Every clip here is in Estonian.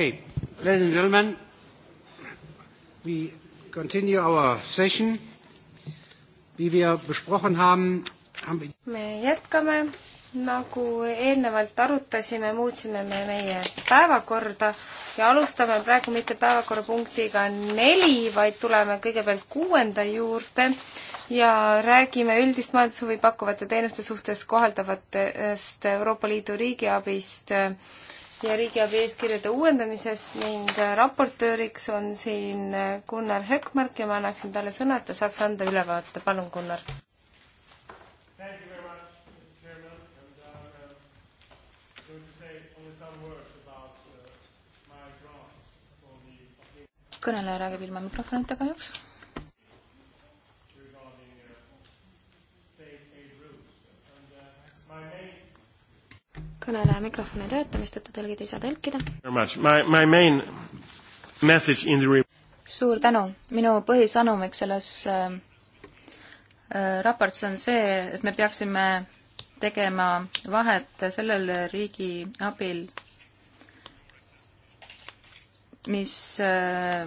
Okay, ladies and gentlemen, we continue our session. Wie wir besprochen haben, haben wir me jätkame, nagu eelnevalt arutasime, muutsime me meie päevakorda ja alustame praegu mitte päevakorrapunktiga neli, vaid tuleme kõigepealt kuuenda juurde ja räägime üldist majandushuvi pakkuvate teenuste suhtes kohaldavatest Euroopa Liidu riigiabist ja riigiabi eeskirjade uuendamisest ning raportööriks on siin Gunnar Hökmark ja ma annaksin talle sõna, et ta saaks anda ülevaate. palun, Gunnar. Uh, uh, uh, kõneleja räägib ilma mikrofonita kahjuks kõneleja mikrofon ei tööta, mistõttu tõlgid ei saa tõlkida. The... suur tänu, minu põhisõnumiks selles äh, äh, raportis on see, et me peaksime tegema vahet sellel riigi abil, mis äh,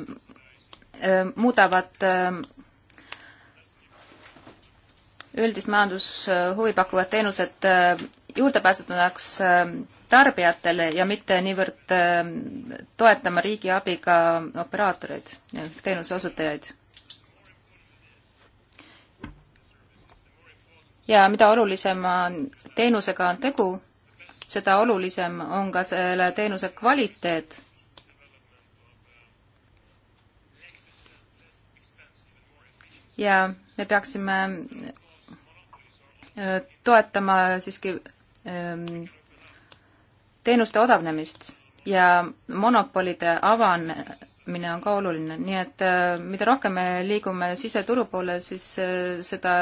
äh, muudavad äh, üldist majandushuvi pakkuvad teenused äh, juurdepääsetavaks ähm, tarbijatele ja mitte niivõrd ähm, toetama riigi abiga operaatoreid, teenuse osutajaid. ja mida olulisema teenusega on tegu, seda olulisem on ka selle teenuse kvaliteet. ja me peaksime äh, toetama siiski Ehm, teenuste odavnemist ja monopolide avanemine on ka oluline, nii et eh, mida rohkem me liigume siseturu poole, siis eh, seda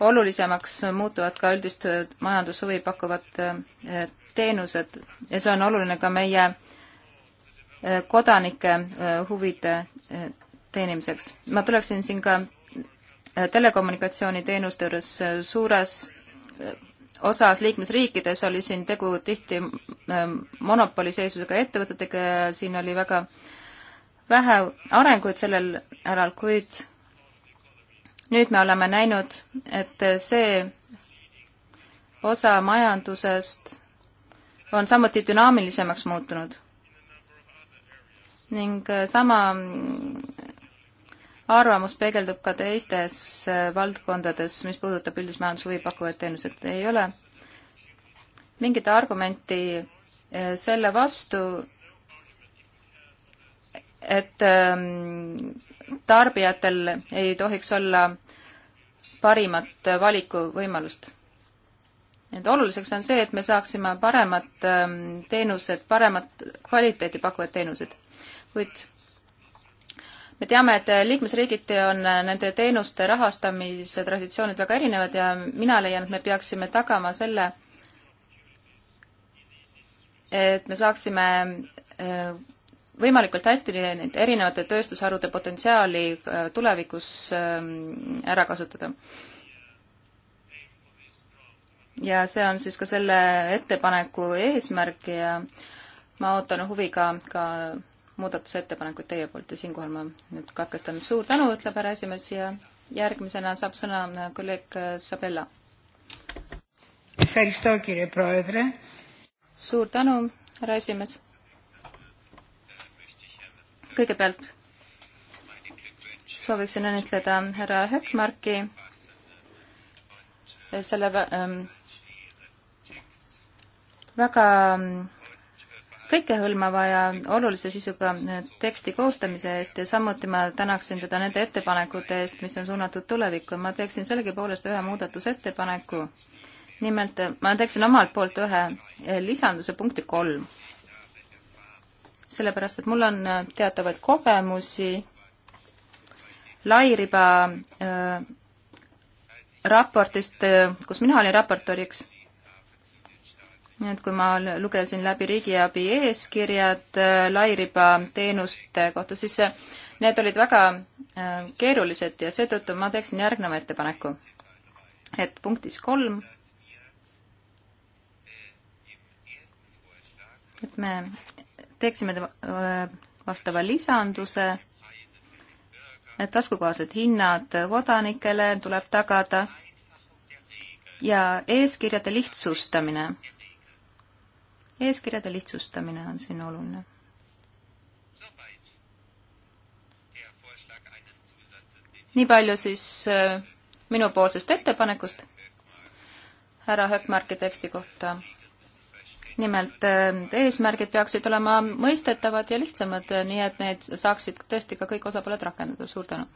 olulisemaks muutuvad ka üldist majandushuvi pakuvad eh, teenused ja see on oluline ka meie kodanike huvide teenimiseks. ma tuleksin siin ka telekommunikatsiooniteenuste juures suures osas liikmesriikides oli siin tegu tihti ähm, monopoliseisusega ettevõtetega ja siin oli väga vähe arenguid sellel alal, kuid nüüd me oleme näinud, et see osa majandusest on samuti dünaamilisemaks muutunud ning äh, sama arvamus peegeldub ka teistes äh, valdkondades, mis puudutab üldist majandushuvi pakkuvaid teenuseid, ei ole mingit argumenti äh, selle vastu, et ähm, tarbijatel ei tohiks olla parimat äh, valikuvõimalust. et oluliseks on see, et me saaksime paremad ähm, teenused, paremat kvaliteeti pakkuvad teenused. kuid me teame, et liikmesriigiti on nende teenuste rahastamise traditsioonid väga erinevad ja mina leian, et me peaksime tagama selle, et me saaksime äh, võimalikult hästi neid erinevate tööstusharude potentsiaali äh, tulevikus äh, ära kasutada. ja see on siis ka selle ettepaneku eesmärk ja ma ootan huviga ka, ka muudatusettepanekuid teie poolt ja siinkohal ma nüüd katkestan. suur tänu, ütleb härra esimees ja järgmisena saab sõna äh, kolleeg äh, Sabella. suur tänu, härra esimees. kõigepealt sooviksin õnnitleda härra Hökmarki selle ähm, väga ähm, kõikehõlmava ja olulise sisuga teksti koostamise eest ja samuti ma tänaksin teda nende ettepanekute eest, mis on suunatud tulevikku. ma teeksin sellegipoolest ühe muudatusettepaneku. nimelt ma teeksin omalt poolt ühe lisanduse punkti kolm. sellepärast, et mul on teatavaid kogemusi lairiba äh, raportist, kus mina olin raportööriks nii et kui ma lugesin läbi riigiabi eeskirjad äh, lairiba teenuste kohta, siis äh, need olid väga äh, keerulised ja seetõttu ma teeksin järgneva ettepaneku. et punktis kolm, et me teeksime vastava lisanduse, et taskukohased hinnad kodanikele tuleb tagada ja eeskirjade lihtsustamine eeskirjade lihtsustamine on siin oluline. nii palju siis äh, minupoolsest ettepanekust härra Höökmärki teksti kohta. nimelt äh, eesmärgid peaksid olema mõistetavad ja lihtsamad, äh, nii et neid saaksid tõesti ka kõik osapooled rakendada. suur tänu.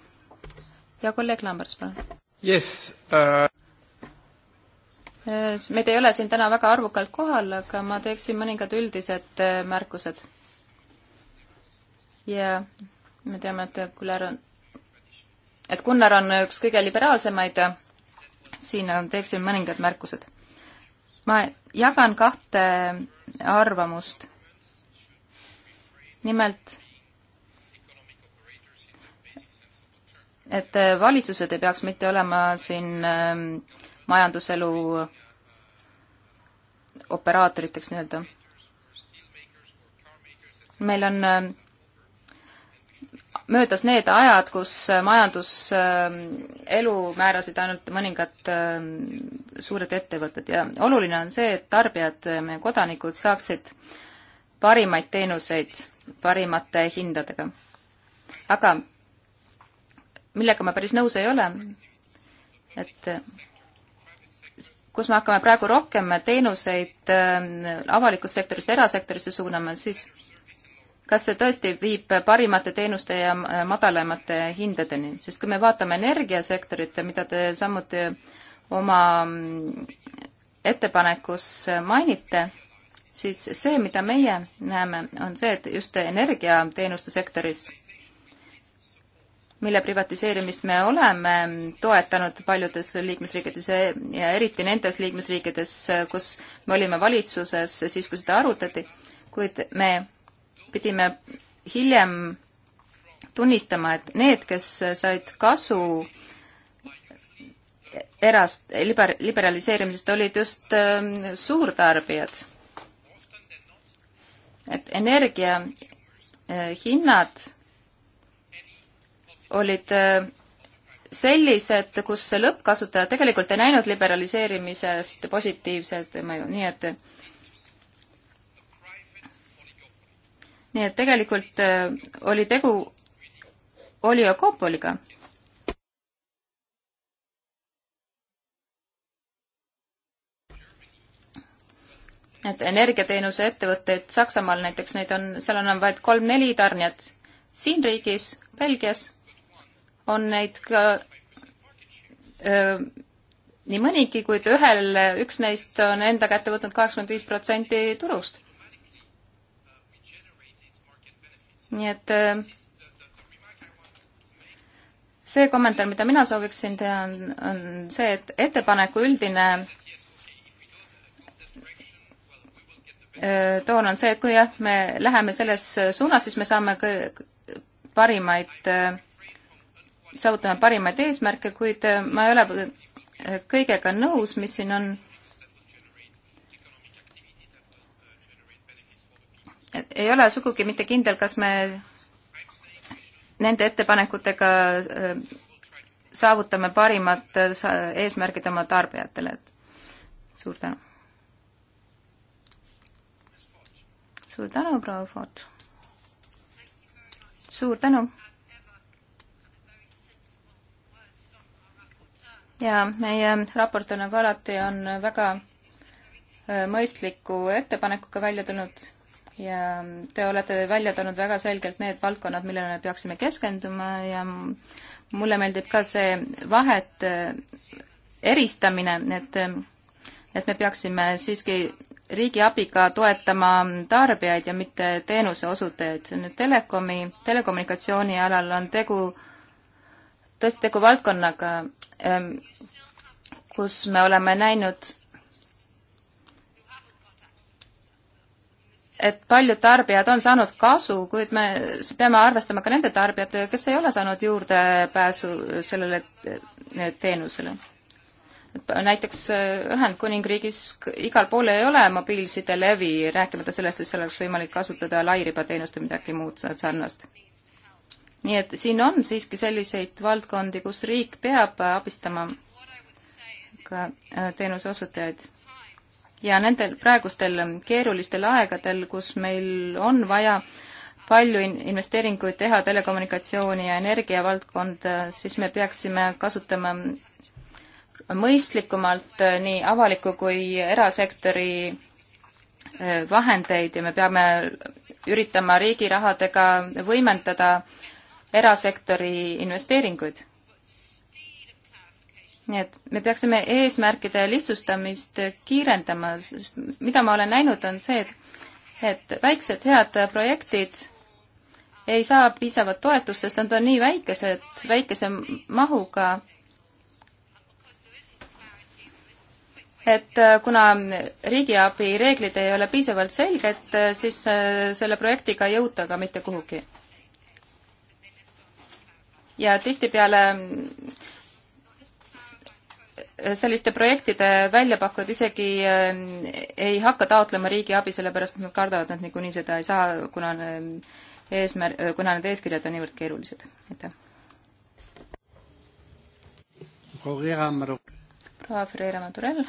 ja kolleeg Lambers, palun. Yes uh Äh, meid ei ole siin täna väga arvukalt kohal, aga ma teeksin mõningad üldised äh, märkused. ja me teame, et Gunnar on, et Gunnar on üks kõige liberaalsemaid, siin teeksin mõningad märkused. ma jagan kahte arvamust. nimelt, et äh, valitsused ei peaks mitte olema siin äh, majanduselu operaatoriteks nii-öelda. meil on äh, möödas need ajad, kus äh, majanduselu äh, määrasid ainult mõningad suured ettevõtted ja oluline on see, et tarbijad, meie kodanikud saaksid parimaid teenuseid parimate hindadega. aga millega ma päris nõus ei ole, et kus me hakkame praegu rohkem teenuseid ähm, avalikust sektorist erasektorisse suunama, siis kas see tõesti viib parimate teenuste ja äh, madalamate hindadeni, sest kui me vaatame energiasektorit, mida te samuti oma mm, ettepanekus mainite, siis see, mida meie näeme, on see, et just energiateenuste sektoris mille privatiseerimist me oleme toetanud paljudes liikmesriikides ja eriti nendes liikmesriikides, kus me olime valitsuses siis, kui seda arutati, kuid me pidime hiljem tunnistama, et need, kes said kasu erast-, liber-, liberaliseerimisest, olid just ähm, suurtarbijad. et energia äh, hinnad olid äh, sellised, kus lõppkasutajad tegelikult ei näinud liberaliseerimisest positiivset mõju, nii et nii et tegelikult äh, oli tegu oliokopoliga. et energiateenuse ettevõtteid Saksamaal näiteks, neid on, seal on vaid kolm-neli tarnijat. siin riigis, Belgias on neid ka öö, nii mõnigi, kuid ühel, üks neist on enda kätte võtnud kaheksakümmend viis protsenti turust. nii et öö, see kommentaar, mida mina sooviksin teha, on, on see, et ettepaneku üldine toon on see, et kui jah, me läheme selles suunas, siis me saame parimaid äh, saavutame parimaid eesmärke, kuid äh, ma ei ole äh, kõigega nõus, mis siin on. ei ole sugugi mitte kindel, kas me nende ettepanekutega äh, saavutame parimad eesmärgid oma tarbijatele, et suur tänu. suur tänu, proua Ford. suur tänu ja meie raport on nagu alati, on väga äh, mõistliku ettepanekuga välja tulnud ja te olete välja toonud väga selgelt need valdkonnad, millele me peaksime keskenduma ja mulle meeldib ka see vahet äh, eristamine, et, äh, et me peaksime siiski riigi abiga toetama tarbijaid ja mitte teenuse osutajaid. nüüd telekomi, telekommunikatsiooni alal on tegu äh, tõstetegu valdkonnaga, ähm, kus me oleme näinud, et paljud tarbijad on saanud kasu, kuid me peame arvestama ka nende tarbijatega, kes ei ole saanud juurdepääsu sellele äh, teenusele. näiteks äh, Ühendkuningriigis igal pool ei ole mobiilside levi, rääkimata sellest, et seal oleks võimalik kasutada lairibateenust või midagi muud sarnast nii et siin on siiski selliseid valdkondi, kus riik peab abistama ka äh, teenuse osutajaid. ja nendel praegustel keerulistel aegadel, kus meil on vaja palju in-, investeeringuid teha telekommunikatsiooni ja energiavaldkonda, siis me peaksime kasutama mõistlikumalt äh, nii avaliku kui erasektori äh, vahendeid ja me peame üritama riigi rahadega võimendada äh, erasektori investeeringuid. nii et me peaksime eesmärkide lihtsustamist kiirendama, sest mida ma olen näinud, on see, et, et väiksed head projektid ei saa piisavat toetust, sest nad on nii väikesed, väikese mahuga, et äh, kuna riigiabi reeglid ei ole piisavalt selged, äh, siis äh, selle projektiga ei jõuta ka mitte kuhugi ja tihtipeale äh, selliste projektide väljapakkujad isegi äh, ei hakka taotlema riigiabi, sellepärast et nad kardavad, et nad niikuinii seda ei saa, kuna äh, eesmär-, kuna need eeskirjad on niivõrd keerulised. aitäh. proua Ferreira Madurell.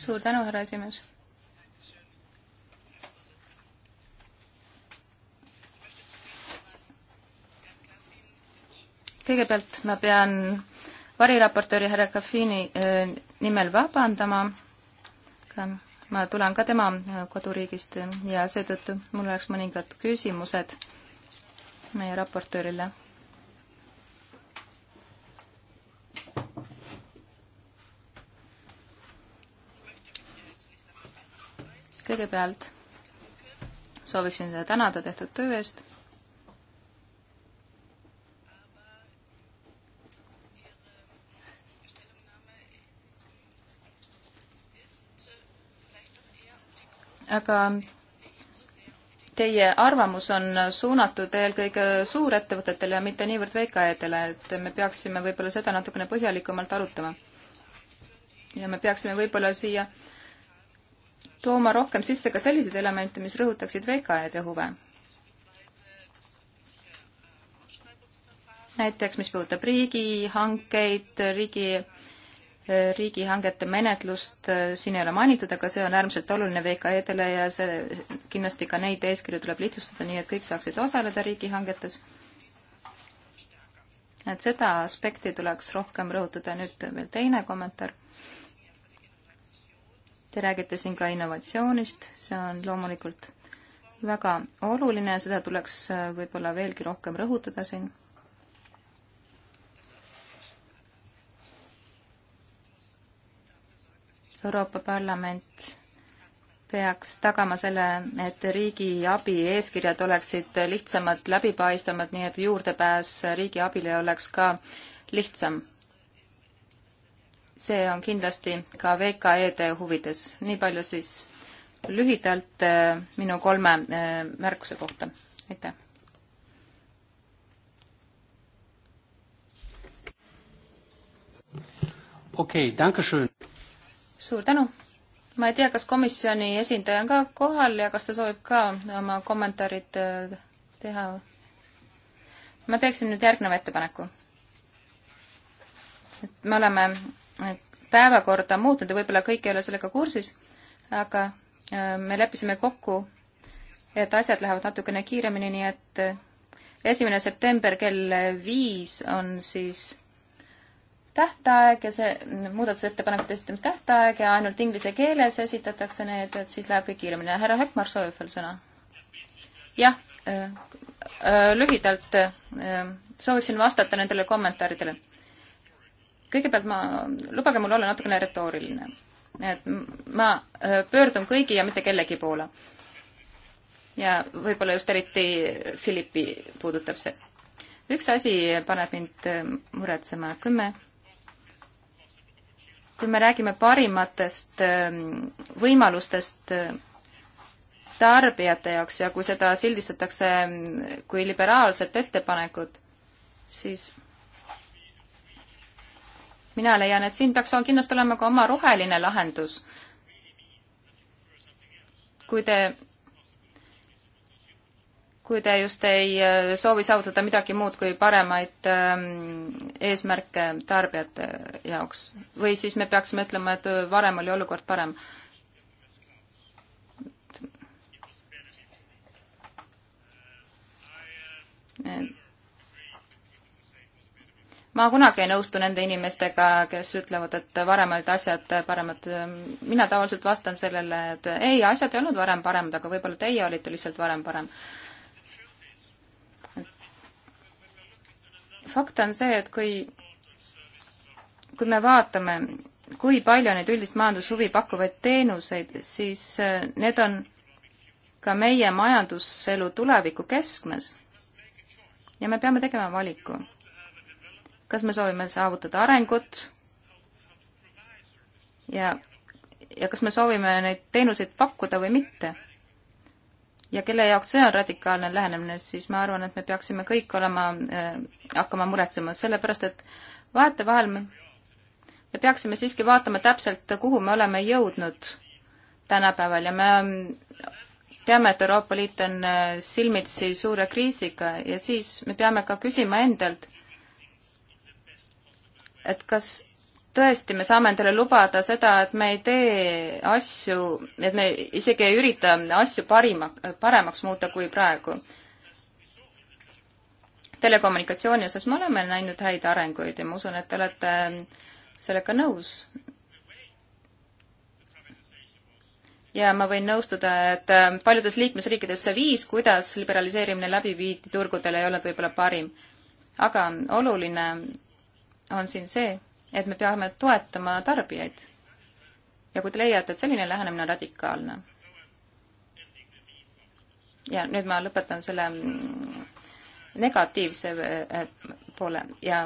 suur tänu, härra esimees kõigepealt ma pean variraportööri härra Kafiini äh, nimel vabandama. ma tulen ka tema äh, koduriigist äh, ja seetõttu mul oleks mõningad küsimused meie raportöörile. kõigepealt sooviksin teda tänada tehtud töö eest aga teie arvamus on suunatud eelkõige suurettevõtetele ja mitte niivõrd VKE-dele, et me peaksime võib-olla seda natukene põhjalikumalt arutama. ja me peaksime võib-olla siia tooma rohkem sisse ka selliseid elemente, mis rõhutaksid VKE-de huve. näiteks, mis puudutab riigihankeid, riigi, hankeid, riigi riigihangete menetlust äh, siin ei ole mainitud, aga see on äärmiselt oluline VKE-dele ja see, kindlasti ka neid eeskirju tuleb lihtsustada, nii et kõik saaksid osaleda riigihangetes. et seda aspekti tuleks rohkem rõhutada. nüüd veel teine kommentaar. Te räägite siin ka innovatsioonist, see on loomulikult väga oluline ja seda tuleks äh, võib-olla veelgi rohkem rõhutada siin Euroopa Parlament peaks tagama selle, et riigiabi eeskirjad oleksid lihtsamad, läbipaistvamad, nii et juurdepääs riigiabile oleks ka lihtsam. see on kindlasti ka VKE-de huvides. nii palju siis lühidalt eh, minu kolme eh, märkuse kohta. aitäh. okei okay,, danke schön suur tänu! ma ei tea, kas komisjoni esindaja on ka kohal ja kas ta soovib ka oma kommentaarid äh, teha? ma teeksin nüüd järgneva ettepaneku. et me oleme äh, päevakorda muutnud ja võib-olla kõik ei ole sellega kursis, aga äh, me leppisime kokku, et asjad lähevad natukene kiiremini, nii et esimene september kell viis on siis tähtaeg ja see muudatusettepanekute esitamise tähtaeg ja ainult inglise keeles esitatakse need, et siis läheb kõik kiiremini. härra Hökmar soovib veel sõna? jah, äh, äh, lühidalt äh, sooviksin vastata nendele kommentaaridele. kõigepealt ma, lubage mul olla natukene retooriline. et ma pöördun kõigi ja mitte kellegi poole. ja võib-olla just eriti Philippi puudutab see. üks asi paneb mind muretsema, kui me kui me räägime parimatest ähm, võimalustest äh, tarbijate jaoks ja kui seda sildistatakse ähm, kui liberaalset ettepanekut, siis mina leian, et siin peaks kindlasti olema ka oma roheline lahendus. kui te kui te just ei äh, soovi saavutada midagi muud kui paremaid ähm, eesmärke tarbijate jaoks. või siis me peaksime ütlema, et äh, varem oli olukord parem. ma kunagi ei nõustu nende inimestega, kes ütlevad, et varem olid asjad paremad. mina tavaliselt vastan sellele, et ei, asjad ei olnud varem paremad, aga võib-olla teie olite lihtsalt varem parem fakt on see, et kui, kui me vaatame, kui palju on neid üldist majandushuvi pakkuvaid teenuseid, siis äh, need on ka meie majanduselu tuleviku keskmes. ja me peame tegema valiku. kas me soovime saavutada arengut ja, ja kas me soovime neid teenuseid pakkuda või mitte ja kelle jaoks see on radikaalne lähenemine, siis ma arvan, et me peaksime kõik olema äh,, hakkama muretsema, sellepärast et vahetevahel me, me peaksime siiski vaatama täpselt, kuhu me oleme jõudnud tänapäeval ja me äh, teame, et Euroopa Liit on äh, silmitsi suure kriisiga ja siis me peame ka küsima endalt, et kas tõesti, me saame endale lubada seda, et me ei tee asju, et me isegi ei ürita asju parima, paremaks muuta kui praegu. telekommunikatsiooni osas me oleme näinud häid arenguid ja ma usun, et te olete sellega nõus. ja ma võin nõustuda, et paljudes liikmesriikides see viis, kuidas liberaliseerimine läbi viidi turgudel, ei olnud võib-olla parim. aga oluline on siin see, et me peame toetama tarbijaid. ja kui te leiate, et selline lähenemine on radikaalne, ja nüüd ma lõpetan selle mm, negatiivse e, poole ja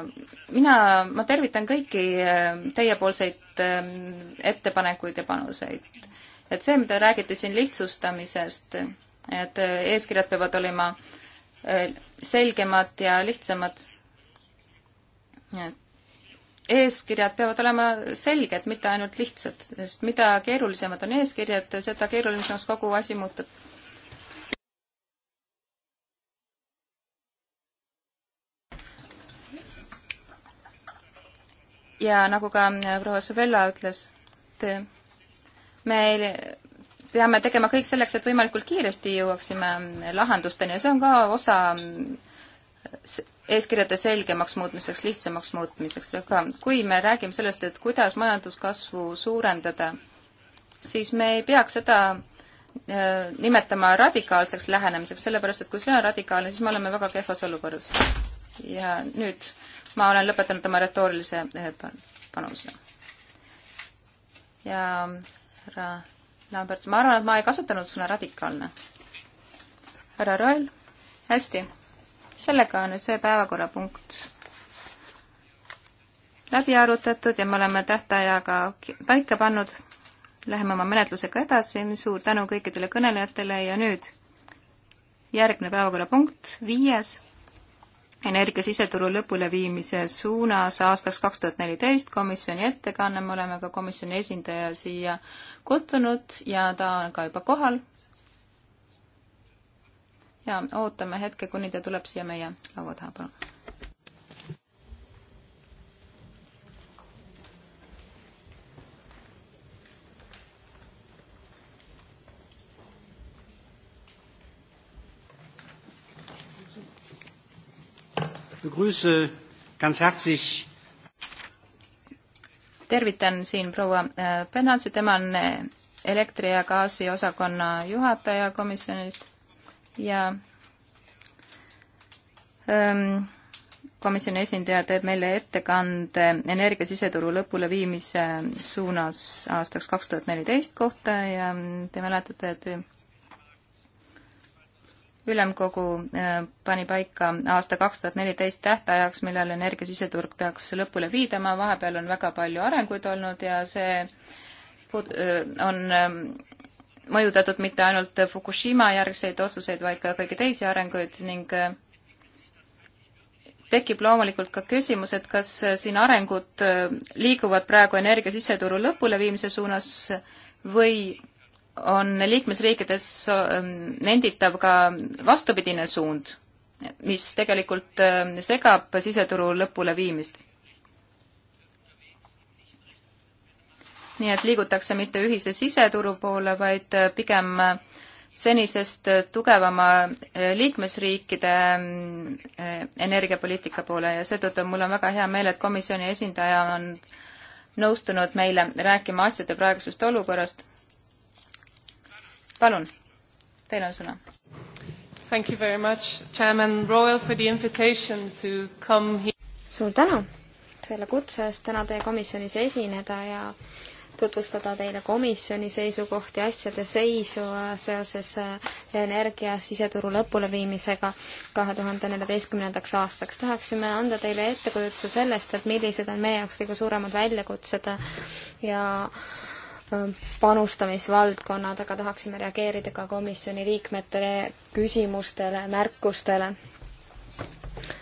mina, ma tervitan kõiki e, teiepoolseid e, ettepanekuid ja panuseid. et see, mida räägite siin lihtsustamisest, et eeskirjad peavad olema selgemad ja lihtsamad, et eeskirjad peavad olema selged, mitte ainult lihtsad, sest mida keerulisemad on eeskirjad, seda keerulisemaks kogu asi muutub. ja nagu ka äh, proua Sabella ütles, et äh, me peame tegema kõik selleks, et võimalikult kiiresti jõuaksime äh, lahendusteni ja see on ka osa eeskirjade selgemaks muutmiseks, lihtsamaks muutmiseks, aga kui me räägime sellest, et kuidas majanduskasvu suurendada, siis me ei peaks seda äh, nimetama radikaalseks lähenemiseks, sellepärast et kui see on radikaalne, siis me oleme väga kehvas olukorras. ja nüüd ma olen lõpetanud oma retoorilise äh, panuse. ja härra Lambert, ma arvan, et ma ei kasutanud sõna radikaalne. härra Roel, hästi sellega on nüüd see päevakorrapunkt läbi arutatud ja me oleme tähtajaga paika pannud. Läheme oma menetlusega edasi, suur tänu kõikidele kõnelejatele ja nüüd järgmine päevakorrapunkt, viies, energia siseturu lõpuleviimise suunas aastaks kaks tuhat neliteist, komisjoni ettekanne, me oleme ka komisjoni esindaja siia kutsunud ja ta on ka juba kohal ja ootame hetke, kuni ta tuleb siia meie laua taha, palun. begrüße ganz herzlich tervitan siin proua Penalsi, äh, tema on äh, elektri- ja gaasiosakonna juhataja komisjonist ja ähm, komisjoni esindaja teeb meile ettekande energia siseturu lõpuleviimise suunas aastaks kaks tuhat neliteist kohta ja te mäletate, et ülemkogu äh, pani paika aasta kaks tuhat neliteist tähtajaks, millal energia siseturg peaks lõpule viidama, vahepeal on väga palju arenguid olnud ja see äh, on ähm, mõjutatud mitte ainult Fukushima järgseid otsuseid, vaid ka kõiki teisi arenguid ning äh, tekib loomulikult ka küsimus, et kas äh, siin arengud äh, liiguvad praegu energia siseturu lõpuleviimise suunas või on liikmesriikides nenditav ka vastupidine suund, mis tegelikult segab siseturu lõpuleviimist nii et liigutakse mitte ühise siseturu poole, vaid pigem senisest tugevama eh, liikmesriikide eh, energiapoliitika poole ja seetõttu mul on väga hea meel, et komisjoni esindaja on nõustunud meile rääkima asjade praegusest olukorrast. palun, teil on sõna. Thank you very much, Chairman Royal for the invitation to come here. suur tänu selle kutse eest täna teie komisjonis esineda ja tutvustada teile komisjoni seisukohti, asjade seisu äh, seoses äh, energia siseturu lõpuleviimisega kahe tuhande neljateistkümnendaks aastaks. tahaksime anda teile ettekujutuse sellest, et millised on meie jaoks kõige suuremad väljakutsed ja äh, panustamisvaldkonnad, aga tahaksime reageerida ka komisjoni liikmetele küsimustele, märkustele.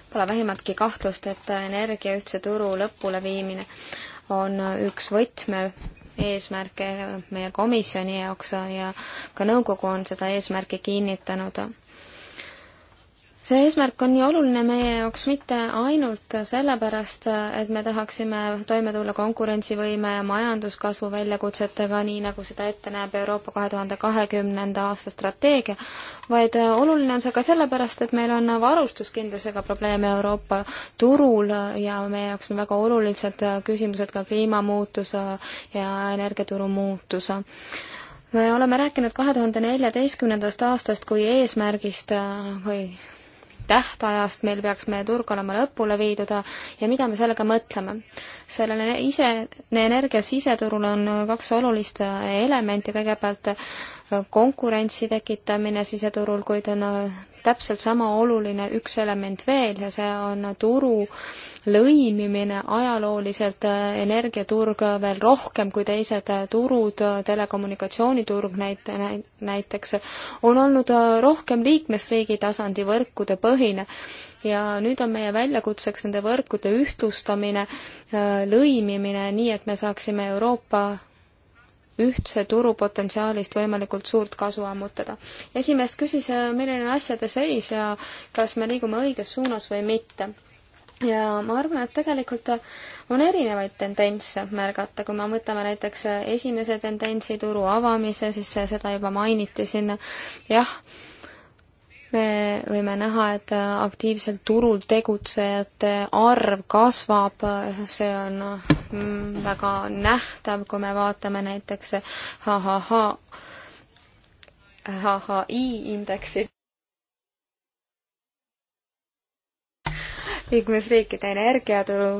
Pole vähimatki kahtlust, et energia ühtse turu lõpuleviimine on üks võtme eesmärke meie komisjoni jaoks ja ka nõukogu on seda eesmärki kinnitanud see eesmärk on nii oluline meie jaoks mitte ainult sellepärast, et me tahaksime toime tulla konkurentsivõime ja majanduskasvu väljakutsetega, nii nagu seda ette näeb Euroopa kahe tuhande kahekümnenda aasta strateegia, vaid oluline on see ka sellepärast, et meil on varustuskindlusega probleeme Euroopa turul ja meie jaoks on väga olulised küsimused ka kliimamuutus ja energiaturu muutus me oleme rääkinud kahe tuhande neljateistkümnendast aastast kui eesmärgist või tähtajast meil peaks meie turg olema lõpule viidud ja mida me sellega mõtleme. sellele ise, energia siseturul on kaks olulist elementi, kõigepealt konkurentsi tekitamine siseturul, kuid on äh, täpselt sama oluline üks element veel ja see on turu lõimimine ajalooliselt äh, energiaturg äh, veel rohkem kui teised turud, telekommunikatsiooniturg näit-, näiteks, on olnud rohkem liikmesriigi tasandi võrkude põhine. ja nüüd on meie väljakutseks nende võrkude ühtlustamine, lõimimine, nii et me saaksime Euroopa ühtse turu potentsiaalist võimalikult suurt kasu ammutada. esimees küsis, äh, milline on asjade seis ja kas me liigume õiges suunas või mitte. ja ma arvan, et tegelikult on erinevaid tendentse märgata, kui me võtame näiteks äh, esimese tendentsi, turu avamise, siis äh, seda juba mainiti siin, jah me võime näha, et aktiivselt turul tegutsejate arv kasvab, see on mm, väga nähtav, kui me vaatame näiteks HHH, HHI indeksit. liikmesriikide energiaturu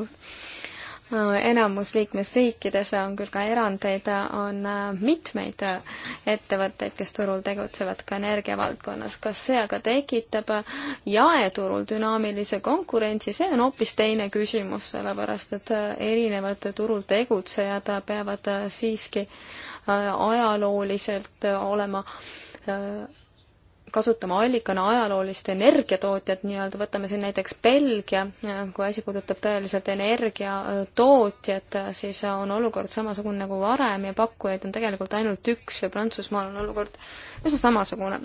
enamus liikmesriikides on küll ka erandeid, on äh, mitmeid äh, ettevõtteid, kes turul tegutsevad ka energiavaldkonnas. kas see aga tekitab äh, jaeturul dünaamilise konkurentsi, see on hoopis teine küsimus, sellepärast et erinevad turul tegutsejad peavad siiski ajalooliselt olema kasutama allikana ajaloolist energiatootjat nii-öelda, võtame siin näiteks Belgia, kui asi puudutab tõeliselt energiatootjat, siis on olukord samasugune nagu varem ja pakkujaid on tegelikult ainult üks ja Prantsusmaal on olukord üsna samasugune.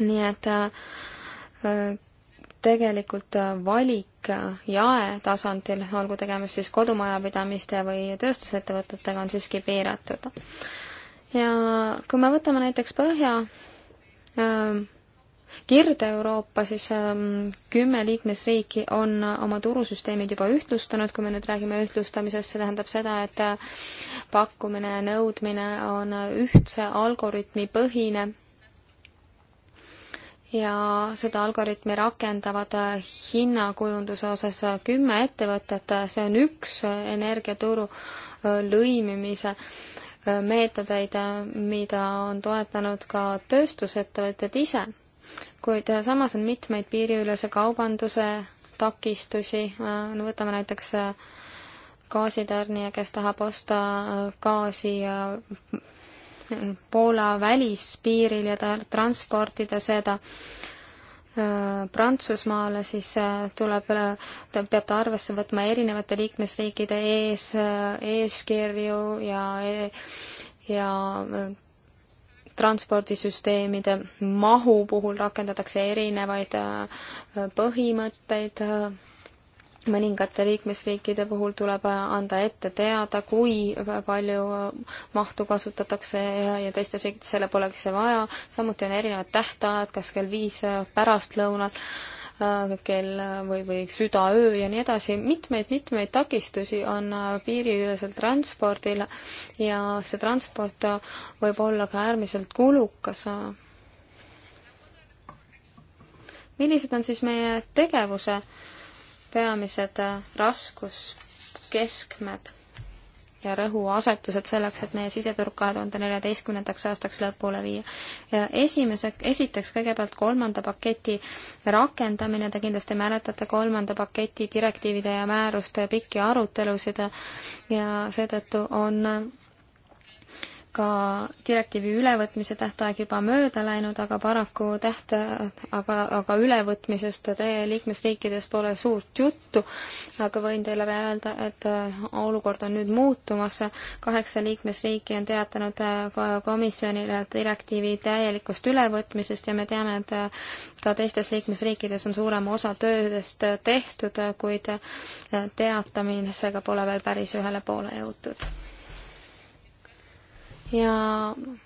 nii et äh, tegelikult valik jaetasandil, olgu tegemist siis kodumajapidamiste või tööstusettevõtetega, on siiski piiratud. ja kui me võtame näiteks Põhja Ähm, Kirde-Euroopa siis ähm, kümme liikmesriiki on äh, oma turusüsteemid juba ühtlustanud, kui me nüüd räägime ühtlustamisest, see tähendab seda, et äh, pakkumine ja nõudmine on äh, ühtse algoritmi põhine ja seda algoritmi rakendavad hinnakujunduse osas kümme ettevõtet, see on üks energiaturu lõimimise äh, meetodeid, mida on toetanud ka tööstusettevõtted ise. kuid samas on mitmeid piiriülese kaubanduse takistusi, no võtame näiteks äh, gaasitarnija, kes tahab osta äh, gaasi äh, Poola välispiiril ja transportida seda Äh, Prantsusmaale, siis äh, tuleb, äh, ta peab ta arvesse võtma erinevate liikmesriikide ees, eeskirju ja, e-, ja transpordisüsteemide mahu puhul rakendatakse erinevaid põhimõtteid mõningate liikmesriikide puhul tuleb anda ette teada, kui palju mahtu kasutatakse ja, ja teistes riikides selle polegi see vaja, samuti on erinevad tähtajad, kas kell viis pärastlõunal äh, kell või, või südaöö ja nii edasi mitmeid,, mitmeid-mitmeid takistusi on piiriülesel transpordil ja see transport võib olla ka äärmiselt kulukas. millised on siis meie tegevuse äh, peamised äh, raskuskeskmed ja rõhuasetused selleks, et meie siseturg kahe tuhande neljateistkümnendaks aastaks lõpule viia. ja esimese, esiteks kõigepealt kolmanda paketi rakendamine, te kindlasti mäletate kolmanda paketi direktiivide ja määruste pikki arutelusid ja seetõttu on ka direktiivi ülevõtmise tähtaeg juba mööda läinud, aga paraku täht-, aga, aga ülevõtmisest teie liikmesriikides pole suurt juttu, aga võin teile öelda, et äh, olukord on nüüd muutumas, kaheksa liikmesriiki on teatanud äh, komisjonile direktiivi täielikust ülevõtmisest ja me teame, et äh, ka teistes liikmesriikides on suurem osa töödest tehtud, kuid teatamisega pole veel päris ühele poole jõutud ja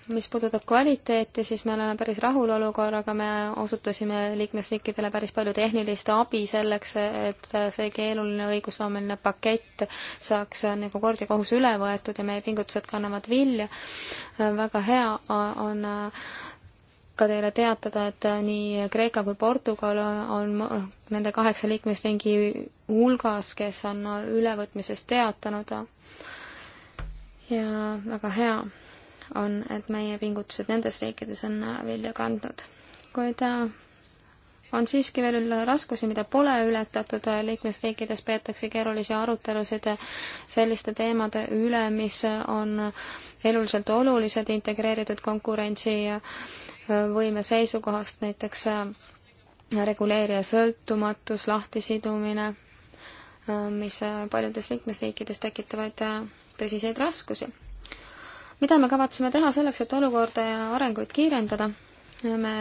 mis puudutab kvaliteeti, siis me oleme päris rahul olukorraga, me osutasime liikmesriikidele päris palju tehnilist abi selleks, et see keeruline õigusloomeline pakett saaks nagu kord ja kohus üle võetud ja meie pingutused kannavad vilja. väga hea on ka teile teatada, et nii Kreeka kui Portugal on, on nende kaheksa liikmesringi hulgas, kes on ülevõtmisest teatanud. ja väga hea on, et meie pingutused nendes riikides on vilja kandnud. kuid äh, on siiski veel raskusi, mida pole ületatud, liikmesriikides peetakse keerulisi arutelusid selliste teemade üle, mis on eluliselt olulised integreeritud konkurentsivõime äh, seisukohast, näiteks äh, reguleerija sõltumatus, lahtisidumine, mis paljudes liikmesriikides tekitavad tõsiseid raskusi mida me kavatseme teha selleks, et olukorda ja arenguid kiirendada? me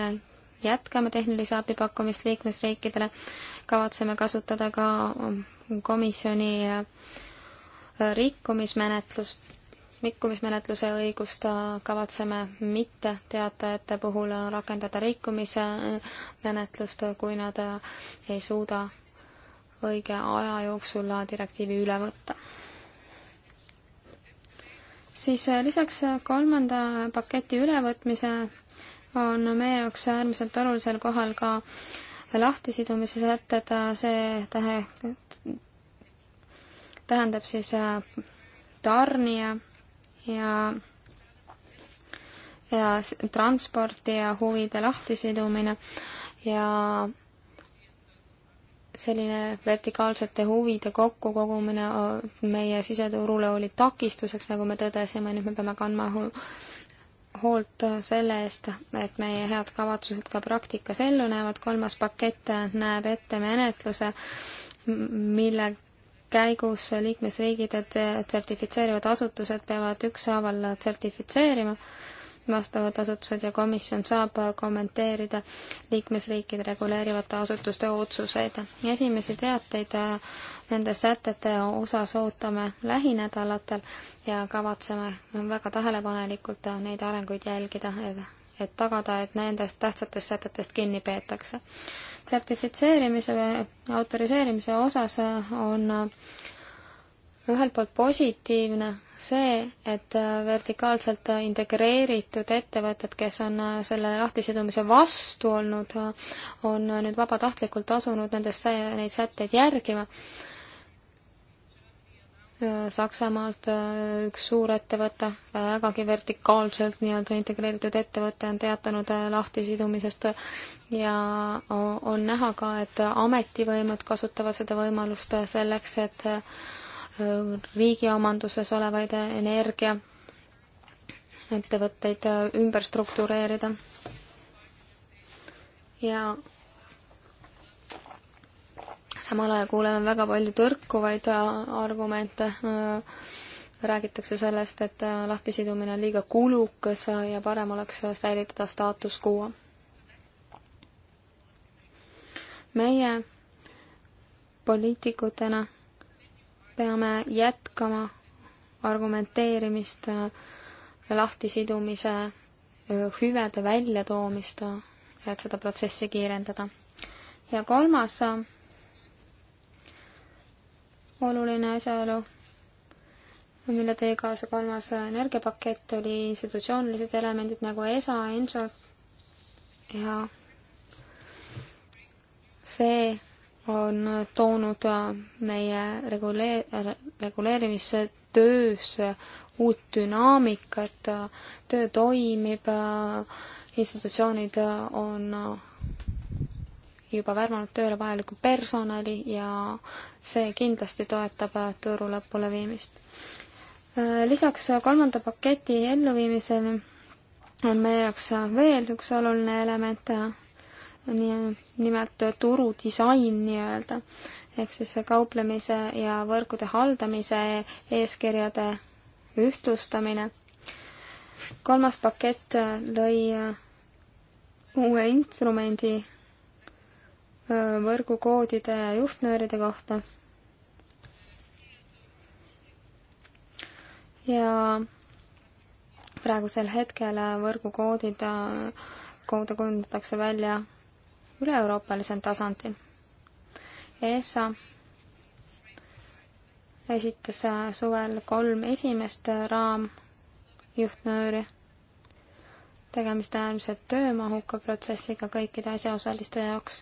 jätkame tehnilise abi pakkumist liikmesriikidele, kavatseme kasutada ka komisjoni äh, rikkumismenetlust, rikkumismenetluse õigust äh, kavatseme mitte teatajate puhul rakendada rikkumise menetlust, äh, kui nad ei suuda õige aja jooksul direktiivi üle võtta siis äh, lisaks äh, kolmanda paketi ülevõtmise on meie jaoks äärmiselt olulisel kohal ka lahtisidumise sätted, äh, see tähe, tähendab siis tarnija ja ja transporti ja huvide lahtisidumine ja selline vertikaalsete huvide kokkukogumine äh, meie siseturule oli takistuseks, nagu me tõdesime, nüüd me peame kandma hoolt äh, selle eest, et meie head kavatsused ka praktikas ellu näevad. kolmas pakett äh, näeb ette menetluse, mille käigus liikmesriigid, et sertifitseerivad asutused peavad ükshaaval sertifitseerima vastavad asutused ja komisjon saab kommenteerida liikmesriikide reguleerivate asutuste otsuseid. esimesi teateid äh, nende sätete osas ootame lähinädalatel ja kavatseme väga tähelepanelikult neid arenguid jälgida, et tagada, et nendest tähtsatest sätetest kinni peetakse. sertifitseerimise või autoriseerimise osas on ühelt poolt positiivne see, et äh, vertikaalselt integreeritud ettevõtted, kes on äh, selle lahtisidumise vastu olnud, äh, on nüüd vabatahtlikult asunud nendest, neid sätteid järgima. Saksamaalt üks suurettevõte, vägagi vertikaalselt nii-öelda integreeritud ettevõte on teatanud lahtisidumisest ja on näha ka, et ametivõimud kasutavad seda võimalust selleks, et riigi omanduses olevaid energiaettevõtteid äh, ümber struktureerida. ja samal ajal kuuleme väga palju tõrkuvaid äh, argumente, äh, räägitakse sellest, et lahtisidumine on liiga kulukas ja parem oleks säilitada staatus quo. meie poliitikutena peame jätkama argumenteerimist äh, ja lahtisidumise äh, hüvede väljatoomist, äh, et seda protsessi kiirendada. ja kolmas oluline asjaolu, mille tõi kaasa kolmas energiapakett, oli institutsioonilised elemendid nagu ESA, ENSO ja see on toonud äh, meie reguleer-, äh, reguleerimise töös uut dünaamikat, äh, töö toimib, institutsioonid on juba värvanud tööle vajaliku personali ja see kindlasti toetab turu lõpule viimist. lisaks kolmanda paketi elluviimisele on meie jaoks veel üks oluline element nimelt turudisain nii-öelda, ehk siis kauplemise ja võrkude haldamise eeskirjade ühtlustamine. kolmas pakett lõi äh, uue instrumendi äh, võrgukoodide ja juhtnööride kohta. ja praegusel hetkel võrgukoodid, äh, koode kujundatakse välja üle-euroopalisel tasandil. ESA esitas äh, suvel kolm esimest äh, raamjuhtnööri. tegemist on äärmiselt töömahuka protsessiga kõikide asjaosaliste jaoks,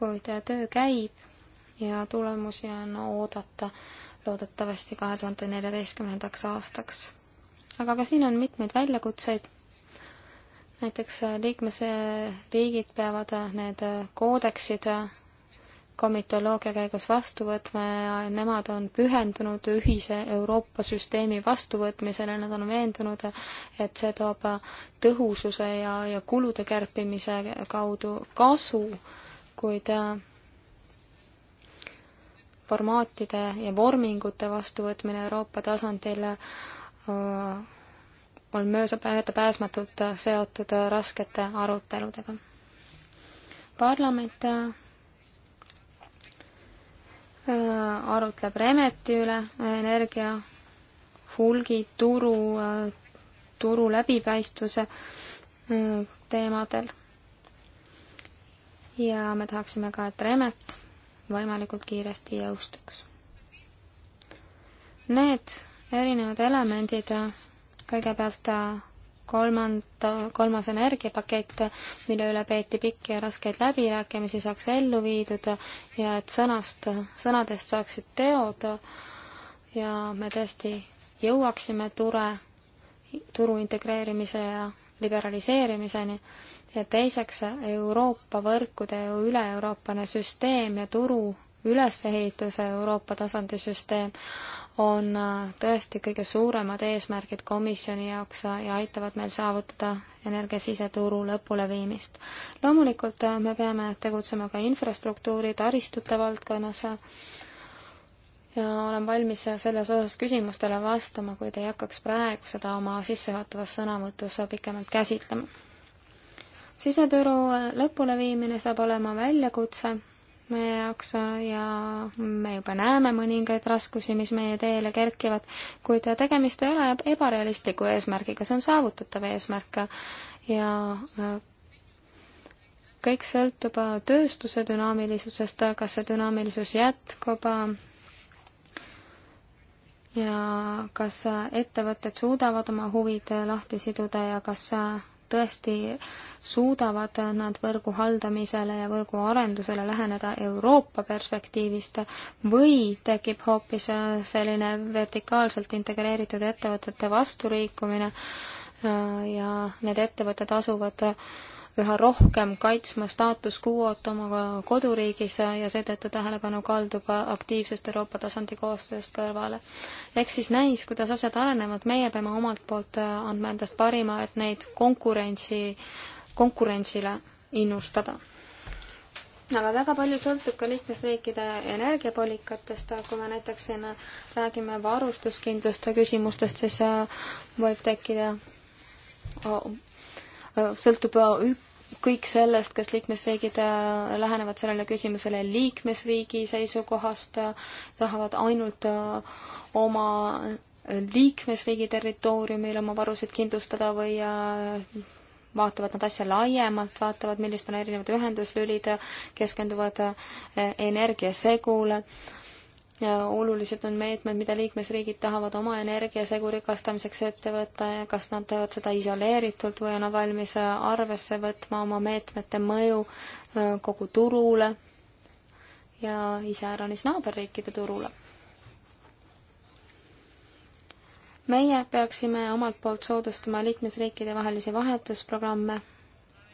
kuid äh, töö käib ja tulemusi on oodata loodetavasti kahe tuhande neljateistkümnendaks aastaks. aga ka siin on mitmeid väljakutseid näiteks äh, liikmesriigid peavad äh, need äh, koodeksid komitoloogia käigus vastu võtma ja nemad on pühendunud ühise Euroopa süsteemi vastuvõtmisele, nad on veendunud, et see toob tõhususe ja, ja kulude kärpimise kaudu kasu, kuid formaatide ja vormingute vastuvõtmine Euroopa tasandil öö, on möödapääsmatult seotud raskete aruteludega. parlament äh, äh, arutleb Remeti üle, energia hulgi, turu, äh, turu läbipaistvuse teemadel. ja me tahaksime ka, et Remet võimalikult kiiresti jõustuks. Need erinevad elemendid kõigepealt äh, kolmanda, kolmas energiapakett, mille üle peeti pikki ja raskeid läbirääkimisi, saaks ellu viidud ja et sõnast, sõnadest saaksid teod ja me tõesti jõuaksime ture, turu integreerimise ja liberaliseerimiseni ja teiseks Euroopa võrkude üle-Euroopane süsteem ja turu ülesehituse Euroopa tasandi süsteem on äh, tõesti kõige suuremad eesmärgid komisjoni jaoks äh, ja aitavad meil saavutada energiasiseturu lõpuleviimist. loomulikult äh, me peame tegutsema ka infrastruktuuri, taristute valdkonnas ja olen valmis selles osas küsimustele vastama, kuid ei hakkaks praegu seda oma sissejuhatavas sõnavõtus pikemalt käsitlema. siseturu lõpuleviimine saab olema väljakutse meie jaoks ja me juba näeme mõningaid raskusi, mis meie teele kerkivad, kuid tegemist ei ole ebarealistliku eesmärgiga, see on saavutatav eesmärk ja äh, kõik sõltub tööstuse dünaamilisusest, kas see dünaamilisus jätkub ja kas ettevõtted suudavad oma huvid lahti siduda ja kas tõesti suudavad nad võrgu haldamisele ja võrgu arendusele läheneda Euroopa perspektiivist või tekib hoopis äh, selline vertikaalselt integreeritud ettevõtete vastuliikumine äh, ja need ettevõtted asuvad üha rohkem kaitsma staatus quo'd oma koduriigis ja seetõttu tähelepanu kaldub aktiivsest Euroopa tasandi koostööst kõrvale. eks siis näis, kuidas asjad arenevad, meie peame omalt poolt andma endast parima, et neid konkurentsi, konkurentsile innustada aga väga palju sõltub ka liikmesriikide energiapoliitikatest, kui me näiteks siin räägime varustuskindluste küsimustest, siis võib tekkida Äh, sõltub äh, kõik sellest, kas liikmesriigid äh, lähenevad sellele küsimusele liikmesriigi seisukohast, tahavad ainult oma liikmesriigi territooriumil oma varusid kindlustada või vaatavad nad asja laiemalt, vaatavad, millised on erinevad ühenduslülid, keskenduvad energiasegule ja olulised on meetmed, mida liikmesriigid tahavad oma energiasegu rikastamiseks ette võtta ja kas nad teevad seda isoleeritult või on nad valmis arvesse võtma oma meetmete mõju äh, kogu turule ja iseäranis naaberriikide turule. meie peaksime omalt poolt soodustama liikmesriikide vahelisi vahetusprogramme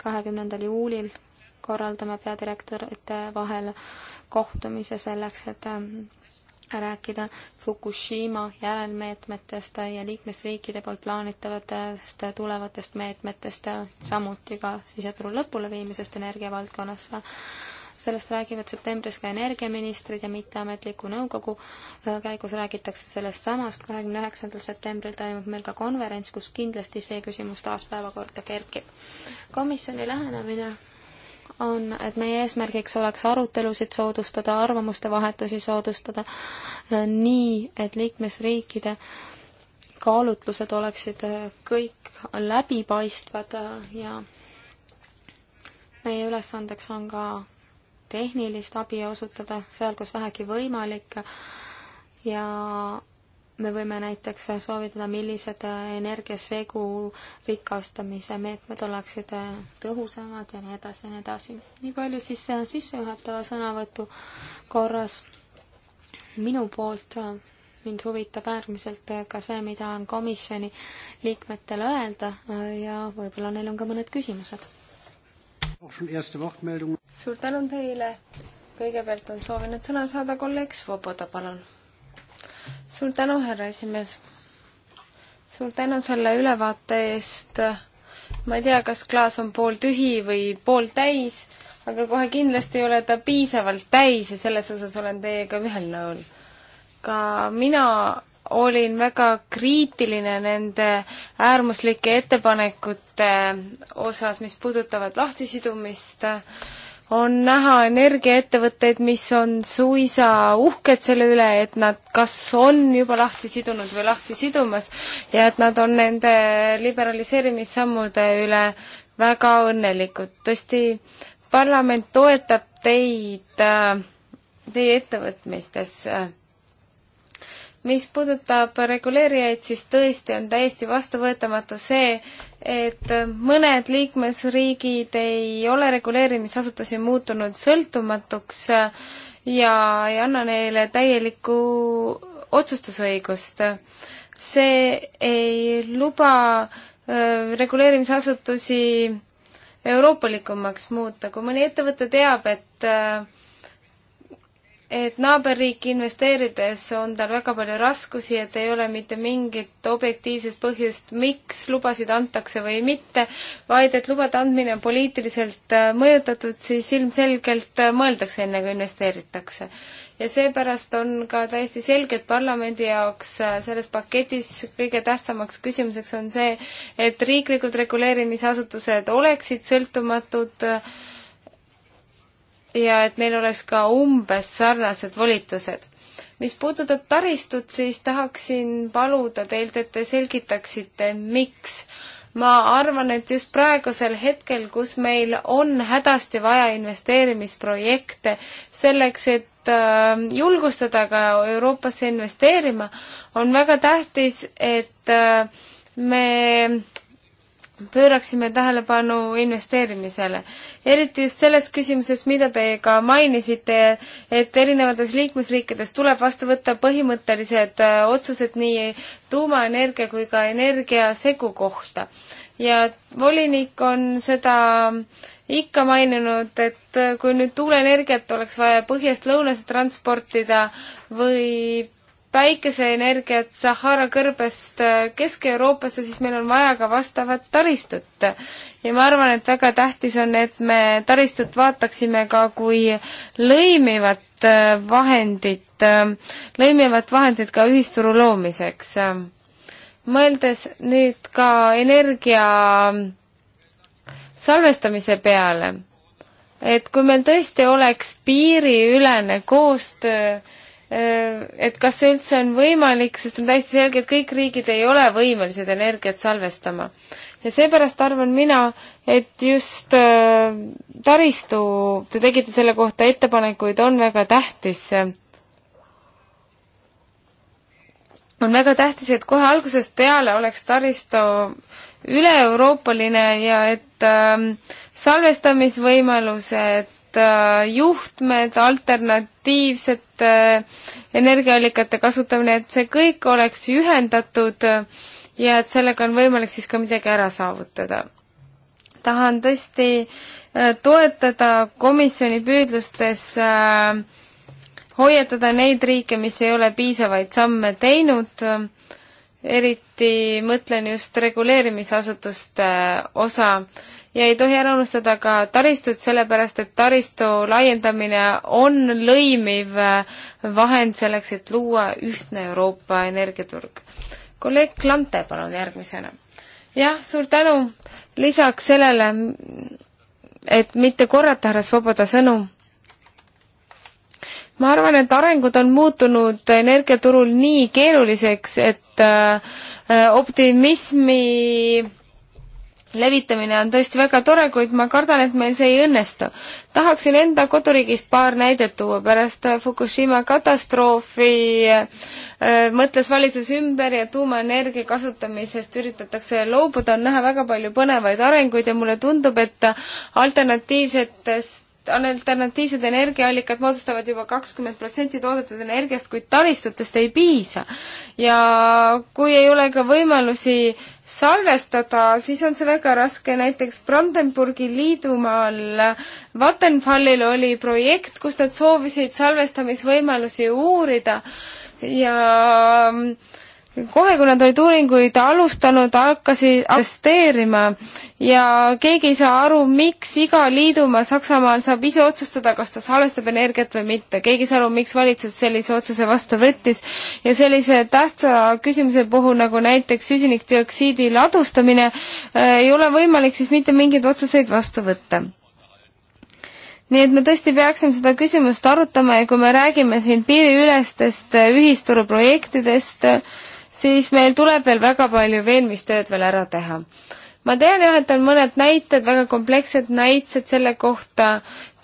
kahekümnendal juulil korraldame peadirektorite vahel kohtumise selleks, et äh, rääkida Fukushima järelmeetmetest ja liikmesriikide poolt plaanitavatest tulevatest meetmetest, samuti ka siseturu lõpuleviimisest energiavaldkonnas. sellest räägivad septembris ka energiaministrid ja mitteametliku nõukogu käigus räägitakse sellest samast, kahekümne üheksandal septembril toimub meil ka konverents, kus kindlasti see küsimus taas päevakorda kerkib. komisjoni lähenemine on, et meie eesmärgiks oleks arutelusid soodustada, arvamuste vahetusi soodustada äh, nii, et liikmesriikide kaalutlused oleksid äh, kõik läbipaistvad äh, ja meie ülesandeks on ka tehnilist abi osutada seal, kus vähegi võimalik ja me võime näiteks soovitada, millised energiasegu rikastamise meetmed oleksid tõhusamad ja nii edasi ja nii edasi. nii palju siis sissejuhatava sõnavõtu korras minu poolt. Äh, mind huvitab äärmiselt äh, ka see, mida on komisjoni liikmetel öelda äh, ja võib-olla neil on ka mõned küsimused. suur tänu teile. kõigepealt on soovinud sõna saada kolleeg Svoboda, palun suur tänu, härra esimees. suur tänu selle ülevaate eest. ma ei tea, kas klaas on pooltühi või pooltäis, aga kohe kindlasti ei ole ta piisavalt täis ja selles osas olen teiega ühel nõul. ka mina olin väga kriitiline nende äärmuslike ettepanekute osas, mis puudutavad lahtisidumist äh, on näha energiaettevõtteid, mis on suisa uhked selle üle, et nad kas on juba lahti sidunud või lahti sidumas ja et nad on nende liberaliseerimissammude üle väga õnnelikud. tõesti, parlament toetab teid, äh, teie ettevõtmistes mis puudutab reguleerijaid, siis tõesti on täiesti vastuvõetamatu see, et mõned liikmesriigid ei ole reguleerimisasutusi muutunud sõltumatuks ja ei anna neile täielikku otsustusõigust. see ei luba äh, reguleerimisasutusi euroopalikumaks muuta, kui mõni ettevõte teab, et äh, et naaberriiki investeerides on tal väga palju raskusi, et ei ole mitte mingit objektiivset põhjust, miks lubasid antakse või mitte, vaid et lubade andmine on poliitiliselt äh, mõjutatud, siis ilmselgelt äh, mõeldakse enne, kui investeeritakse. ja seepärast on ka täiesti selgelt parlamendi jaoks äh, selles paketis kõige tähtsamaks küsimuseks on see, et riiklikud reguleerimisasutused oleksid sõltumatud äh, ja et neil oleks ka umbes sarnased volitused. mis puudutab taristut, siis tahaksin paluda teilt, et te selgitaksite, miks ma arvan, et just praegusel hetkel, kus meil on hädasti vaja investeerimisprojekte selleks, et äh, julgustada ka Euroopasse investeerima, on väga tähtis, et äh, me pööraksime tähelepanu investeerimisele. eriti just selles küsimuses, mida te ka mainisite, et erinevates liikmesriikides tuleb vastu võtta põhimõttelised äh, otsused nii tuumaenergia kui ka energiasegu kohta. ja volinik on seda ikka maininud, et kui nüüd tuuleenergiat oleks vaja põhjast lõunasse transportida või päikeseenergiat Sahara kõrbest äh, Kesk-Euroopasse, siis meil on vaja ka vastavat taristut. ja ma arvan, et väga tähtis on, et me taristut vaataksime ka kui lõimivat äh, vahendit, äh, lõimivat vahendit ka ühisturu loomiseks. mõeldes nüüd ka energia salvestamise peale, et kui meil tõesti oleks piiriülene koostöö Äh, et kas see üldse on võimalik, sest on täiesti selge, et kõik riigid ei ole võimelised energiat salvestama. ja seepärast arvan mina, et just äh, taristu, te tegite selle kohta ettepanekuid, on väga tähtis. Äh, on väga tähtis, et kohe algusest peale oleks taristu üle-euroopaline ja et äh, salvestamisvõimalused Äh, juhtmed, alternatiivsete äh, energiaallikate kasutamine, et see kõik oleks ühendatud äh, ja et sellega on võimalik siis ka midagi ära saavutada. tahan tõesti toetada komisjoni püüdlustes hoiatada neid riike, mis ei ole piisavaid samme teinud, eriti mõtlen just reguleerimisasutuste osa, ja ei tohi ära unustada ka taristut, sellepärast et taristu laiendamine on lõimiv äh, vahend selleks, et luua ühtne Euroopa energiaturg. kolleeg Klante, palun järgmisena. jah, suur tänu, lisaks sellele, et mitte korrata härra Svoboda sõnu, ma arvan, et arengud on muutunud energiaturul nii keeruliseks, et äh, optimismi levitamine on tõesti väga tore, kuid ma kardan, et meil see ei õnnestu. tahaksin enda koduriigist paar näidet tuua, pärast Fukushima katastroofi äh, mõtles valitsus ümber ja tuumaenergia kasutamisest üritatakse loobuda, on näha väga palju põnevaid arenguid ja mulle tundub, et alternatiivsetest alternatiivsed energiaallikad moodustavad juba kakskümmend protsenti toodetud energiast, kuid taristutest ei piisa. ja kui ei ole ka võimalusi salvestada, siis on see väga raske, näiteks Brandenburgi liidumaal Vattenfallil oli projekt, kus nad soovisid salvestamisvõimalusi uurida ja äh, kohe, kui nad olid uuringuid alustanud, hakkasid arresteerima ja keegi ei saa aru, miks iga liidumaa Saksamaal saab ise otsustada, kas ta salvestab energiat või mitte. keegi ei saa aru, miks valitsus sellise otsuse vastu võttis ja sellise tähtsa küsimuse puhul, nagu näiteks süsinikdioksiidi ladustamine, eh, ei ole võimalik siis mitte mingeid otsuseid vastu võtta nii et me tõesti peaksime seda küsimust arutama ja kui me räägime siin piiriülestest eh, ühisturuprojektidest, siis meil tuleb veel väga palju veenmistööd veel ära teha. ma tean jah, et on mõned näited, väga komplekssed näitsed selle kohta,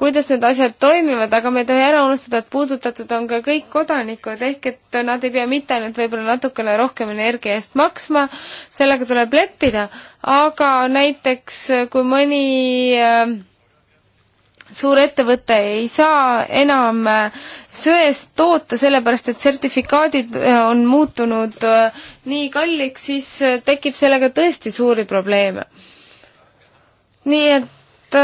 kuidas need asjad toimivad, aga me ei tohi ära unustada, et puudutatud on ka kõik kodanikud, ehk et nad ei pea mitte ainult võib-olla natukene rohkem energia eest maksma, sellega tuleb leppida, aga näiteks kui mõni äh, suur ettevõte ei saa enam äh, söest toota, sellepärast et sertifikaadid äh, on muutunud äh, nii kalliks, siis tekib sellega tõesti suuri probleeme. nii et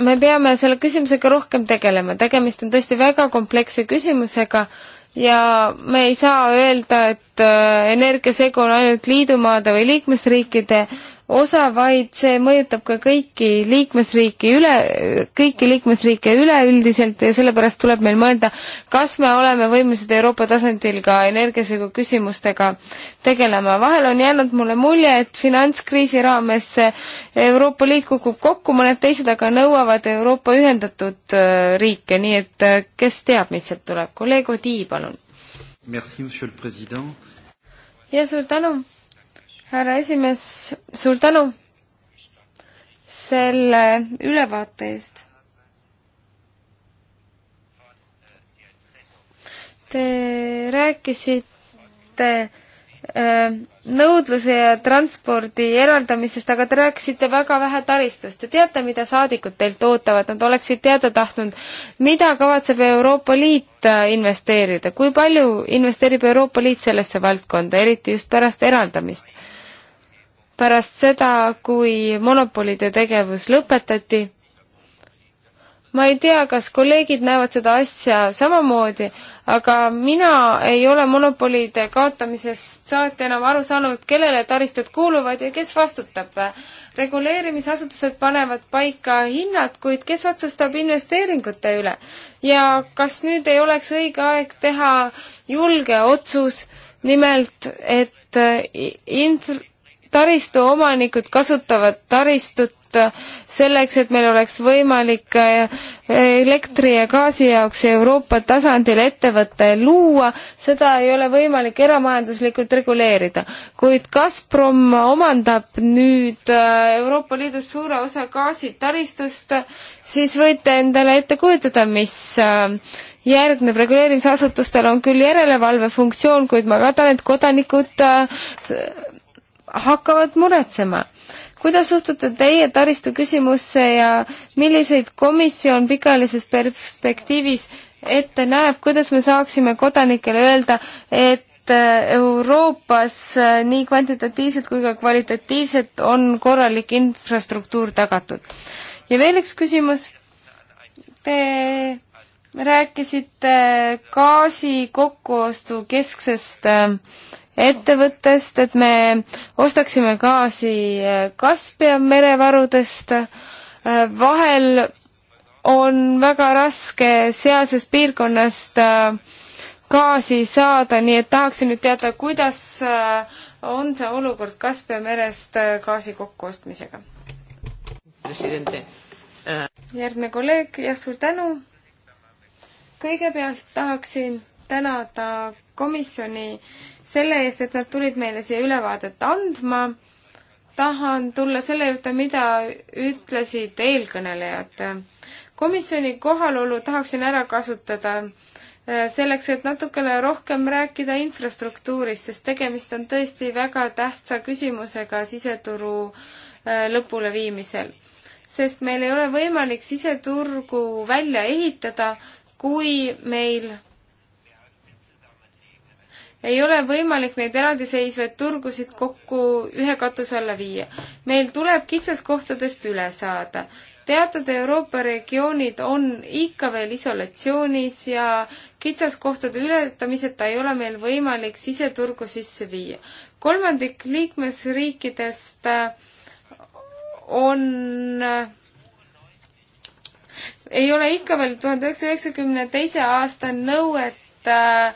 me peame selle küsimusega rohkem tegelema, tegemist on tõesti väga kompleksse küsimusega ja me ei saa öelda, et energiasegu on ainult liidumaade või liikmesriikide äh, osa, vaid see mõjutab ka kõiki liikmesriiki üle, kõiki liikmesriike üleüldiselt ja sellepärast tuleb meil mõelda, kas me oleme võimelised Euroopa tasandil ka energiasegu küsimustega tegelema. vahel on jäänud mulle mulje, et finantskriisi raames Euroopa Liit kukub kokku, mõned teised aga nõuavad Euroopa ühendatud äh, riike, nii et äh, kes teab, mis sealt tuleb. kolleeg Odi, palun. ja suur tänu härra esimees, suur tänu selle ülevaate eest. Te rääkisite äh, nõudluse ja transpordi eraldamisest, aga te rääkisite väga vähe taristust. Te teate, mida saadikud teilt ootavad, nad oleksid teada tahtnud, mida kavatseb Euroopa Liit äh, investeerida, kui palju investeerib Euroopa Liit sellesse valdkonda, eriti just pärast eraldamist? pärast seda, kui monopolide tegevus lõpetati. ma ei tea, kas kolleegid näevad seda asja samamoodi, aga mina ei ole monopolide kaotamisest saati enam aru saanud, kellele taristud kuuluvad ja kes vastutab. reguleerimisasutused panevad paika hinnad, kuid kes otsustab investeeringute üle? ja kas nüüd ei oleks õige aeg teha julge otsus, nimelt et inf-, taristuomanikud kasutavad taristut selleks, et meil oleks võimalik eh, elektri ja gaasi jaoks Euroopa tasandil ettevõte luua, seda ei ole võimalik eramajanduslikult reguleerida. kuid Gazprom omandab nüüd eh, Euroopa Liidus suure osa gaasitaristust, siis võite endale ette kujutada, mis eh, järgneb, reguleerimisasutustel on küll järelevalvefunktsioon, kuid ma kardan, et kodanikud hakkavad muretsema. kuidas suhtute teie taristu küsimusse ja milliseid komisjon pikaajalises perspektiivis ette näeb, kuidas me saaksime kodanikele öelda, et äh, Euroopas äh, nii kvantitatiivselt kui ka kvalitatiivselt on korralik infrastruktuur tagatud. ja veel üks küsimus. Te rääkisite gaasi kokkuostu kesksest äh, ettevõttest, et me ostaksime gaasi eh, Kaspia merevarudest. Eh, vahel on väga raske sealsest piirkonnast eh, gaasi saada, nii et tahaksin nüüd teada, kuidas on see olukord Kaspia merest gaasi kokkuostmisega? järgmine kolleeg, jah, suur tänu. kõigepealt tahaksin tänada komisjoni selle eest, et nad tulid meile siia ülevaadet andma. tahan tulla selle juurde, mida ütlesid eelkõnelejad. komisjoni kohalolu tahaksin ära kasutada äh, selleks, et natukene rohkem rääkida infrastruktuurist, sest tegemist on tõesti väga tähtsa küsimusega siseturu äh, lõpuleviimisel. sest meil ei ole võimalik siseturgu välja ehitada, kui meil ei ole võimalik neid eraldiseisvaid turgusid kokku ühe katuse alla viia. meil tuleb kitsaskohtadest üle saada. teatud Euroopa regioonid on ikka veel isolatsioonis ja kitsaskohtade ületamiseta ei ole meil võimalik siseturgu sisse viia. kolmandik liikmesriikidest äh, on äh, ei ole ikka veel tuhande üheksasaja üheksakümne teise aasta nõuet äh,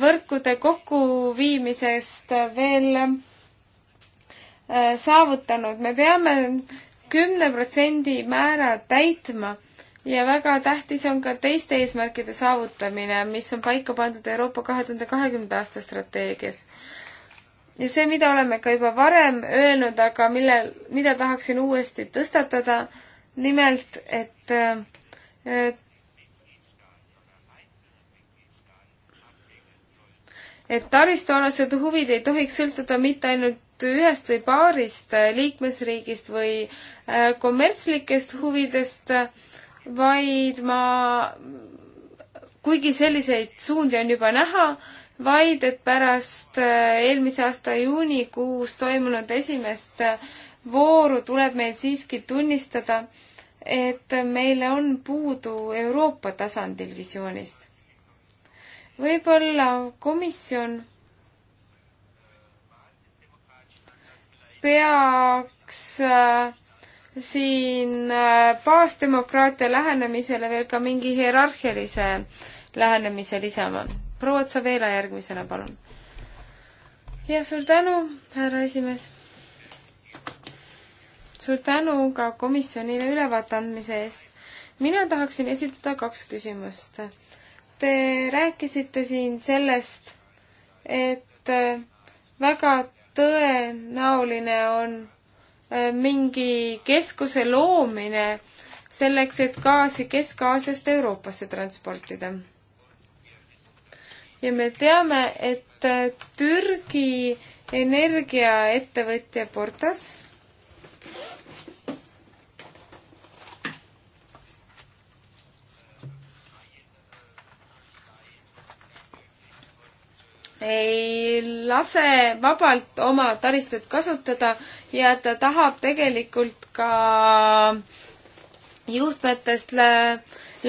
võrkude kokkuviimisest veel äh, saavutanud. me peame kümne protsendi määra täitma ja väga tähtis on ka teiste eesmärkide saavutamine, mis on paika pandud Euroopa kahe tuhande kahekümnenda aasta strateegias ja see, mida oleme ka juba varem öelnud, aga mille, mida tahaksin uuesti tõstatada, nimelt, et äh, et taristualased huvid ei tohiks sõltuda mitte ainult ühest või paarist äh, liikmesriigist või äh, kommertslikest huvidest, vaid ma, kuigi selliseid suundi on juba näha, vaid et pärast äh, eelmise aasta juunikuus toimunud esimest vooru tuleb meil siiski tunnistada, et meil on puudu Euroopa tasandil visioonist võib-olla komisjon peaks äh, siin äh, baasdemokraatia lähenemisele veel ka mingi hierarhilise lähenemise lisama. proua Otsa Veela järgmisena, palun. ja suur tänu, härra esimees. suur tänu ka komisjonile ülevaate andmise eest. mina tahaksin esitada kaks küsimust. Te rääkisite siin sellest, et äh, väga tõenäoline on äh, mingi keskuse loomine selleks, et gaasi Kesk-Aasiast Euroopasse transportida. ja me teame, et äh, Türgi energiaettevõtja Portas ei lase vabalt oma taristut kasutada ja ta tahab tegelikult ka juhtmetest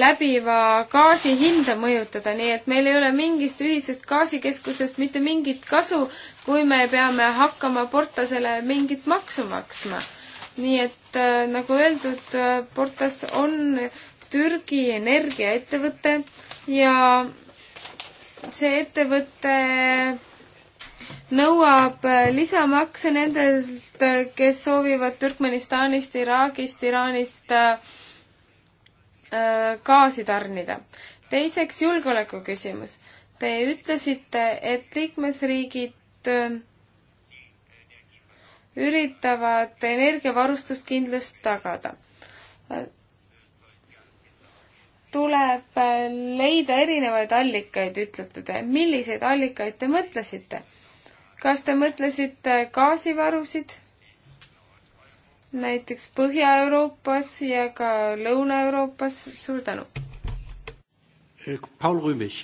läbiva gaasi hinda mõjutada, nii et meil ei ole mingist ühisest gaasikeskusest mitte mingit kasu, kui me peame hakkama Portasele mingit maksu maksma. nii et äh, nagu öeldud, äh, Portas on Türgi energiaettevõte ja see ettevõte nõuab lisamakse nendelt, kes soovivad Türkmenistanist, Iraagist, Iraanist äh, gaasi tarnida. teiseks julgeoleku küsimus. Te ütlesite, et liikmesriigid äh, üritavad energiavarustuskindlust tagada tuleb äh, leida erinevaid allikaid, ütlete te. milliseid allikaid te mõtlesite? kas te mõtlesite gaasivarusid? näiteks Põhja-Euroopas ja ka Lõuna-Euroopas. suur tänu. Äh, Paul Rüübich.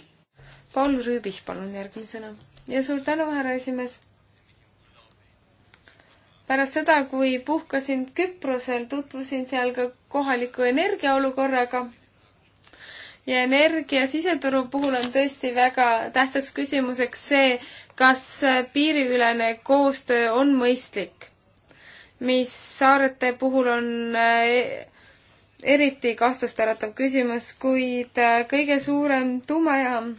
Paul Rüübich, palun järgmisena. ja suur tänu, härra esimees. pärast seda, kui puhkasin Küprosel, tutvusin seal ka kohaliku energiaolukorraga ja energia siseturu puhul on tõesti väga tähtsaks küsimuseks see, kas piiriülene koostöö on mõistlik, mis saarete puhul on eh, eriti kahtlust äratav küsimus, kuid eh, kõige suurem tuumajaam,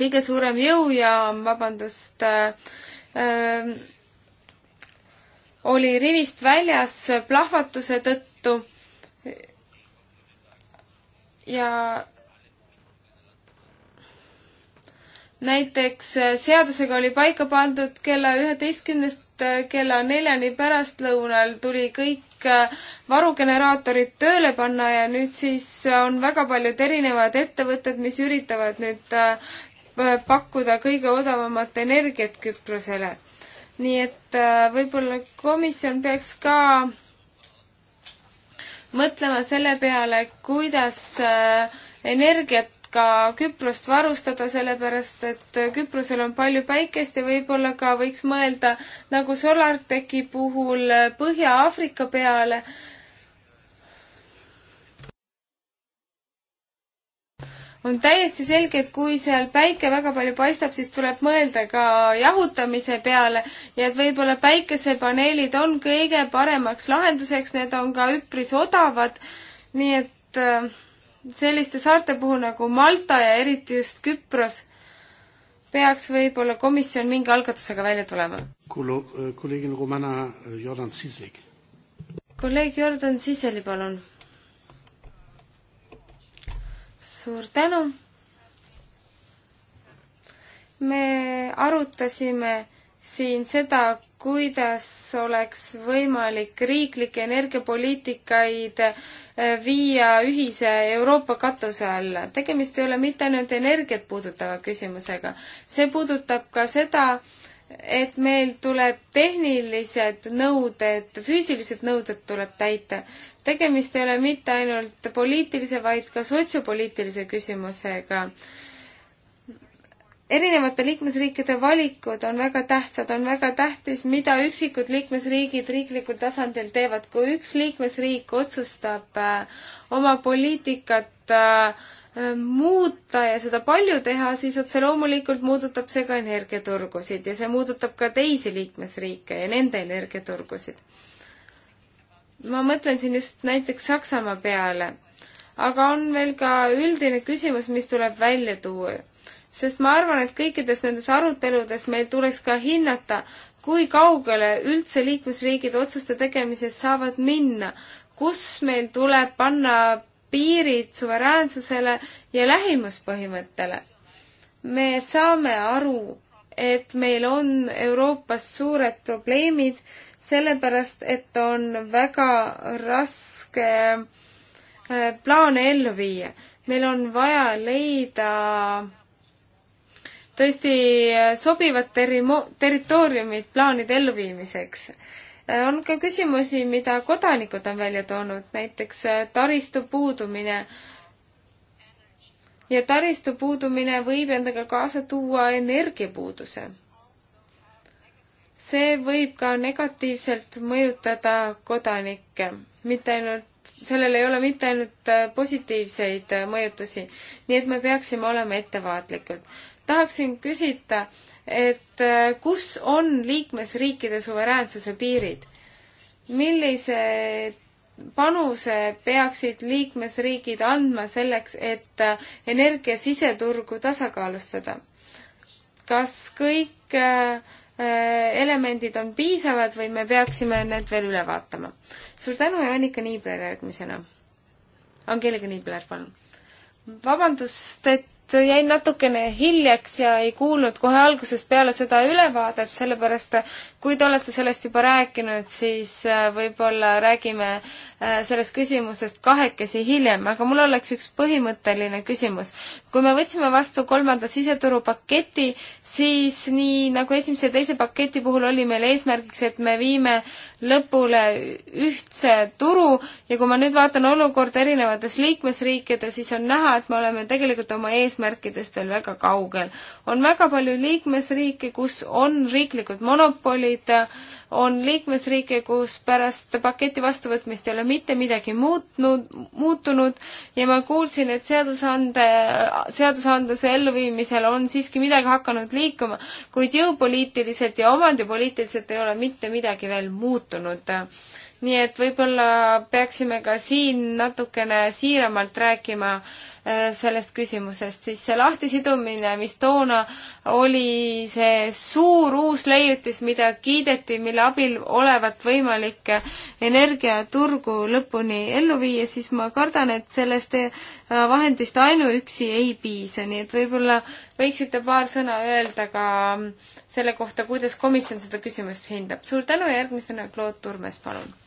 kõige suurem jõujaam, vabandust äh,, oli rivist väljas plahvatuse tõttu ja näiteks äh, seadusega oli paika pandud kella üheteistkümnest äh, kella neljani pärastlõunal tuli kõik äh, varugeneraatorid tööle panna ja nüüd siis on väga paljud erinevad ettevõtted, mis üritavad nüüd pakkuda kõige odavamat energiat Küprosele. nii et võib-olla komisjon peaks ka mõtlema selle peale, kuidas äh, energiat ka Küprost varustada, sellepärast et äh, Küprosel on palju päikest ja võib-olla ka võiks mõelda nagu Solartechi puhul äh, Põhja-Aafrika peale, on täiesti selge, et kui seal päike väga palju paistab, siis tuleb mõelda ka jahutamise peale ja et võib-olla päikesepaneelid on kõige paremaks lahenduseks, need on ka üpris odavad, nii et äh, selliste saarte puhul nagu Malta ja eriti just Küpros peaks võib-olla komisjon mingi algatusega välja tulema. Äh, kolleeg Jordan Siseli, palun suur tänu. me arutasime siin seda, kuidas oleks võimalik riiklikke energiapoliitikaid äh, viia ühise Euroopa katuse alla. tegemist ei ole mitte ainult energiat puudutava küsimusega, see puudutab ka seda, et meil tuleb tehnilised nõuded, füüsilised nõuded tuleb täita tegemist ei ole mitte ainult poliitilise, vaid ka sotsiopoliitilise küsimusega. erinevate liikmesriikide valikud on väga tähtsad, on väga tähtis, mida üksikud liikmesriigid riiklikul tasandil teevad. kui üks liikmesriik otsustab äh, oma poliitikat äh, muuta ja seda palju teha, siis otse loomulikult muudutab see ka energiaturgusid ja see muudutab ka teisi liikmesriike ja nende energiaturgusid ma mõtlen siin just näiteks Saksamaa peale. aga on veel ka üldine küsimus, mis tuleb välja tuua. sest ma arvan, et kõikides nendes aruteludes meil tuleks ka hinnata, kui kaugele üldse liikmesriigid otsuste tegemises saavad minna, kus meil tuleb panna piirid suveräänsusele ja lähimuspõhimõttele. me saame aru, et meil on Euroopas suured probleemid sellepärast et on väga raske äh, plaane ellu viia. meil on vaja leida tõesti äh, sobivad terimo-, territooriumid plaanide elluviimiseks. Äh, on ka küsimusi, mida kodanikud on välja toonud, näiteks taristu puudumine. ja taristu puudumine võib endaga kaasa tuua energiapuuduse see võib ka negatiivselt mõjutada kodanikke, mitte ainult, sellel ei ole mitte ainult äh, positiivseid äh, mõjutusi, nii et me peaksime olema ettevaatlikud. tahaksin küsida, et äh, kus on liikmesriikide suveräänsuse piirid? millise panuse peaksid liikmesriigid andma selleks, et energia siseturgu tasakaalustada? kas kõik äh, Äh, elemendid on piisavad või me peaksime need veel üle vaatama. suur tänu ja Annika Niibler järgmisena. Angeelika Niibler, palun. vabandust, et jäin natukene hiljaks ja ei kuulnud kohe algusest peale seda ülevaadet, sellepärast kui te olete sellest juba rääkinud, siis äh, võib-olla räägime äh, sellest küsimusest kahekesi hiljem, aga mul oleks üks põhimõtteline küsimus. kui me võtsime vastu kolmanda siseturupaketi, siis nii nagu esimese ja teise paketi puhul oli meil eesmärgiks, et me viime lõpule ühtse turu ja kui ma nüüd vaatan olukorda erinevates liikmesriikides, siis on näha, et me oleme tegelikult oma eesmärgi eesmärkidest veel väga kaugel. on väga palju liikmesriike, kus on riiklikud monopolid, on liikmesriike, kus pärast paketi vastuvõtmist ei ole mitte midagi muutnud, muutunud ja ma kuulsin, et seadusande, seadusandluse elluviimisel on siiski midagi hakanud liikuma, kuid jõupoliitiliselt ja omandipoliitiliselt ei ole mitte midagi veel muutunud nii et võib-olla peaksime ka siin natukene siiramalt rääkima Äh, sellest küsimusest, siis see lahtisidumine, mis toona oli see suur uus leiutis, mida kiideti, mille abil olevat võimalik energiaturgu lõpuni ellu viia, siis ma kardan, et sellest äh, vahendist ainuüksi ei piisa, nii et võib-olla võiksite paar sõna öelda ka mm, selle kohta, kuidas komisjon seda küsimust hindab. suur tänu ja järgmisena Claude Turmes, palun!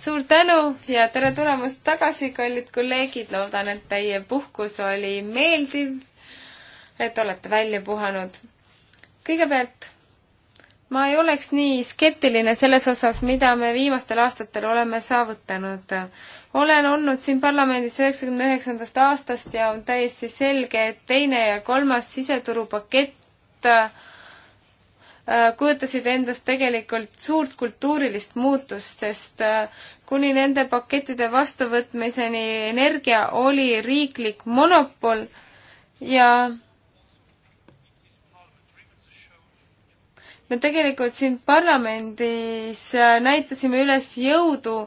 suur tänu ja tere tulemast tagasi, kallid kolleegid, loodan, et teie puhkus oli meeldiv, et olete välja puhanud. kõigepealt, ma ei oleks nii skeptiline selles osas, mida me viimastel aastatel oleme saavutanud. olen olnud siin parlamendis üheksakümne üheksandast aastast ja on täiesti selge, et teine ja kolmas siseturupakett Äh, kujutasid endast tegelikult suurt kultuurilist muutust, sest äh, kuni nende pakettide vastuvõtmiseni energia oli riiklik monopol ja me tegelikult siin parlamendis äh, näitasime üles jõudu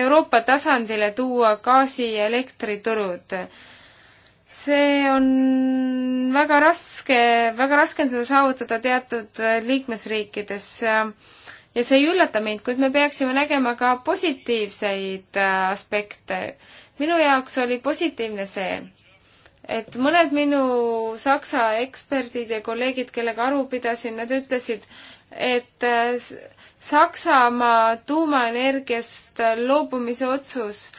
Euroopa tasandile tuua gaasi- ja elektriturud see on väga raske, väga raske on seda saavutada teatud äh, liikmesriikides ja see ei üllata mind, kuid me peaksime nägema ka positiivseid äh, aspekte. minu jaoks oli positiivne see, et mõned minu saksa eksperdid ja kolleegid, kellega aru pidasin, nad ütlesid, et äh, Saksamaa tuumaenergiast loobumise otsus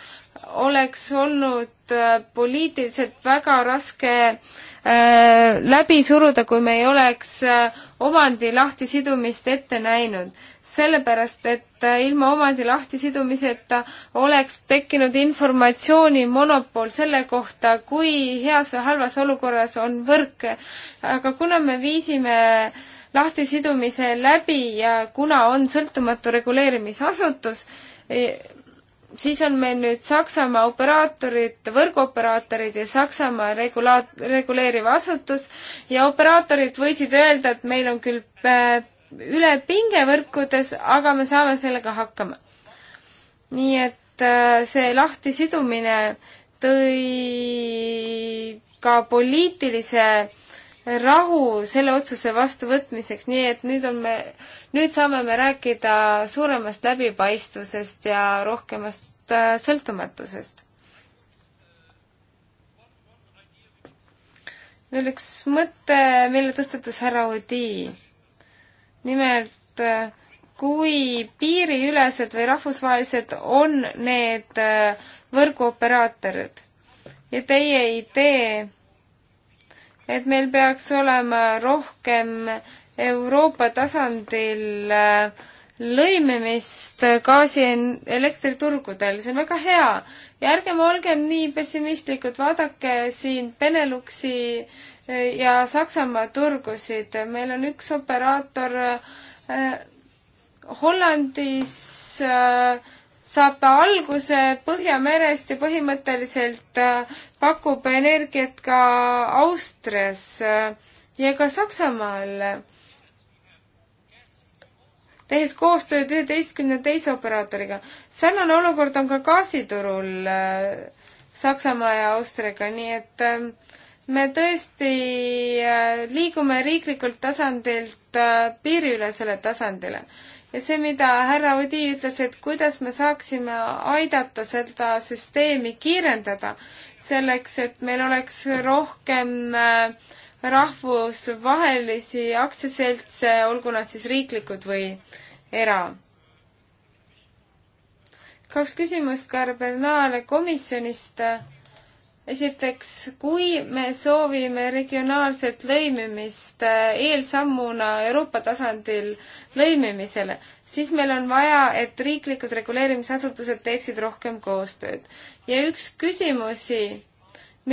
oleks olnud äh, poliitiliselt väga raske äh, läbi suruda, kui me ei oleks äh, omandi lahtisidumist ette näinud. sellepärast, et äh, ilma omandi lahtisidumiseta oleks tekkinud informatsioonimonopol selle kohta, kui heas või halvas olukorras on võrk. aga kuna me viisime lahtisidumise läbi ja kuna on sõltumatu reguleerimisasutus, siis on meil nüüd Saksamaa operaatorid, võrguoperaatorid ja Saksamaa regula-, reguleeriv asutus ja operaatorid võisid öelda, et meil on küll äh, üle pinge võrkudes, aga me saame sellega hakkama. nii et äh, see lahtisidumine tõi ka poliitilise äh, rahu selle otsuse vastuvõtmiseks, nii et nüüd on me, nüüd saame me rääkida suuremast läbipaistvusest ja rohkemast äh, sõltumatusest. veel üks mõte, mille tõstatas härra Odi. nimelt, äh, kui piiriülesed või rahvusvahelised on need äh, võrguoperaatorid ja teie idee et meil peaks olema rohkem Euroopa tasandil äh, lõimimist gaasi elektriturgudel, see on väga hea. ja ärgem olgem nii pessimistlikud, vaadake siin Beneluxi äh, ja Saksamaa turgusid, meil on üks operaator äh, Hollandis äh, saab ta alguse Põhjamerest ja põhimõtteliselt äh, pakub energiat ka Austrias äh, ja ka Saksamaal, tehes koostööd üheteistkümne teise operaatoriga. sarnane olukord on ka gaasiturul äh, Saksamaa ja Austriaga, nii et me tõesti liigume riiklikult tasandilt piiriülesele tasandile ja see, mida härra Odi ütles, et kuidas me saaksime aidata seda süsteemi kiirendada, selleks et meil oleks rohkem äh, rahvusvahelisi aktsiaseltse, olgu nad siis riiklikud või era. kaks küsimust Karbenale komisjonist esiteks, kui me soovime regionaalset lõimimist äh, eelsammuna Euroopa tasandil lõimimisele, siis meil on vaja, et riiklikud reguleerimisasutused teeksid rohkem koostööd. ja üks küsimusi,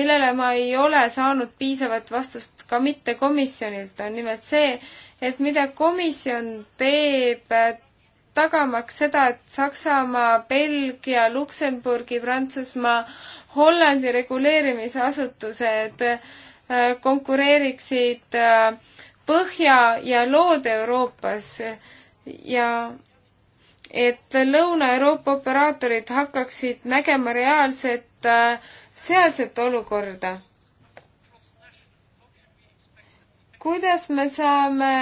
millele ma ei ole saanud piisavat vastust ka mitte komisjonilt, on nimelt see, et mida komisjon teeb äh, tagamaks seda, et Saksamaa, Belgia, Luksemburgi, Prantsusmaa Hollandi reguleerimisasutused äh, konkureeriksid äh, Põhja- ja Lood-Euroopas ja et Lõuna-Euroopa operaatorid hakkaksid nägema reaalset äh, sealset olukorda. kuidas me saame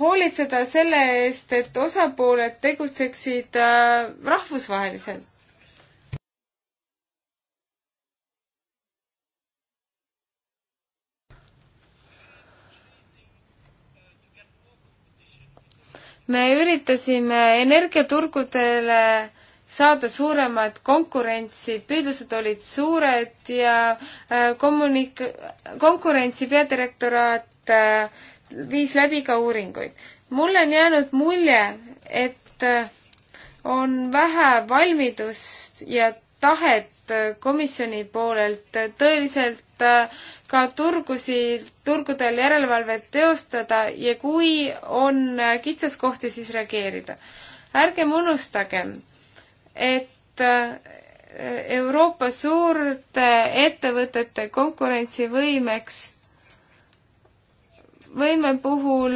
hoolitseda selle eest, et osapooled tegutseksid rahvusvaheliselt? me üritasime energiaturgudele saada suuremat konkurentsi, püüdlused olid suured ja äh, kommunik-, konkurentsi peadirektoraat äh, viis läbi ka uuringuid. mulle on jäänud mulje, et äh, on vähe valmidust ja tahet komisjoni poolelt tõeliselt Äh, ka turgusi, turgudel järelevalvet teostada ja kui on äh, kitsaskohti, siis reageerida. ärgem unustagem, et äh, Euroopa suurte ettevõtete konkurentsivõimeks, võime puhul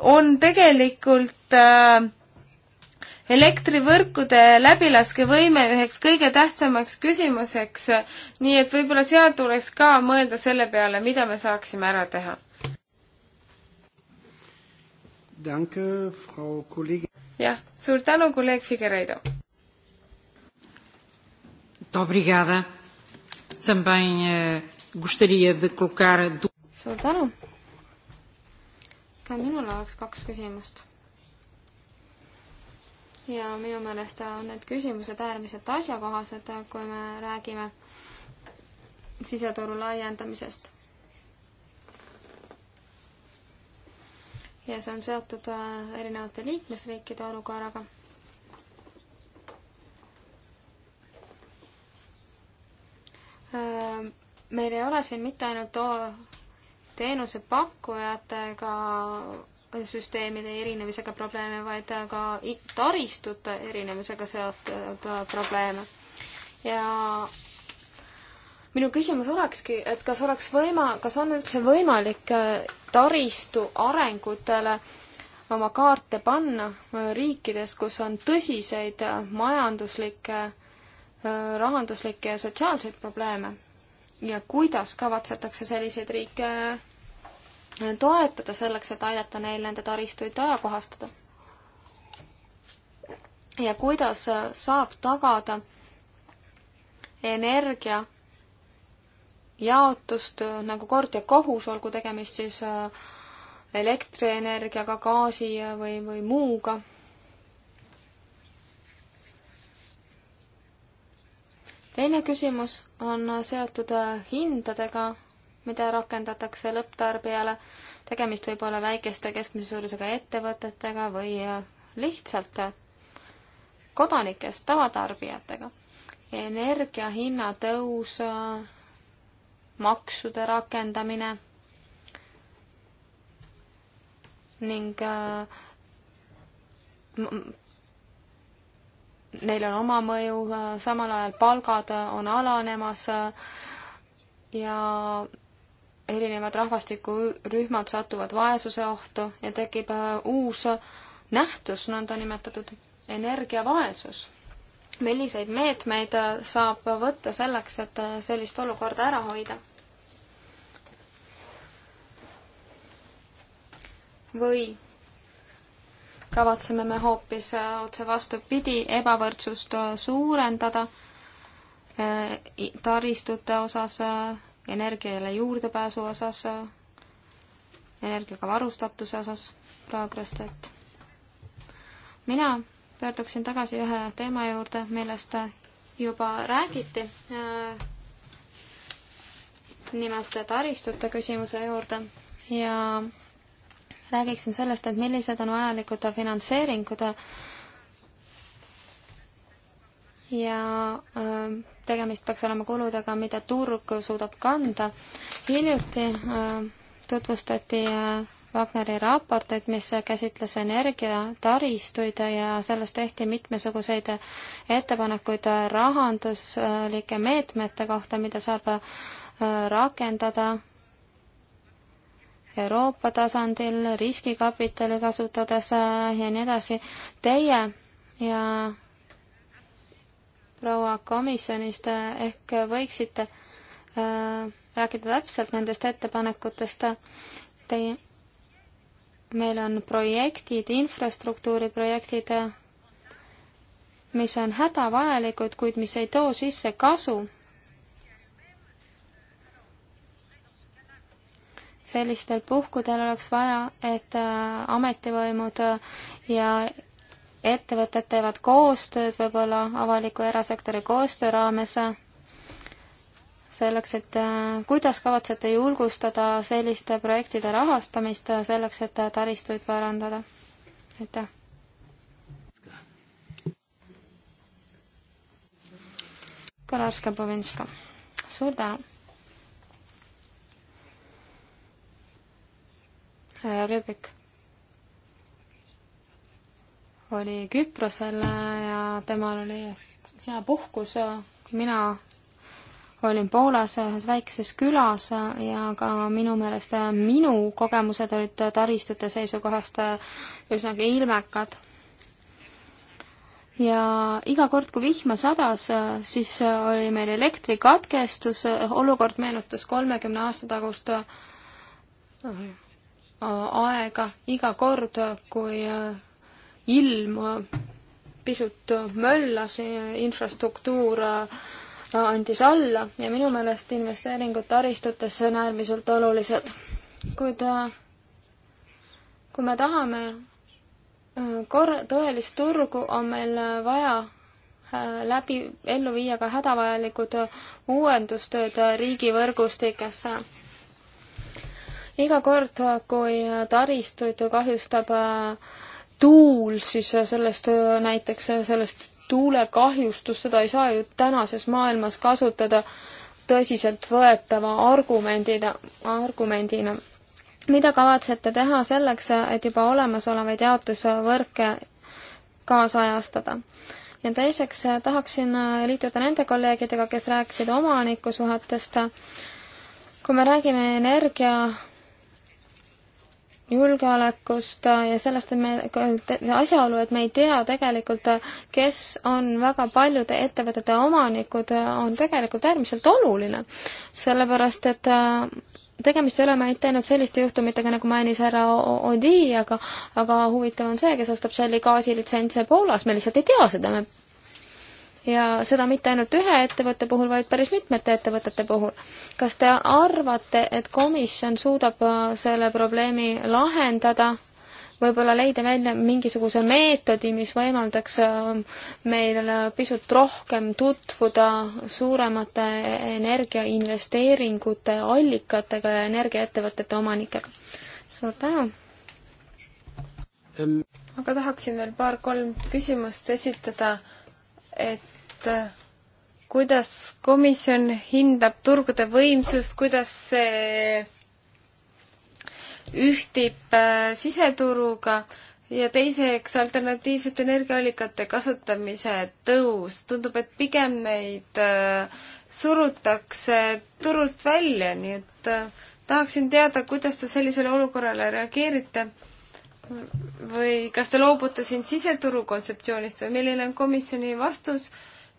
on tegelikult äh, elektrivõrkude läbilaskevõime üheks kõige tähtsamaks küsimuseks, nii et võib-olla seal tuleks ka mõelda selle peale, mida me saaksime ära teha. jah, suur tänu, kolleeg Figueiredo. Eh, suur tänu. ka minul oleks kaks küsimust ja minu meelest on need küsimused äärmiselt asjakohased, kui me räägime siseturu laiendamisest. ja see on seotud äh, erinevate liikmesriikide olukorraga. Äh, meil ei ole siin mitte ainult teenusepakkujatega süsteemide erinevusega probleeme, vaid ka taristute erinevusega seotud probleeme. ja minu küsimus olekski, et kas oleks võima-, kas on üldse võimalik äh, taristu arengutele oma kaarte panna äh, riikides, kus on tõsiseid äh, majanduslikke, rahanduslikke ja sotsiaalseid probleeme? ja kuidas kavatsetakse selliseid riike toetada selleks, et aidata neil nende taristuid ajakohastada. ja kuidas saab tagada energia jaotust nagu kord ja kohus, olgu tegemist siis äh, elektrienergiaga, gaasi või, või muuga. teine küsimus on seotud äh, hindadega mida rakendatakse lõpptarbijale. tegemist võib olla väikeste keskmise suurusega ettevõtetega või äh, lihtsalt äh, kodanikest tavatarbijatega. energia hinna tõus, äh, maksude rakendamine ning neil on oma mõju, samal ajal palgad on alanemas ja erinevad rahvastikurühmad satuvad vaesuse ohtu ja tekib äh, uus nähtus, nõndanimetatud energiavaesus. milliseid meetmeid äh, saab võtta selleks, et äh, sellist olukorda ära hoida? või kavatseme me hoopis otse vastupidi ebavõrdsust suurendada taristute osas energiale juurdepääsu osas, energiaga varustatuse osas progress, et mina pöörduksin tagasi ühe teema juurde, millest juba räägiti, äh, nimelt taristute küsimuse juurde ja räägiksin sellest, et millised on vajalikud finantseeringud ja äh, tegemist peaks olema kuludega, mida turg suudab kanda. hiljuti äh, tutvustati äh, Wagneri raporteid, mis käsitles energiataristuid ja sellest tehti mitmesuguseid ettepanekuid rahanduslike meetmete kohta, mida saab äh, rakendada Euroopa tasandil riskikapitali kasutades ja nii edasi. Teie ja proua komisjonist, ehk võiksite äh, rääkida täpselt nendest ettepanekutest. Teie, meil on projektid, infrastruktuuriprojektid, mis on hädavajalikud, kuid mis ei too sisse kasu. sellistel puhkudel oleks vaja, et äh, ametivõimud äh, ja ettevõtted teevad koostööd võib-olla avaliku erasektori koostöö raames selleks, et äh, kuidas kavatsete julgustada selliste projektide rahastamist äh, selleks, et äh, taristuid parandada? aitäh! Kolarska-Povinska, suur tänu! härra Rüübik oli Küprosel ja temal oli hea puhkus, mina olin Poolas ühes väikeses külas ja ka minu meelest minu kogemused olid taristute seisukohast üsnagi ilmekad. ja iga kord, kui vihma sadas, siis oli meil elektrikatkestus, olukord meenutas kolmekümne aasta tagust aega, iga kord, kui ilm pisut möllas, infrastruktuur andis alla ja minu meelest investeeringud taristutesse on äärmiselt olulised. kuid kui me tahame äh, kor-, tõelist turgu, on meil vaja äh, läbi, ellu viia ka hädavajalikud uuendustööd riigivõrgustikes. iga kord, kui taristuid kahjustab äh, tuul, siis sellest näiteks, sellest tuulekahjustust, seda ei saa ju tänases maailmas kasutada tõsiseltvõetava argumendina, argumendina. mida kavatsete teha selleks, et juba olemasolevaid jaotusvõrke kaasajastada? ja teiseks tahaksin liituda nende kolleegidega, kes rääkisid omanikusuhetest. kui me räägime energia julgeolekust äh, ja sellest, et me, asjaolu, et me ei tea tegelikult, äh, kes on väga paljude ettevõtete omanikud, äh, on tegelikult äärmiselt oluline. sellepärast, et tegemist ei ole me mitte ainult selliste juhtumitega, nagu mainis härra Odi, aga aga huvitav on see, kes ostab Shelli gaasilitsentse Poolas, me lihtsalt ei tea seda, me ja seda mitte ainult ühe ettevõtte puhul, vaid päris mitmete ettevõtete puhul. kas te arvate, et komisjon suudab äh, selle probleemi lahendada, võib-olla leida välja mingisuguse meetodi, mis võimaldaks äh, meil äh, pisut rohkem tutvuda suuremate energiainvesteeringute allikatega ja energiaettevõtete omanikega? suur tänu! aga tahaksin veel paar-kolm küsimust esitada et äh, kuidas komisjon hindab turgude võimsust, kuidas see ühtib äh, siseturuga ja teiseks alternatiivsete energiaallikate kasutamise tõus. tundub, et pigem neid äh, surutakse turult välja, nii et tahaksin teada, kuidas te sellisele olukorrale reageerite või kas te loobute siin siseturu kontseptsioonist või milline on komisjoni vastus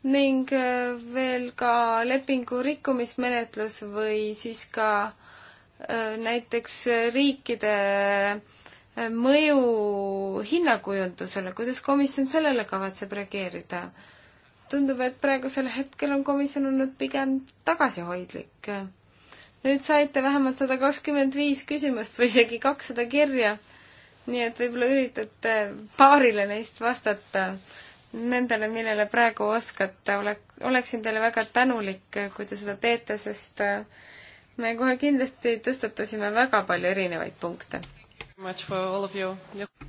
ning äh, veel ka lepingu rikkumismenetlus või siis ka äh, näiteks riikide äh, mõju hinnakujundusele, kuidas komisjon sellele kavatseb reageerida? tundub, et praegusel hetkel on komisjon olnud pigem tagasihoidlik. nüüd saite vähemalt sada kakskümmend viis küsimust või isegi kakssada kirja nii et võib-olla üritate paarile neist vastata, nendele, millele praegu oskate, ole, oleksin teile väga tänulik, kui te seda teete, sest äh, me kohe kindlasti tõstatasime väga palju erinevaid punkte.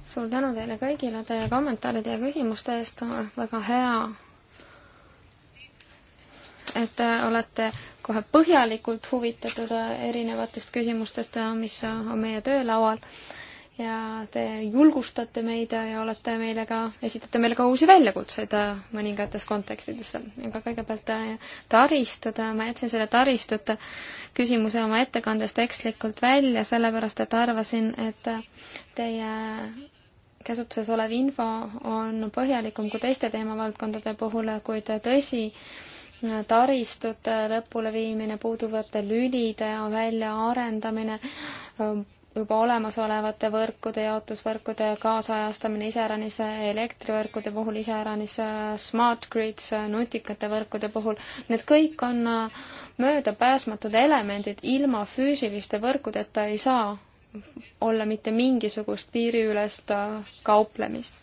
suur tänu teile kõigile teie kommentaaride ja küsimuste eest, väga hea, et te olete kohe põhjalikult huvitatud äh, erinevatest küsimustest, äh, mis on meie töölaual ja te julgustate meid ja olete meile ka, esitate meile ka uusi väljakutseid äh, mõningates kontekstides. aga kõigepealt äh, taristud, äh, ma jätsin selle taristute küsimuse oma ettekandes tekstlikult välja, sellepärast et arvasin, et teie käsutuses olev info on põhjalikum kui teiste teemavaldkondade puhul, kuid tõsi, taristute lõpuleviimine, puuduvate lülide väljaarendamine, juba olemasolevate võrkude, jaotusvõrkude kaasajastamine iseäranis elektrivõrkude puhul, iseäranis smart grids, nutikate võrkude puhul, need kõik on äh, möödapääsmatud elemendid, ilma füüsiliste võrkudeta ei saa olla mitte mingisugust piiriülest äh, kauplemist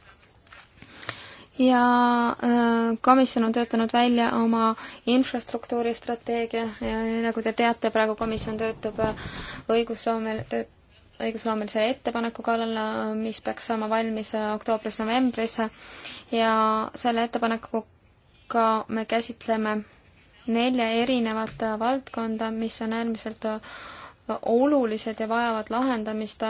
ja äh, komisjon on töötanud välja oma infrastruktuuri strateegia ja nagu te teate, praegu komisjon töötab õigusloomel, tööt-, õigusloomelise ettepaneku kallal, mis peaks saama valmis oktoobris-novembris ja selle ettepanekuga me käsitleme nelja erinevat valdkonda, mis on äärmiselt olulised ja vajavad lahendamist,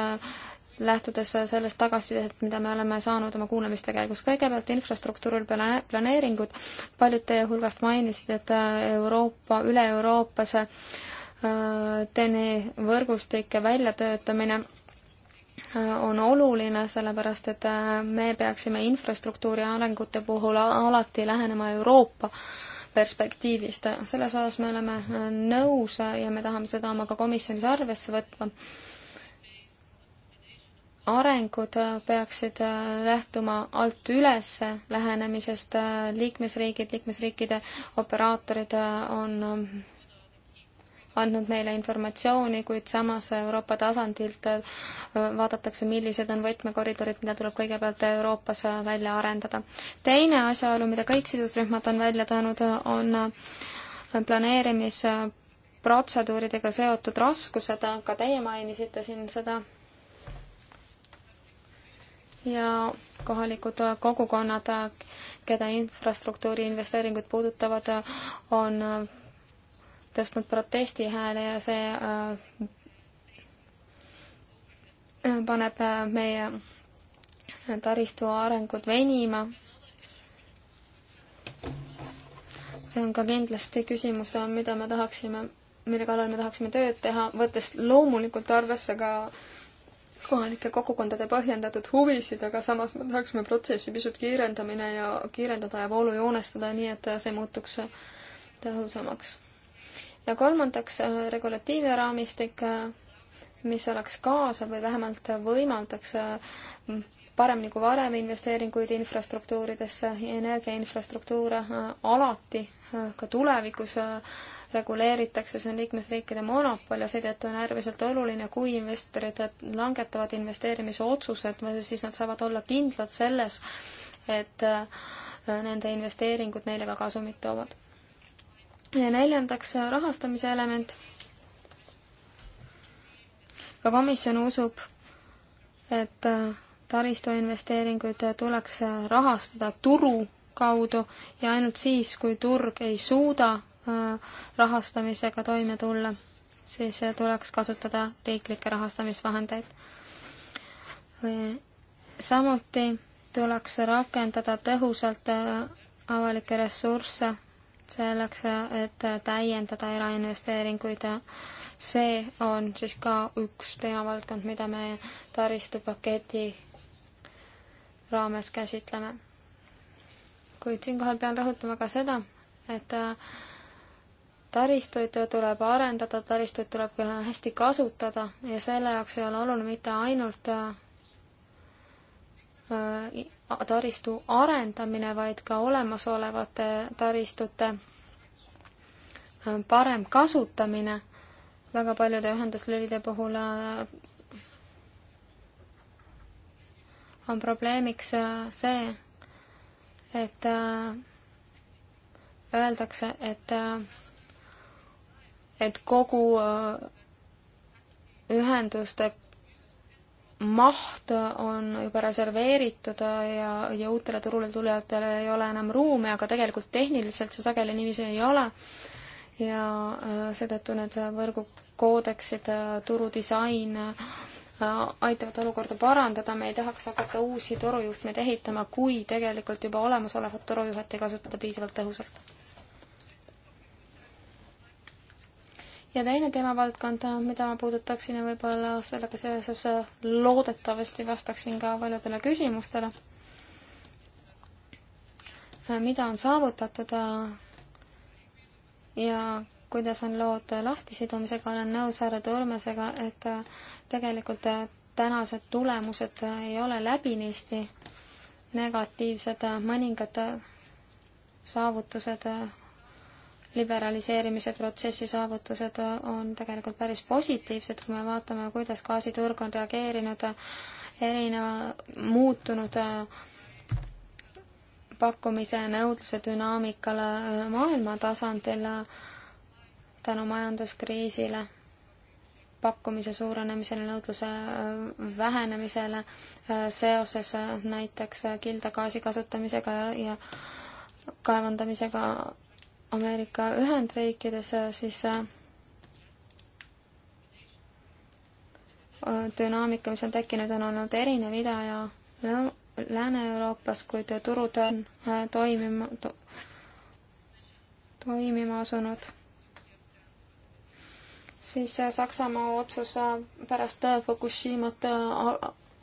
lähtudes sellest tagasisidest, mida me oleme saanud oma kuulamiste käigus. kõigepealt infrastruktuuril planeeringud, paljud teie hulgast mainisid, et Euroopa, üle-Euroopase äh, TEN-i võrgustike väljatöötamine äh, on oluline, sellepärast et äh, me peaksime infrastruktuuri arengute puhul alati lähenema Euroopa perspektiivist. selles osas me oleme äh, nõus ja me tahame seda oma ka komisjonis arvesse võtma. arengud peaksid lähtuma alt üles lähenemisest, liikmesriigid, liikmesriikide operaatorid on andnud meile informatsiooni, kuid samas Euroopa tasandilt äh, vaadatakse, millised on võtmekoridorid, mida tuleb kõigepealt Euroopas välja arendada. teine asjaolu, mida kõik sidusrühmad on välja toonud, on äh, planeerimisprotseduuridega seotud raskused, ka teie mainisite siin seda. ja kohalikud kogukonnad, keda infrastruktuuri investeeringud puudutavad, on äh, tõstnud protestihääle ja see äh, paneb äh, meie taristu arengud venima. see on ka kindlasti küsimus, äh, mida me tahaksime, mille kallal me tahaksime tööd teha, võttes loomulikult arvesse ka kohalike kogukondade põhjendatud huvisid, aga samas me tahaksime protsessi pisut kiirendamine ja kiirendada ja voolu joonestada nii, et see muutuks tõhusamaks ja kolmandaks äh, regulatiivraamistik, äh, mis oleks kaasav või vähemalt võimaldaks äh, paremini kui varem investeeringuid infrastruktuuridesse, energiainfrastruktuure alati ka tulevikus reguleeritakse, see on liikmesriikide monopol ja seetõttu on äärmiselt oluline, kui investorid langetavad investeerimisotsused, siis nad saavad olla kindlad selles, et nende investeeringud neile ka kasumit toovad ja neljandaks, rahastamise element. ka komisjon usub, et äh, taristuinvesteeringuid tuleks rahastada turu kaudu ja ainult siis, kui turg ei suuda äh, rahastamisega toime tulla, siis tuleks kasutada riiklikke rahastamisvahendeid. samuti tuleks rakendada tõhusalt äh, avalikke ressursse selleks, et täiendada erainvesteeringuid. see on siis ka üks teemavaldkond, mida me taristupaketi raames käsitleme. kuid siinkohal pean rõhutama ka seda, et taristuid tuleb arendada, taristuid tuleb hästi kasutada ja selle jaoks ei ole oluline mitte ainult Äh, taristu arendamine, vaid ka olemasolevate taristute äh, parem kasutamine väga paljude ühenduslülide puhul äh, on probleemiks see, et öeldakse, et, et kogu ühenduste maht on juba reserveeritud ja, ja uutele turule tulijatele ei ole enam ruumi, aga tegelikult tehniliselt see sageli niiviisi ei ole. ja äh, seetõttu need võrgukoodeksid, äh, turudisain äh, aitavad olukorda parandada, me ei tahaks hakata uusi torujuhtmeid ehitama, kui tegelikult juba olemasolevat torujuhet ei kasutata piisavalt tõhusalt. ja teine teemavaldkond, mida ma puudutaksin ja võib-olla sellega seoses loodetavasti vastaksin ka paljudele küsimustele, mida on saavutatud ja kuidas on lood lahtisidumisega, olen nõus härra Turmesega, et tegelikult tänased tulemused ei ole läbinisti negatiivsed, mõningad saavutused liberaliseerimise protsessi saavutused on tegelikult päris positiivsed, kui me vaatame, kuidas gaasiturg on reageerinud erineva muutunud äh, pakkumise ja nõudluse dünaamikale äh, maailma tasandil äh, tänu majanduskriisile pakkumise suurenemisele, nõudluse vähenemisele seoses näiteks kildagaasi kasutamisega ja kaevandamisega Ameerika Ühendriikides, äh, siis äh, äh, dünaamika, mis on tekkinud, on olnud erinev Ida ja Lääne-Euroopas, kuid turud on toimima to,, toimima asunud. siis Saksamaa otsus pärast Fukushimat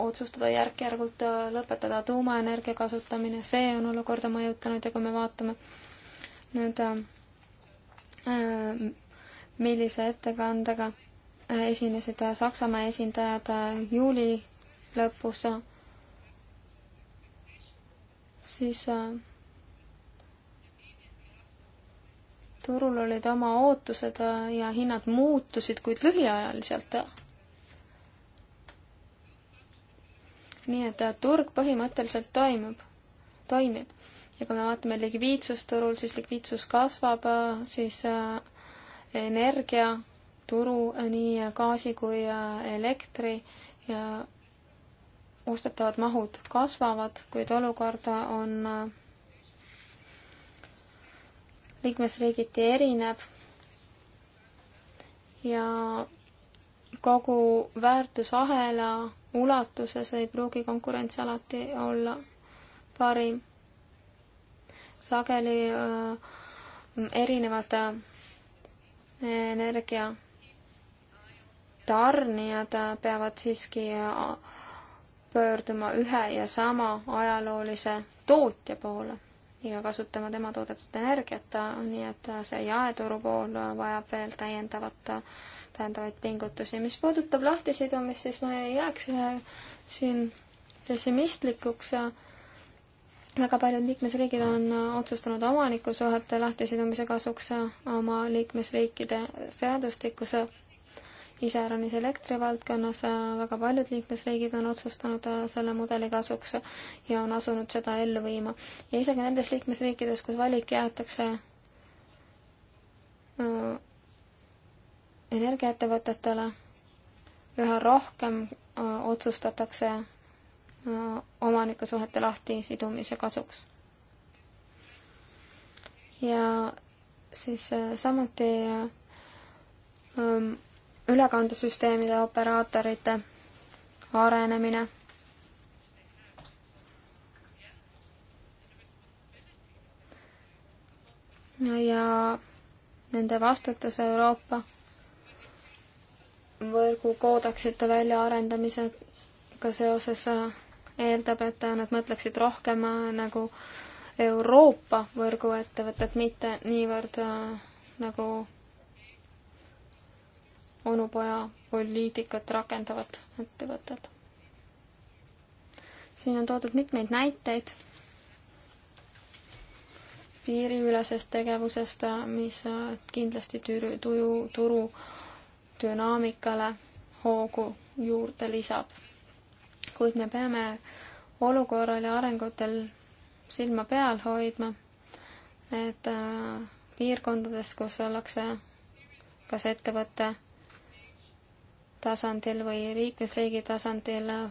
otsustada järk-järgult lõpetada tuumaenergia kasutamine, see on olukorda mõjutanud ja kui me vaatame nüüd äh, äh, millise ettekandega esinesid Saksamaa esindajad äh, juuli lõpus, siis turul olid oma ootused ja hinnad muutusid, kuid lühiajaliselt. nii et turg põhimõtteliselt toimub, toimib ja kui me vaatame likviidsusturul, siis likviidsus kasvab, äh, siis äh, energiaturu, äh, nii gaasi kui elektri ja ostetavad mahud kasvavad, kuid olukord on liikmesriigiti erineb ja kogu väärtusahela ulatuses ei pruugi konkurents alati olla parim sageli äh, erinevad äh, energia tarnijad äh, peavad siiski pöörduma ühe ja sama ajaloolise tootja poole ja kasutama tema toodetud energiat, nii et see jaeturu pool vajab veel täiendavat, täiendavaid pingutusi. mis puudutab lahtisidumist, siis ma ei jääks siin pessimistlikuks Äh, äh, äh, väga paljud liikmesriigid on otsustanud omanikusuhete lahtisidumise kasuks oma liikmesriikide seadustikus, iseäranis elektrivaldkonnas väga paljud liikmesriigid on otsustanud selle mudeli kasuks ja on asunud seda ellu viima. ja isegi nendes liikmesriikides, kus valik jäetakse energiaettevõtetele, üha rohkem otsustatakse omanikusuhete lahtisidumise kasuks. ja siis äh, samuti äh, ähm, ülekandesüsteemide operaatorite arenemine ja nende vastutuse Euroopa võrgukoodeksite väljaarendamisega seoses äh, eeldab, et nad mõtleksid rohkem äh, nagu Euroopa võrguettevõtted, mitte niivõrd äh, nagu onupoja poliitikat rakendavad ettevõtted. siin on toodud mitmeid näiteid piiriülesest tegevusest, äh, mis kindlasti türu, tuju, turu dünaamikale hoogu juurde lisab kuid me peame olukorral ja arengutel silma peal hoidma, et äh, piirkondades, kus ollakse kas ettevõtte tasandil või liikmesriigi tasandil äh,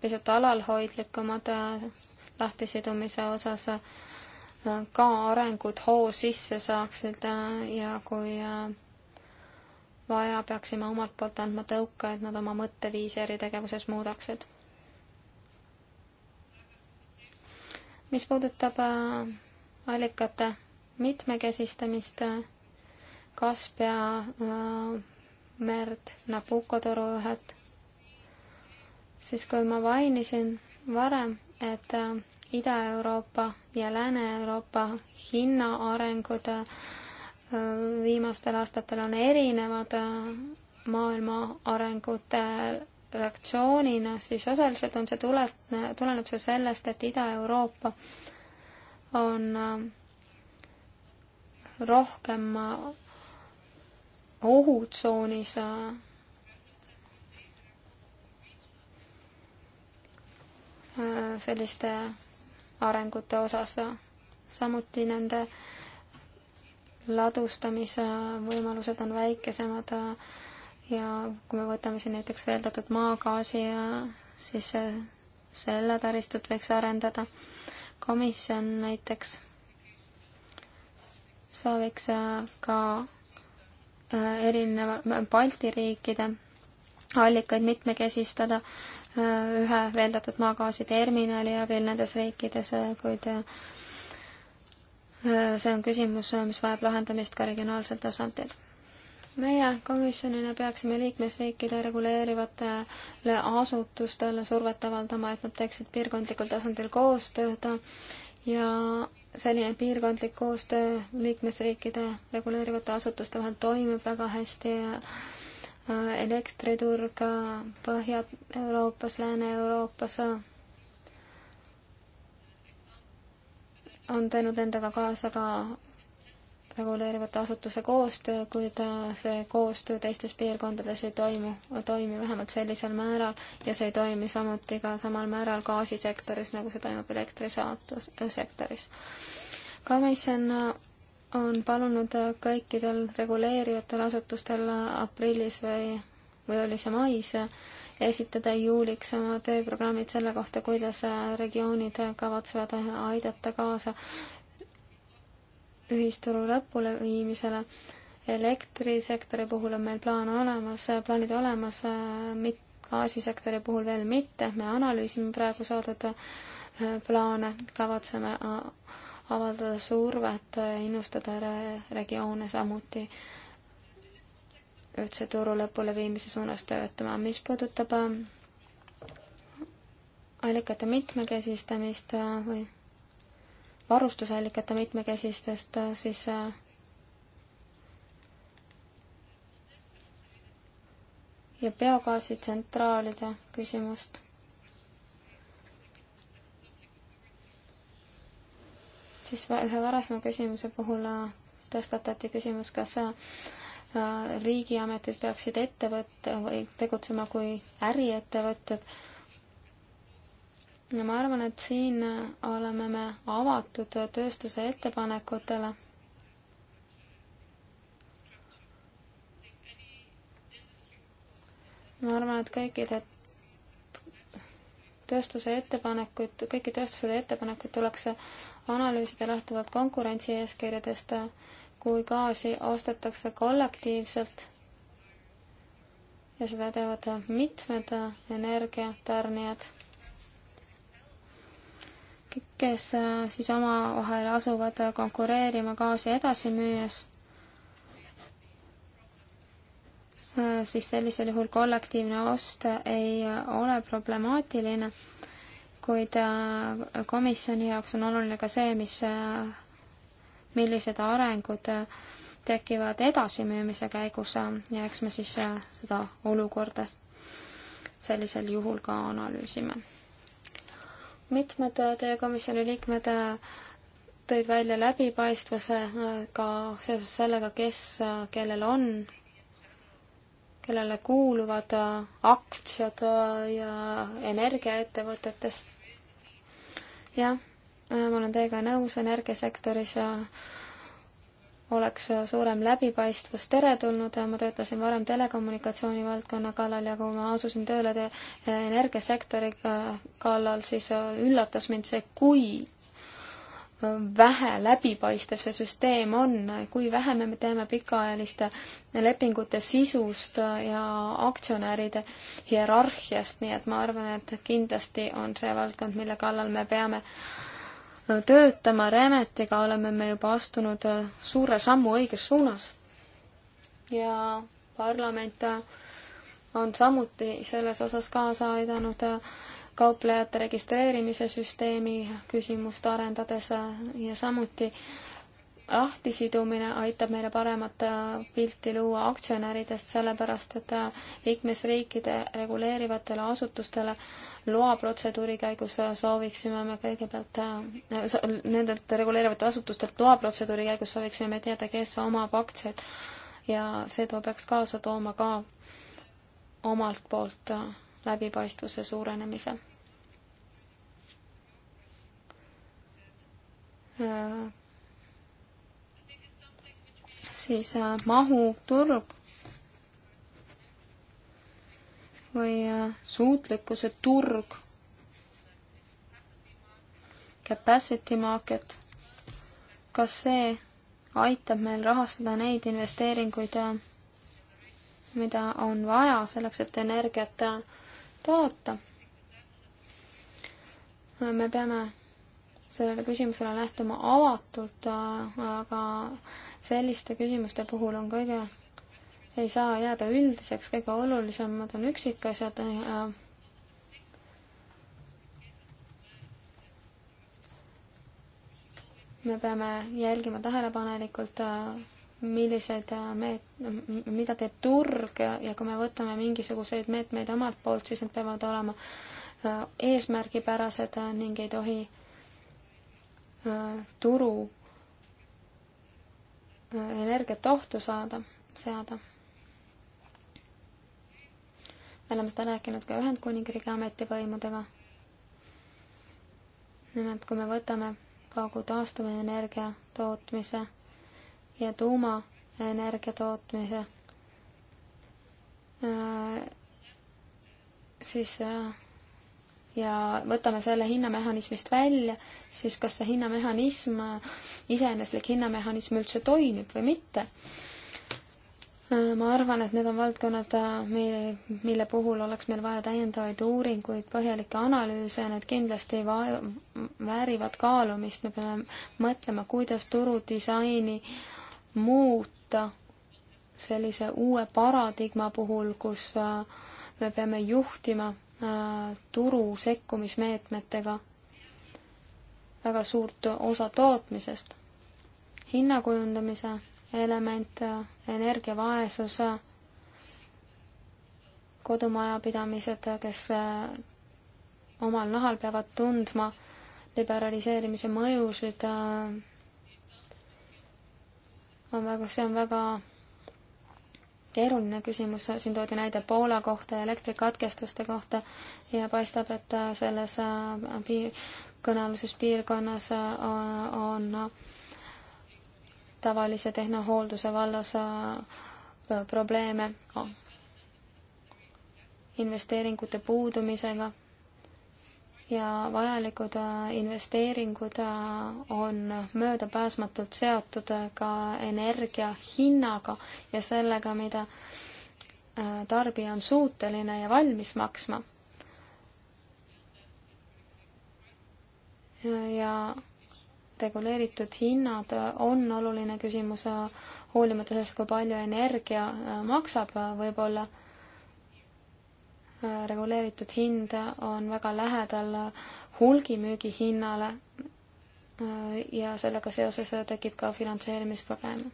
pisut alalhoidlikumad äh, lahtisidumise osas ka arengud hoo sisse saaksid ja kui vaja, peaksime omalt poolt andma tõuke, et nad oma mõtteviisi eritegevuses muudaksid. mis puudutab äh, allikate mitmekesistamist, Kaspia äh, merd, Nabucco toruühed, siis kui ma mainisin varem, et äh, Ida-Euroopa ja Lääne-Euroopa hinnaarengud viimastel aastatel on erinevad maailma arengute reaktsioonina, siis osaliselt on see tule-, tuleneb see sellest, et Ida-Euroopa on äh, rohkem äh, ohutsoonis äh, selliste arengute osas, samuti nende ladustamise võimalused on väikesemad ja kui me võtame siin näiteks veeldatud maagaasi ja siis selle taristut võiks arendada. komisjon näiteks sooviks äh, ka äh, erineva Balti riikide allikaid mitmekesistada äh, ühe veeldatud maagaasi terminali abil nendes riikides, kuid see on küsimus, mis vajab lahendamist ka regionaalsel tasandil meie komisjonina peaksime liikmesriikide reguleerivatele asutustele survet avaldama, et nad teeksid piirkondlikul tasandil koostööd ja selline piirkondlik koostöö liikmesriikide reguleerivate asutuste vahel toimib väga hästi ja elektriturg Põhja-Euroopas, Lääne-Euroopas on teinud endaga kaasa ka reguleerivate asutuste koostöö, kui ta, äh, see koostöö teistes piirkondades ei toimu, toimi vähemalt sellisel määral ja see ei toimi samuti ka samal määral gaasisektoris, nagu see toimub elektrisektoris. Äh, komisjon äh, on palunud kõikidel reguleerivatel asutustel aprillis või, või oli see mais, esitada juuliks oma tööprogrammid selle kohta, kuidas regioonid kavatsevad aidata kaasa ühisturu lõpuleviimisele. elektrisektori puhul on meil plaan olemas, plaanid olemas, gaasisektori puhul veel mitte, me analüüsime praegu saadud äh, plaane, kavatseme äh, avaldada survet, äh, innustada regioone samuti ühtse turu lõpuleviimise suunas töötama. mis puudutab allikate mitmekesistamist või varustusallikate mitmekesistust, siis äh, ja biogaasitsentraalide küsimust. siis ühe varasema küsimuse puhul äh, tõstatati küsimus, kas äh, riigiametid peaksid ettevõtte või tegutsema kui äriettevõtted ja ma arvan, et siin äh, oleme me avatud äh, tööstuse ettepanekutele. ma arvan, et kõikide tööstuse ettepanekuid, kõiki tööstuse ettepanekuid tuleks analüüsida lähtuvalt konkurentsieeskirjadest, äh, kui gaasi ostetakse kollektiivselt ja seda teevad mitmed energiatarnijad kes äh, siis omavahel asuvad äh, konkureerima gaasi edasi müües, äh, siis sellisel juhul kollektiivne ost ei ole problemaatiline, kuid komisjoni jaoks on oluline ka see, mis, millised arengud tekivad edasimüümise käigus ja eks me siis seda olukorda sellisel juhul ka analüüsime mitmed teie komisjoni liikmed äh, tõid välja läbipaistvuse äh, ka seoses sellega, kes, äh, kellel on, kellele kuuluvad aktsiad ja energiaettevõtetest. jah, ma olen teiega nõus, energiasektoris oleks suurem läbipaistvus teretulnud, ma töötasin varem telekommunikatsiooni valdkonna kallal ja kui ma asusin tööle energiasektori kallal, siis üllatas mind see, kui vähe läbipaistev see süsteem on, kui vähe me teeme pikaajaliste lepingute sisust ja aktsionäride hierarhiast, nii et ma arvan, et kindlasti on see valdkond, mille kallal me peame töötama, Remetiga oleme me juba astunud äh, suure sammu õiges suunas. ja parlament äh, on samuti selles osas kaasa aidanud äh, kauplejate registreerimise süsteemi küsimust arendades ja samuti lahtisidumine aitab meile paremat äh, pilti luua aktsionäridest, sellepärast et äh, liikmesriikide reguleerivatele asutustele loaprotseduuri käigus äh, sooviksime me kõigepealt, nendelt reguleerivate asutustelt loaprotseduuri käigus sooviksime me teada, kes omab aktsiaid ja seda peaks kaasa tooma ka omalt poolt läbipaistvuse suurenemise siis äh, mahuturg või äh, suutlikkuse turg, capacity market, kas see aitab meil rahastada neid investeeringuid, äh, mida on vaja selleks, et energiat toota? me peame sellele küsimusele lähtuma avatult, aga selliste küsimuste puhul on kõige, ei saa jääda üldiseks, kõige olulisemad on üksikasjad ja äh, me peame jälgima tähelepanelikult, äh, millised äh, meet-, mida teeb turg ja, ja kui me võtame mingisuguseid meetmeid omalt poolt, siis need peavad olema eesmärgipärased ning ei tohi turu energiat ohtu saada, seada. me oleme seda rääkinud ka Ühendkuningriigi ametivõimudega. nimelt, kui me võtame kogu taastuvenergia tootmise ja tuumaenergia tootmise, äh, siis jah äh, ja võtame selle hinnamehhanismist välja, siis kas see hinnamehhanism, iseeneslik hinnamehhanism üldse toimib või mitte? ma arvan, et need on valdkonnad, mille puhul oleks meil vaja täiendavaid uuringuid, põhjalikke analüüse ja need kindlasti väärivad kaalumist, me peame mõtlema, kuidas turudisaini muuta sellise uue paradigma puhul, kus äh, me peame juhtima Äh, turu sekkumismeetmetega väga suurt osa tootmisest. hinnakujundamise element, energiavaesus, kodumajapidamised, kes äh, omal nahal peavad tundma liberaliseerimise mõjusid, äh, on väga, see on väga keeruline küsimus, siin toodi näide Poola kohta ja elektrikatkestuste kohta ja paistab, et selles äh, piir, kõnealuses piirkonnas äh, on äh, tavalise tehnohoolduse vallas probleeme oh, investeeringute puudumisega ja vajalikud äh, investeeringud äh, on möödapääsmatult seotud äh, ka energia hinnaga ja sellega, mida tarbija on suuteline ja valmis maksma. ja reguleeritud hinnad on oluline küsimus, hoolimata sellest, kui palju energia maksab, võib-olla reguleeritud hind on väga lähedal hulgimüügi hinnale äh, ja sellega seoses tekib ka finantseerimisprobleeme.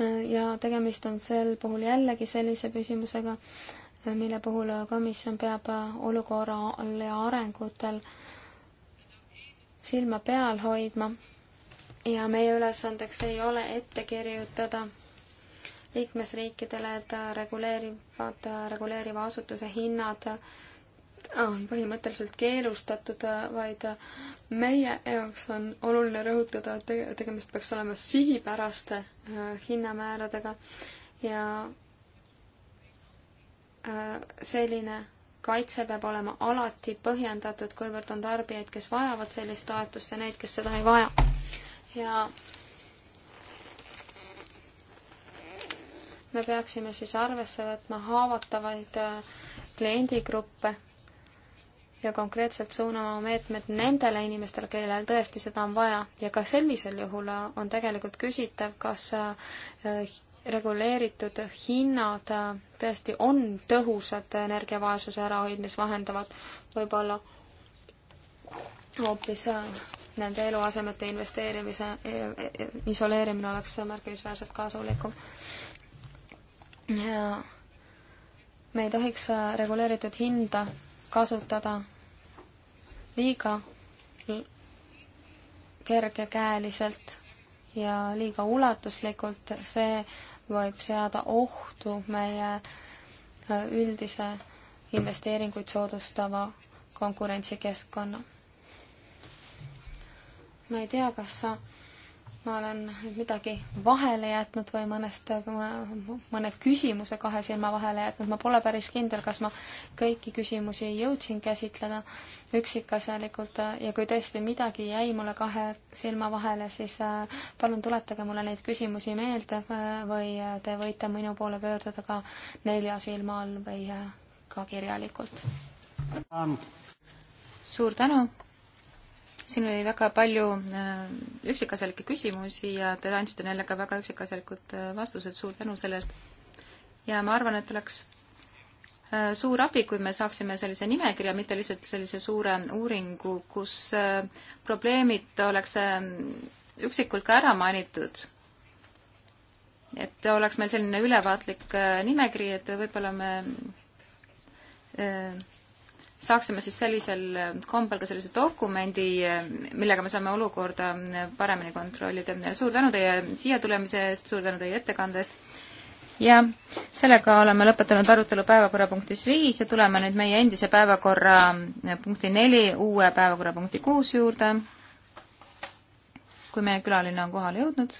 Äh, ja tegemist on sel puhul jällegi sellise küsimusega, äh, mille puhul komisjon peab olukorral ja arengutel silma peal hoidma ja meie ülesandeks ei ole ette kirjutada liikmesriikidele, et reguleerivad, reguleeriva asutuse hinnad on põhimõtteliselt keelustatud, vaid meie jaoks on oluline rõhutada, et tegemist peaks olema sihipäraste äh, hinnamääradega ja äh, selline kaitse peab olema alati põhjendatud, kuivõrd on tarbijaid, kes vajavad sellist toetust ja neid, kes seda ei vaja. ja me peaksime siis arvesse võtma haavatavaid äh, kliendigruppe ja konkreetselt suunama meetmed nendele inimestele, kellel tõesti seda on vaja ja ka sellisel juhul äh, on tegelikult küsitav, kas äh, reguleeritud hinnad tõesti on tõhusad energiavaesuse ärahoidmist vahendavad, võib-olla hoopis nende eluasemete investeerimise e, e, e, isoleerimine oleks märkimisväärselt kasulikum ja me ei tohiks äh, reguleeritud hinda kasutada liiga kergekäeliselt ja liiga ulatuslikult, see võib seada ohtu meie äh, üldise investeeringuid soodustava konkurentsikeskkonna. ma ei tea, kas sa ma olen nüüd midagi vahele jätnud või mõnest, mõne küsimuse kahe silma vahele jätnud, ma pole päris kindel, kas ma kõiki küsimusi jõudsin käsitleda üksikasjalikult ja kui tõesti midagi jäi mulle kahe silma vahele, siis äh, palun tuletage mulle neid küsimusi meelde äh, või äh, te võite minu poole pöörduda ka nelja silma all või ka kirjalikult. Um. suur tänu! siin oli väga palju äh, üksikasjalikke küsimusi ja te andsite neile ka väga üksikasjalikud äh, vastused, suur tänu selle eest. ja ma arvan, et oleks äh, suur abi, kui me saaksime sellise nimekirja, mitte lihtsalt sellise suure uuringu, kus probleemid oleks üksikult ka ära mainitud. et oleks meil selline ülevaatlik nimekiri, et võib-olla me saaksime siis sellisel äh, kombel ka sellise dokumendi, äh, millega me saame olukorda äh, paremini kontrollida. suur tänu teie siia tulemise eest, suur tänu teie ettekande eest ja sellega oleme lõpetanud arutelu päevakorrapunktis viis ja tuleme nüüd meie endise päevakorra punkti neli uue päevakorrapunkti kuus juurde, kui meie külaline on kohale jõudnud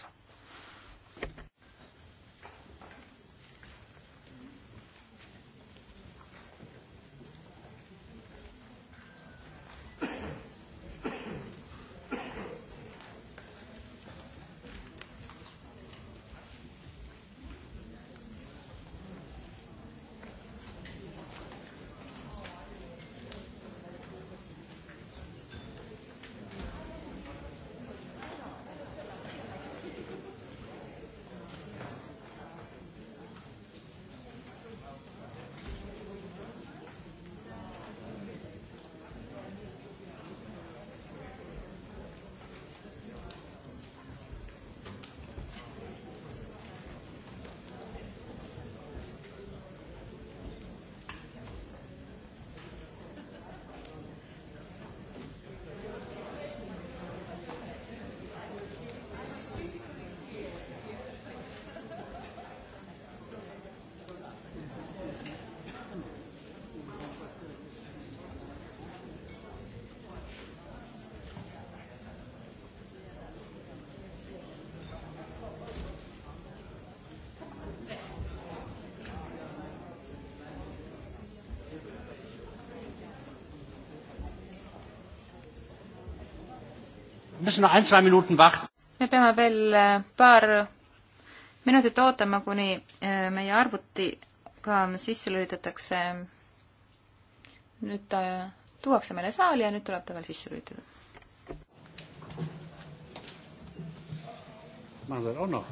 me peame veel äh, paar minutit ootama, kuni äh, meie arvuti ka sisse lülitatakse. nüüd ta tuuakse meile saali ja nüüd tuleb ta veel sisse lülitada. Manuel Onno.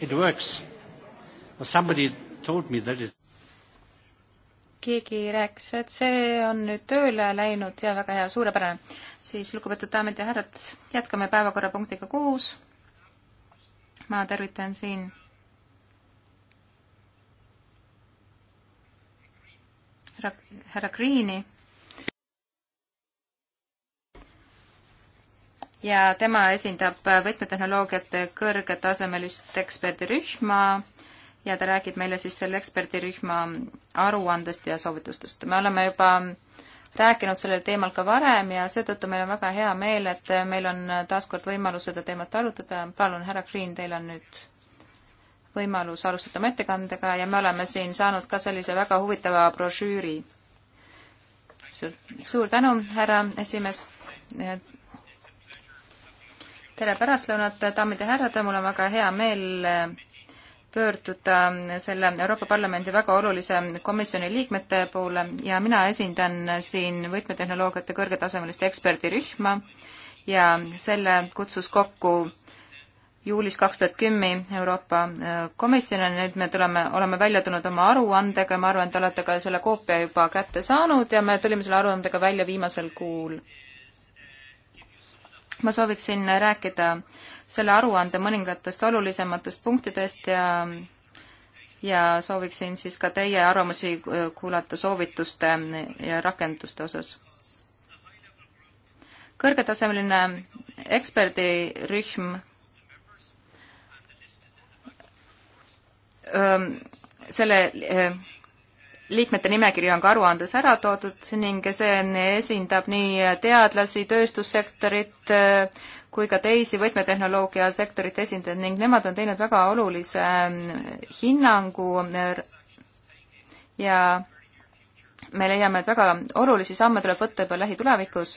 it works. Somebody told me that it keegi rääkis, et see on nüüd tööle läinud ja väga hea, suurepärane. siis lugupeetud daamid ja härrad, jätkame päevakorrapunktiga kuus. ma tervitan siin härra Greeni ja tema esindab võtmetehnoloogiate kõrgetasemelist eksperdirühma ja ta räägib meile siis selle eksperdirühma aruandest ja soovitustest. me oleme juba rääkinud sellel teemal ka varem ja seetõttu meil on väga hea meel, et meil on taaskord võimalus seda teemat arutada. palun, härra Green, teil on nüüd võimalus alustada oma ettekandega ja me oleme siin saanud ka sellise väga huvitava brošüüri. suur tänu, härra esimees tere pärastlõunat, daamid ja härrad, mul on väga hea meel äh, pöörduda äh, selle Euroopa Parlamendi väga olulise komisjoni liikmete poole ja mina esindan äh, siin võtmetehnoloogiate kõrgetasemelist eksperdirühma ja selle kutsus kokku juulis kaks tuhat kümme Euroopa Komisjon ja nüüd me tuleme, oleme välja tulnud oma aruandega ja ma arvan, et te olete ka selle koopia juba kätte saanud ja me tulime selle aruandega välja viimasel kuul ma sooviksin rääkida selle aruande mõningatest olulisematest punktidest ja ja sooviksin siis ka teie arvamusi kuulata soovituste ja rakenduste osas. kõrgetasemeline eksperdirühm selle liikmete nimekiri on ka aruandes ära toodud ning see esindab nii teadlasi, tööstussektorit äh, kui ka teisi võtmetehnoloogia sektorite esindajaid ning nemad on teinud väga olulise ähm, hinnangu äh, ja me leiame, et väga olulisi samme tuleb võtta juba lähitulevikus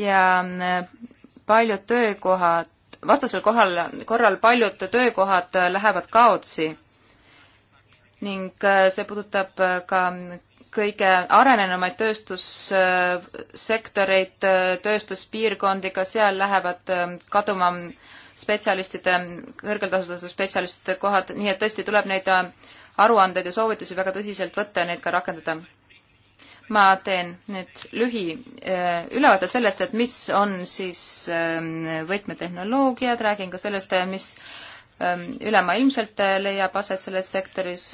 ja äh, paljud töökohad, vastasel kohal, korral paljud töökohad lähevad kaotsi ning äh, see puudutab äh, ka kõige arenenumaid tööstussektoreid, äh, tööstuspiirkondi, ka seal lähevad ähm, kaduma spetsialistide, kõrgelt tasustatud spetsialistide kohad, nii et tõesti tuleb neid aruandeid ja soovitusi väga tõsiselt võtta ja neid ka rakendada. ma teen nüüd lühiülevaate sellest, et mis on siis ähm, võtmetehnoloogiad, räägin ka sellest, mis ähm, ülemaailmselt leiab aset selles sektoris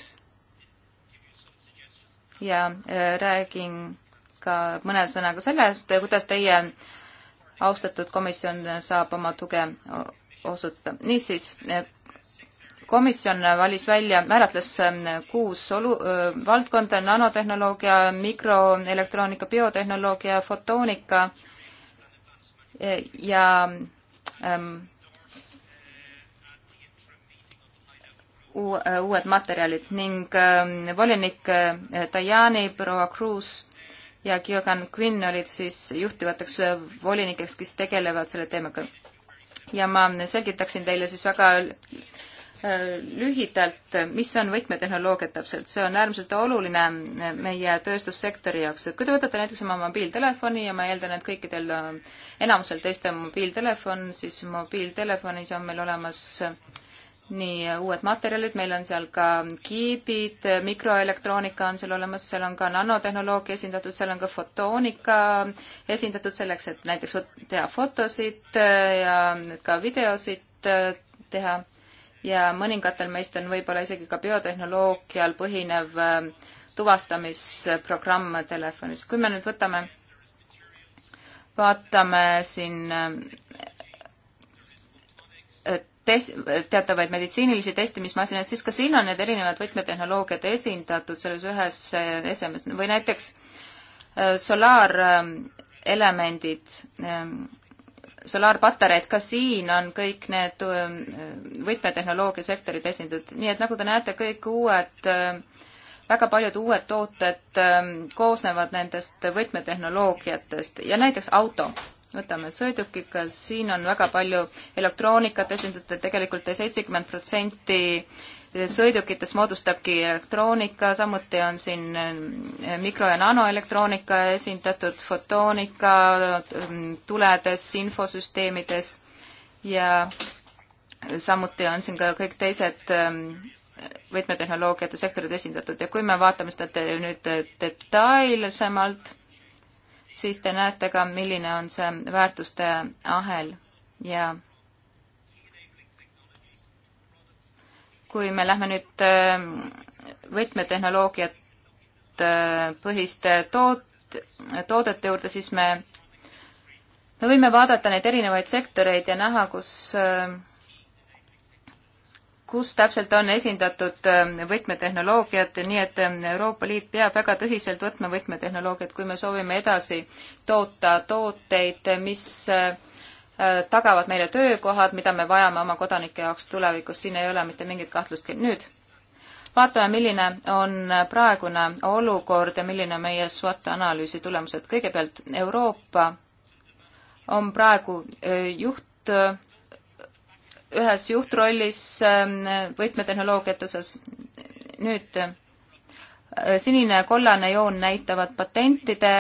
ja äh, räägin ka mõne sõnaga sellest, kuidas teie austatud komisjon saab oma tuge osutada. niisiis, äh, komisjon valis välja, määratles ähm, kuus olu-, äh, valdkonda, nanotehnoloogia, mikroelektroonika, biotehnoloogia, fotoonika ja ähm, Äh, uued materjalid ning ähm, volinik äh, Tajani, proua Cruz ja Georgan Quinn olid siis juhtivateks äh, volinikeks, kes tegelevad selle teemaga. ja ma selgitaksin teile siis väga lühidalt, mis on võtmetehnoloogia täpselt, see on äärmiselt oluline meie tööstussektori jaoks, et kui te võtate näiteks oma mobiiltelefoni ja ma eeldan, et kõikidel, enamusel teistel on mobiiltelefon, siis mobiiltelefonis on meil olemas äh, nii uued materjalid, meil on seal ka kiibid, mikroelektroonika on seal olemas, seal on ka nanotehnoloogia esindatud, seal on ka fotoonika esindatud selleks, et näiteks teha fotosid ja ka videosid äh, teha. ja mõningatel meist on võib-olla isegi ka biotehnoloogial põhinev äh, tuvastamisprogramm telefonis. kui me nüüd võtame, vaatame siin äh, tes-, teatavaid meditsiinilisi testimismasinaid, siis ka siin on need erinevad võtmetehnoloogiad esindatud selles ühes esemes eh, või näiteks eh, solaarelemendid, eh, solaarpatareid, ka siin on kõik need võtmetehnoloogia sektorid esindatud, nii et nagu te näete, kõik uued, väga paljud uued tooted koosnevad nendest võtmetehnoloogiatest ja näiteks auto võtame sõidukikas, siin on väga palju elektroonikat esindatud, tegelikult seitsekümmend protsenti sõidukitest moodustabki elektroonika, samuti on siin eh, mikro- ja nanoelektroonika esindatud, fotoonika mm, tuledes, infosüsteemides ja samuti on siin ka kõik teised mm, võtmetehnoloogiate sektorid esindatud ja kui me vaatame seda nüüd detailsemalt, siis te näete ka, milline on see väärtuste ahel ja kui me lähme nüüd äh, võtmetehnoloogiat äh, põhiste toot-, toodete juurde, siis me, me võime vaadata neid erinevaid sektoreid ja näha, kus äh, kus täpselt on esindatud ähm, võtmetehnoloogiad, nii et ähm, Euroopa Liit peab väga tõsiselt võtma võtmetehnoloogiat, kui me soovime edasi toota tooteid, mis äh, äh, tagavad meile töökohad, mida me vajame oma kodanike jaoks tulevikus, siin ei ole mitte mingit kahtlustki. nüüd vaatame, milline on praegune olukord ja milline on meie SWOT analüüsi tulemused. kõigepealt Euroopa on praegu äh, juht ühes juhtrollis ähm, võtmetehnoloogiate osas. nüüd äh, sinine ja kollane joon näitavad patentide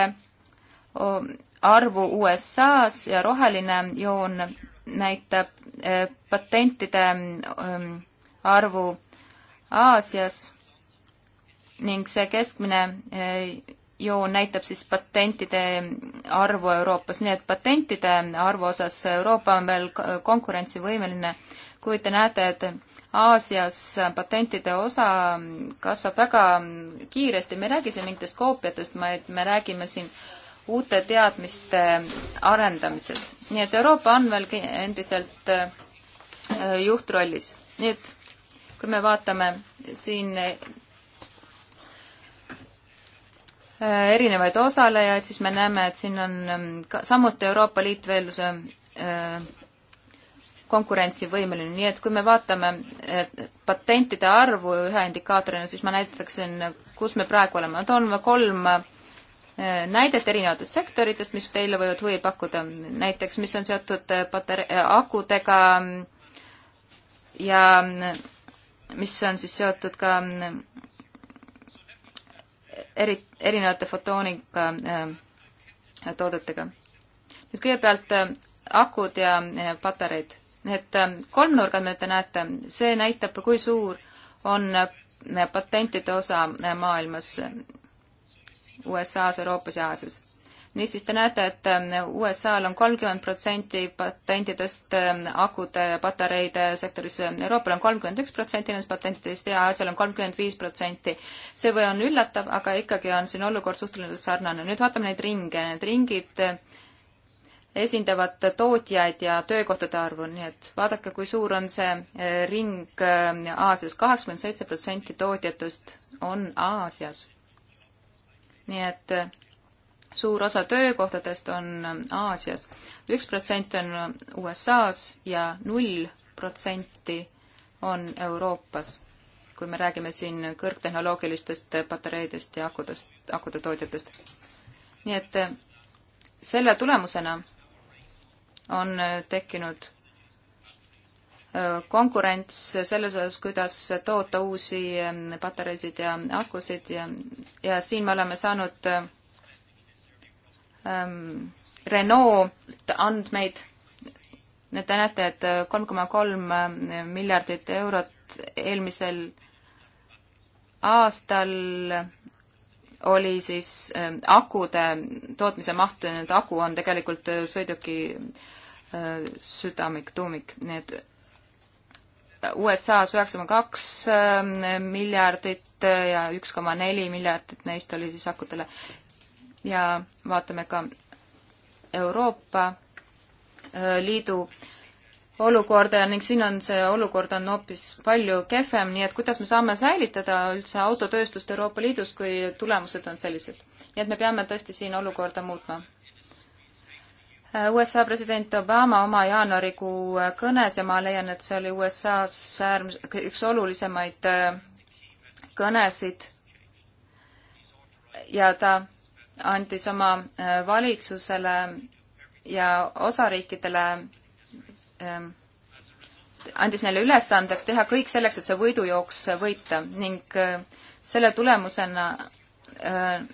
arvu USA-s ja roheline joon näitab äh, patentide ähm, arvu Aasias ning see keskmine äh, joon näitab siis patentide arvu Euroopas, nii et patentide arvu osas Euroopa on veel konkurentsivõimeline, kuid te näete, et Aasias patentide osa kasvab väga kiiresti, me ei räägi siin mingitest koopiatest, vaid me räägime siin uute teadmiste arendamisest. nii et Euroopa on veel endiselt äh, juhtrollis. nüüd, kui me vaatame siin Äh, erinevaid osalejaid, siis me näeme, et siin on ähm, ka samuti Euroopa Liit veel äh, konkurentsivõimeline, nii et kui me vaatame patentide arvu ühe indikaatorina, siis ma näitaksin, kus me praegu oleme. ma toon kolm äh, näidet erinevatest sektoritest, mis teile võivad huvi pakkuda, näiteks mis on seotud patar-, akudega ja mis on siis seotud ka eri, erinevate fotoonika äh, toodetega. nüüd kõigepealt äh, akud ja äh, patareid. Need kolmnurgad, mida te näete, see näitab, kui suur on patentide osa maailmas, USA-s, Euroopas ja Aasias niisiis te näete, et ähm, USA-l on kolmkümmend protsenti patentidest ähm, akude ja patareide sektoris, Euroopal on kolmkümmend üks protsenti nendest patentidest ja Aasial on kolmkümmend viis protsenti. see või on üllatav, aga ikkagi on siin olukord suhteliselt sarnane. nüüd vaatame neid ringe, need ringid äh, esindavad tootjaid ja töökohtade arvu, nii et vaadake, kui suur on see äh, ring äh, Aasias, kaheksakümmend seitse protsenti tootjatest on Aasias. nii et suur osa töökohtadest on Aasias. üks protsent on USA-s ja null protsenti on Euroopas, kui me räägime siin kõrgtehnoloogilistest patareidest ja akudest, akude tootjatest. nii et eh, selle tulemusena on eh, tekkinud eh, konkurents selles osas, kuidas toota uusi patareisid ja akusid ja, ja siin me oleme saanud ähm, Renault andmeid, et te näete, et äh, kolm koma kolm äh, miljardit eurot eelmisel aastal oli siis äh, akude tootmise maht, nii et aku on tegelikult äh, sõiduki äh, südamik, tuumik, nii et USA-s üheksa koma kaks miljardit ja üks koma neli miljardit neist oli siis akudele ja vaatame ka Euroopa äh, Liidu olukorda ning siin on see olukord on hoopis palju kehvem, nii et kuidas me saame säilitada üldse autotööstust Euroopa Liidus, kui tulemused on sellised. nii et me peame tõesti siin olukorda muutma. Äh, USA president Obama oma jaanuarikuu äh, kõnes ja ma leian, et see oli USA-s äärm-, üks olulisemaid kõnesid ja ta andis oma äh, valitsusele ja osariikidele ähm, andis neile ülesandeks teha kõik selleks, et see võidujooks võita ning äh, selle tulemusena äh,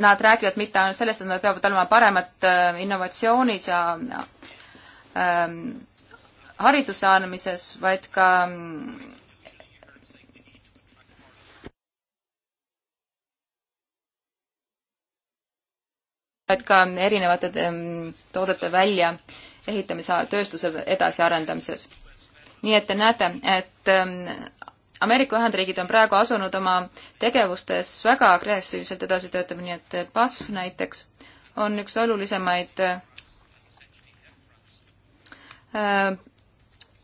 nad räägivad mitte ainult sellest, et nad peavad olema paremad innovatsioonis ja ähm, hariduse andmises, vaid ka et ka erinevate toodete väljaehitamise tööstuse edasiarendamises. nii et te näete, et Ameerika Ühendriigid on praegu asunud oma tegevustes väga agressiivselt edasi töötama, nii et BASF näiteks on üks olulisemaid äh,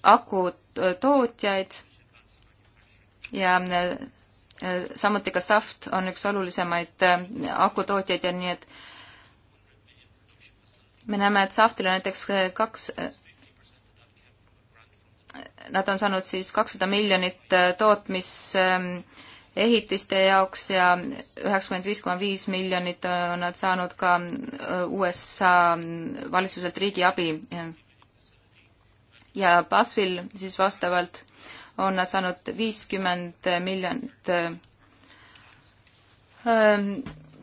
akutootjaid ja äh, samuti ka SAFT on üks olulisemaid äh, akutootjaid ja nii, et me näeme, et Saftil on näiteks äh, kaks, äh, nad on saanud siis kakssada miljonit äh, tootmisehitiste ähm, jaoks ja üheksakümmend viis koma viis miljonit on nad saanud ka USA ähm, valitsuselt riigiabi. ja BASF-il siis vastavalt on nad saanud viiskümmend miljonit ähm,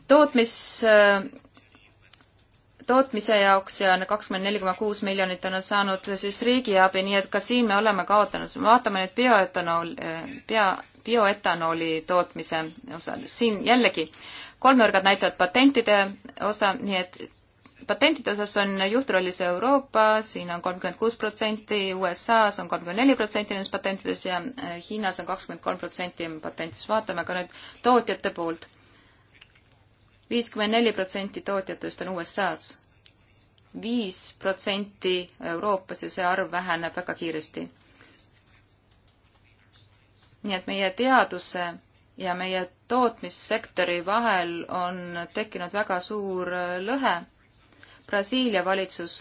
tootmis tootmise jaoks ja kakskümmend neli koma kuus miljonit on nad saanud siis riigiabi, nii et ka siin me oleme kaotanud. vaatame nüüd bioetanool, bio, bioetanooli tootmise osa. siin jällegi kolmnurgad näitavad patentide osa, nii et patentide osas on juhtrollis Euroopa, siin on kolmkümmend kuus protsenti, USA-s on kolmkümmend neli protsenti nendes patentides ja Hiinas on kakskümmend kolm protsenti patentides. vaatame ka nüüd tootjate poolt viiskümmend neli protsenti tootjatest on USA-s, viis protsenti Euroopas ja see arv väheneb väga kiiresti. nii et meie teaduse ja meie tootmissektori vahel on tekkinud väga suur lõhe. Brasiilia valitsus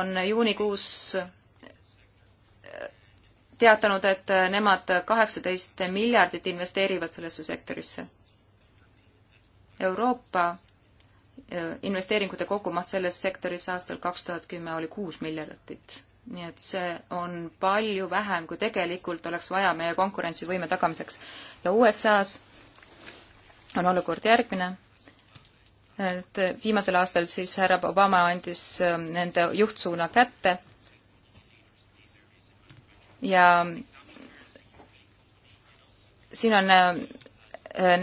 on juunikuus teatanud, et nemad kaheksateist miljardit investeerivad sellesse sektorisse Euroopa äh, investeeringute kogumaht selles sektoris aastal kaks tuhat kümme oli kuus miljardit. nii et see on palju vähem, kui tegelikult oleks vaja meie konkurentsivõime tagamiseks. ja USA-s on olukord järgmine, et viimasel aastal siis härra Obama andis ähm, nende juhtsuuna kätte ja äh, siin on äh,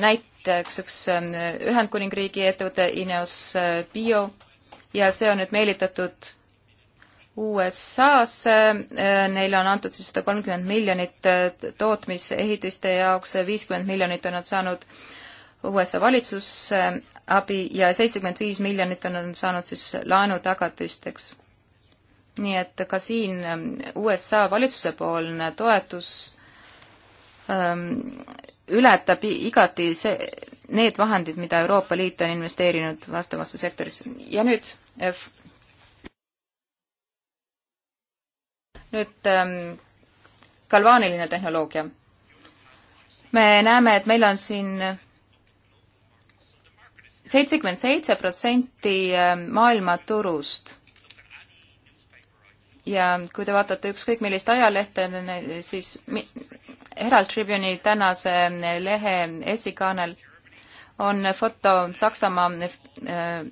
näit-, näiteks üks ähm, Ühendkuningriigi ettevõte Ineos äh, Bio ja see on nüüd meelitatud USA-sse, äh, neile on antud siis sada kolmkümmend miljonit äh, tootmisehitiste jaoks, viiskümmend miljonit on nad saanud USA valitsusabi ja seitsekümmend viis miljonit on nad saanud siis laenutagatisteks. nii et ka siin USA valitsuse poolne toetus ähm, ületab igati see, need vahendid, mida Euroopa Liit on investeerinud vastavasse sektorisse. ja nüüd F. nüüd ähm, galvaaniline tehnoloogia. me näeme, et meil on siin seitsekümmend seitse protsenti ähm, maailma turust. ja kui te vaatate ükskõik millist ajalehte, siis Herald Tribune'i tänase lehe esikaanel on foto Saksamaa äh,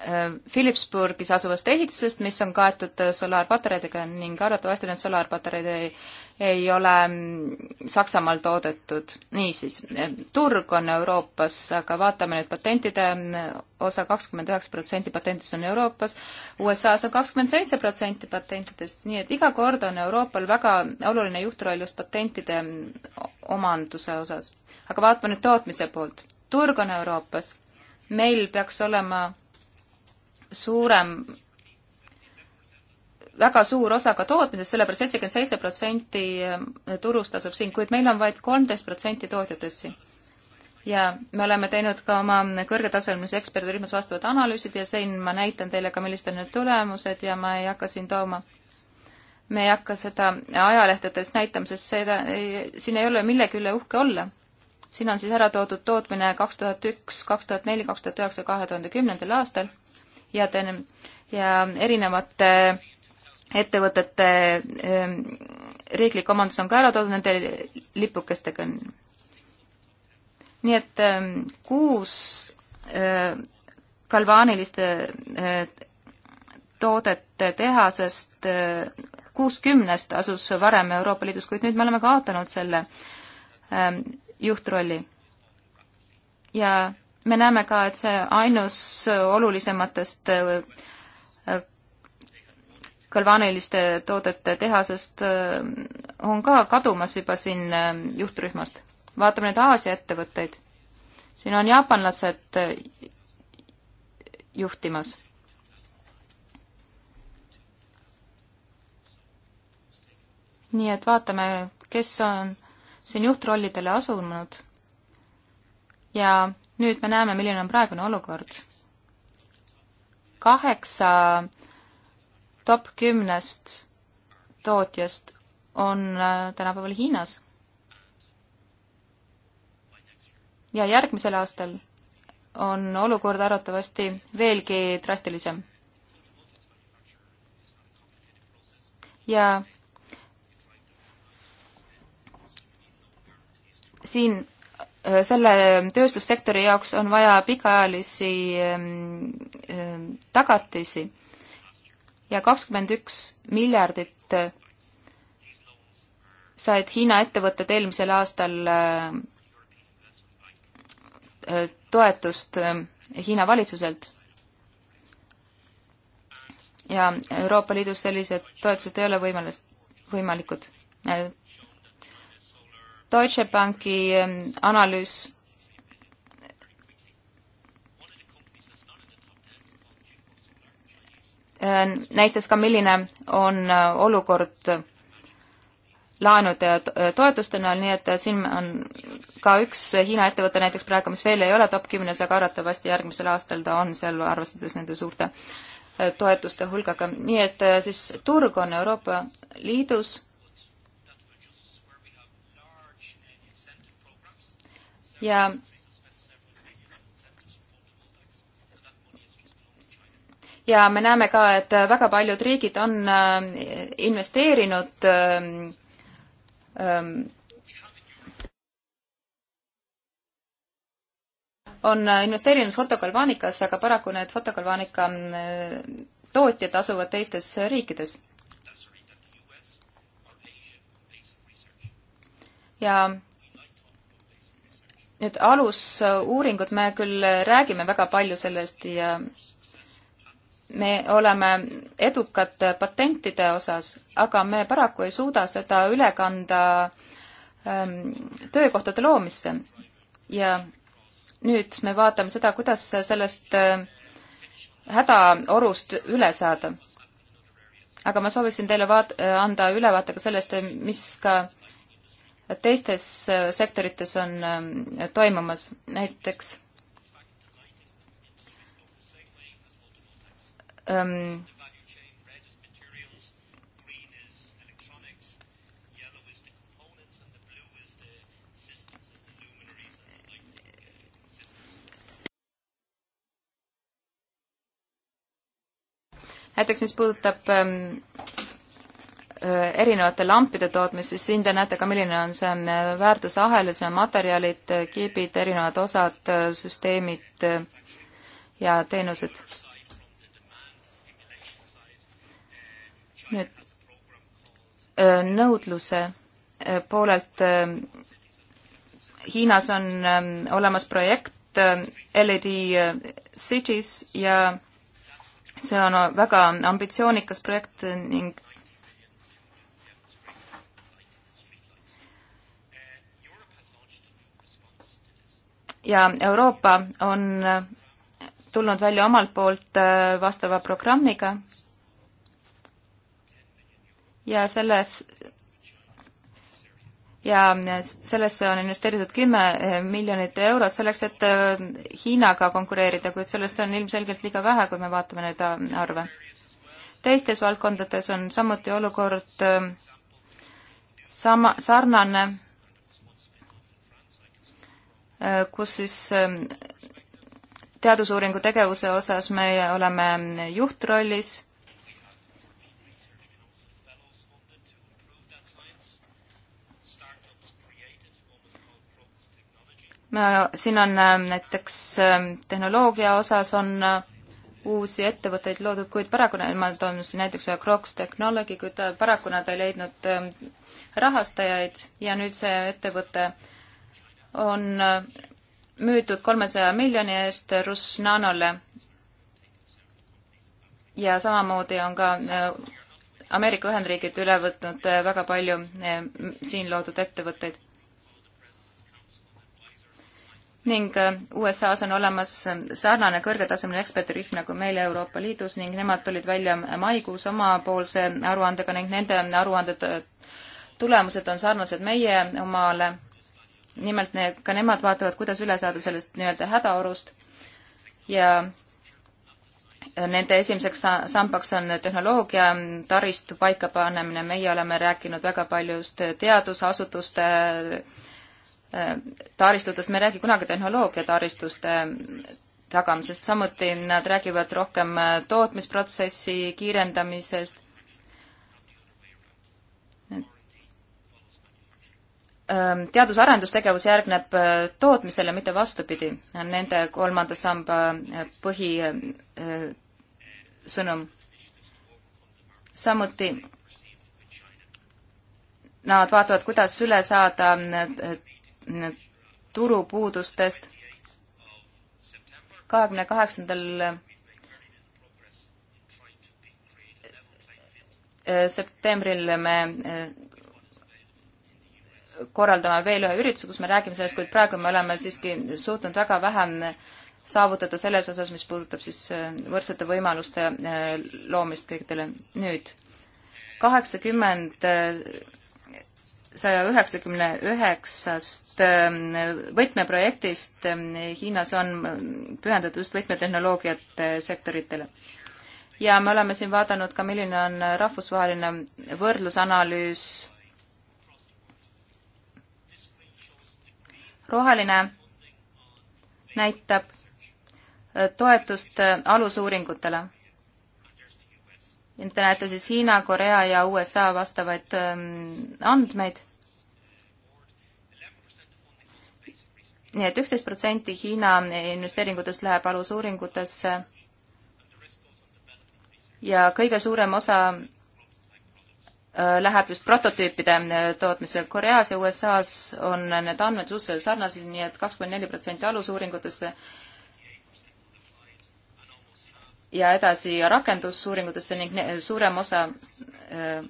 Äh, Philipsburgis asuvast ehitisest, mis on kaetud äh, solaarpatareidega ning arvatavasti need solaarpatareid ei, ei ole mm, Saksamaal toodetud. niisiis, äh, turg on Euroopas, aga vaatame nüüd patentide mm, osa, kakskümmend üheksa protsenti patentidest on Euroopas, USA-s on kakskümmend seitse protsenti patentidest, nii et iga kord on Euroopal väga oluline juhtroll just patentide mm, omanduse osas. aga vaatame nüüd tootmise poolt. turg on Euroopas, meil peaks olema suurem, väga suur osa ka tootmisest, sellepärast seitsekümmend seitse protsenti eh, turust asub siin, kuid meil on vaid kolmteist protsenti tootjatest siin. ja me oleme teinud ka oma kõrgetasemelise eksperdirühmas vastavad analüüsid ja siin ma näitan teile ka, millised on need tulemused ja ma ei hakka siin tooma me ei hakka seda ajalehtedes näitama, sest seda, siin ei ole millegi üle uhke olla. siin on siis ära toodud tootmine kaks tuhat üks, kaks tuhat neli, kaks tuhat üheksa, kahe tuhande kümnendal aastal ja, ja erinevate ettevõtete riiklik omandus on ka ära toodud nende lipukestega. nii et kuus galvaaniliste toodete tehasest kuuskümnest asus varem Euroopa Liidus, kuid nüüd me oleme kaotanud selle juhtrolli. ja me näeme ka, et see ainus olulisematest äh, galvaaniliste toodete tehasest äh, on ka kadumas juba siin äh, juhtrühmast. vaatame nüüd Aasia ettevõtteid. siin on jaapanlased juhtimas. nii et vaatame, kes on siin juhtrollidele asunud ja nüüd me näeme, milline on praegune olukord. kaheksa top kümnest tootjast on äh, tänapäeval Hiinas. ja järgmisel aastal on olukord arvatavasti veelgi drastilisem. ja siin Äh, selle ähm, tööstussektori jaoks on vaja pikaajalisi ähm, ähm, tagatisi ja kakskümmend üks miljardit äh, said Hiina ettevõtted eelmisel aastal äh, toetust Hiina valitsuselt. ja Euroopa Liidus sellised toetused ei ole võimalus, võimalikud. Deutsche Banki ähm, analüüs äh, näitas ka, milline on äh, olukord äh, laenude ja toetuste näol, nii et siin on ka üks Hiina ettevõte näiteks praegu, mis veel ei ole top kümnes, aga arvatavasti järgmisel aastal ta on seal, arvestades nende suurte toetuste hulgaga. nii et siis turg on Euroopa Liidus ja ja me näeme ka, et väga paljud riigid on äh, investeerinud ähm, ähm, on investeerinud fotokalvaanikasse, aga paraku need fotokalvaanika äh, tootjad asuvad teistes riikides. ja nüüd alusuuringud, me küll räägime väga palju sellest ja me oleme edukad patentide osas, aga me paraku ei suuda seda üle kanda ähm, töökohtade loomisse. ja nüüd me vaatame seda, kuidas sellest äh, hädaorust üle saada. aga ma sooviksin teile vaat-, anda ülevaate ka sellest, mis ka teistes äh, sektorites on äh, toimumas, näiteks ähm, näiteks mis puudutab ähm, Äh, erinevate lampide tootmist, siis siin te näete ka, milline on see äh, väärtusahel, see on materjalid, äh, kiibid, erinevad osad, süsteemid ja teenused. nüüd nõudluse poolelt Hiinas on olemas projekt LED Cities ja see on väga ambitsioonikas projekt ning ja Euroopa on tulnud välja omalt poolt äh, vastava programmiga ja selles ja sellesse on investeeritud kümme äh, miljonit eurot selleks, et äh, Hiinaga konkureerida, kuid sellest on ilmselgelt liiga vähe, kui me vaatame neid arve. teistes valdkondades on samuti olukord sama, sarnane Äh, kus siis ähm, teadusuuringu tegevuse osas me oleme juhtrollis. me, siin on ähm, näiteks ähm, tehnoloogia osas on äh, uusi ettevõtteid loodud, kuid paraku ma toon siin näiteks ühe Crocs Technology, kuid äh, paraku nad ei leidnud rahastajaid ja nüüd see ettevõte äh, on äh, müüdud kolmesaja miljoni eest Rusnanole ja samamoodi on ka äh, Ameerika Ühendriigid üle võtnud äh, väga palju siin loodud ettevõtteid. ning USA-s on olemas sarnane kõrgetasemeline eksperdirühm nagu meil Euroopa Liidus ning nemad tulid välja maikuus omapoolse aruandega ning nende aruanded, tulemused on sarnased meie omale nimelt ne, ka nemad vaatavad, kuidas üle saada sellest nii-öelda hädaorust ja nende esimeseks sambaks on tehnoloogia taristu paikapanemine, meie oleme rääkinud väga palju just teadusasutuste äh, taristutest, me ei räägi kunagi tehnoloogia taristuste tagamisest, samuti nad räägivad rohkem tootmisprotsessi kiirendamisest teadus-arendustegevus järgneb tootmisele, mitte vastupidi, on nende kolmanda samba põhisõnum. samuti nad vaatavad, kuidas üle saada turupuudustest. kahekümne kaheksandal septembril me korraldame veel ühe ürituse, kus me räägime sellest, kuid praegu me oleme siiski suutnud väga vähe saavutada selles osas, mis puudutab siis äh, võrdsete võimaluste äh, loomist kõikidele. nüüd kaheksakümmend äh, saja üheksakümne üheksast võtmeprojektist Hiinas on pühendatud just võtmetehnoloogiate sektoritele. ja me oleme siin vaadanud ka, milline on rahvusvaheline võrdlusanalüüs roheline näitab äh, toetust äh, alusuuringutele. Te näete siis Hiina, Korea ja USA vastavaid ähm, andmeid. nii et üksteist protsenti Hiina investeeringutest läheb alusuuringutesse ja kõige suurem osa Äh, läheb just prototüüpide äh, tootmisel. Koreas ja USA-s on need andmed suhteliselt sarnased, nii et kakskümmend neli protsenti alusuuringutesse ja edasi rakendusuuringutesse ning suurem osa äh,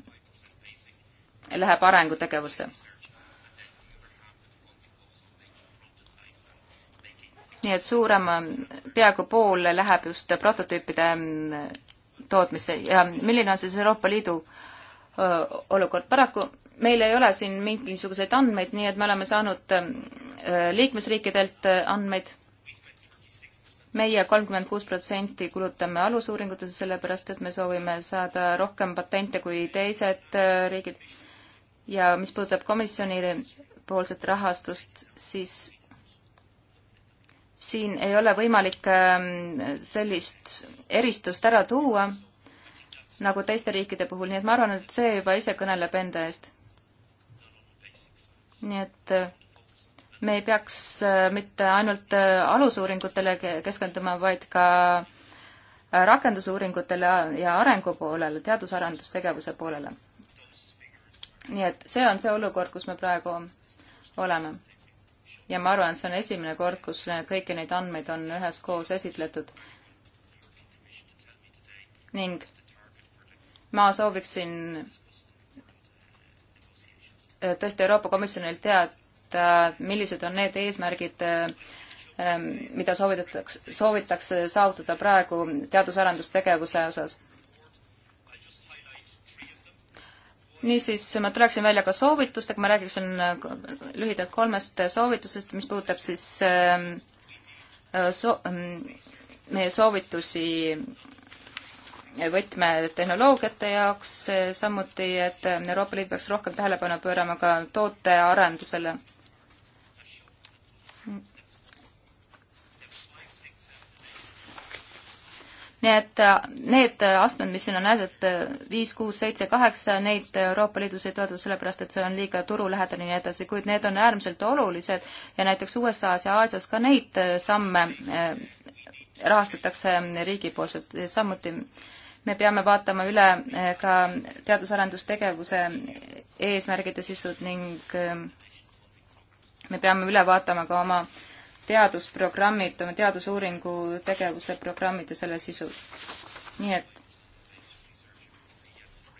läheb arengutegevusse. nii et suurem, peaaegu pool läheb just prototüüpide mm, tootmisse ja milline on siis Euroopa Liidu äh, Äh, olukord. paraku meil ei ole siin mingisuguseid andmeid, nii et me oleme saanud äh, liikmesriikidelt äh, andmeid meie kolmkümmend kuus protsenti kulutame alusuuringutesse, sellepärast et me soovime saada rohkem patente kui teised riigid. ja mis puudutab komisjoni poolset rahastust, siis siin ei ole võimalik ähm, sellist eristust ära tuua, nagu teiste riikide puhul, nii et ma arvan, et see juba ise kõneleb enda eest. nii et äh, me ei peaks äh, mitte ainult äh, alusuuringutele keskenduma, vaid ka rakendusuuringutele ja arengu poolele, teadus-arendustegevuse poolele. nii et see on see olukord, kus me praegu oleme. ja ma arvan, et see on esimene kord, kus kõiki neid andmeid on üheskoos esitletud. ning ma sooviksin äh, tõesti Euroopa Komisjonilt teada, millised on need eesmärgid, äh, ähm, mida soovitatakse, soovitakse saavutada praegu teadus-arendustegevuse osas. niisiis, ma tuleksin välja ka soovitustega, ma räägiksin äh, lühidalt kolmest soovitusest, mis puudutab siis ähm, so-, ähm, meie soovitusi võtmetehnoloogiate jaoks, samuti, et Euroopa Liit peaks rohkem tähelepanu pöörama ka tootearendusele. nii et äh, need astmed, mis siin on näidatud, viis, kuus, seitse, kaheksa, neid Euroopa Liidus ei toodata sellepärast, et see on liiga turulähedane ja nii edasi, kuid need on äärmiselt olulised ja näiteks USA-s ja Aasias ka neid samme äh, rahastatakse riigipoolselt, samuti äh, me peame vaatama üle eh, ka teadus-arendustegevuse eesmärgid ja sisud ning eh, me peame üle vaatama ka oma teadusprogrammid, oma teadusuuringu tegevuse programmid ja selle sisud. nii et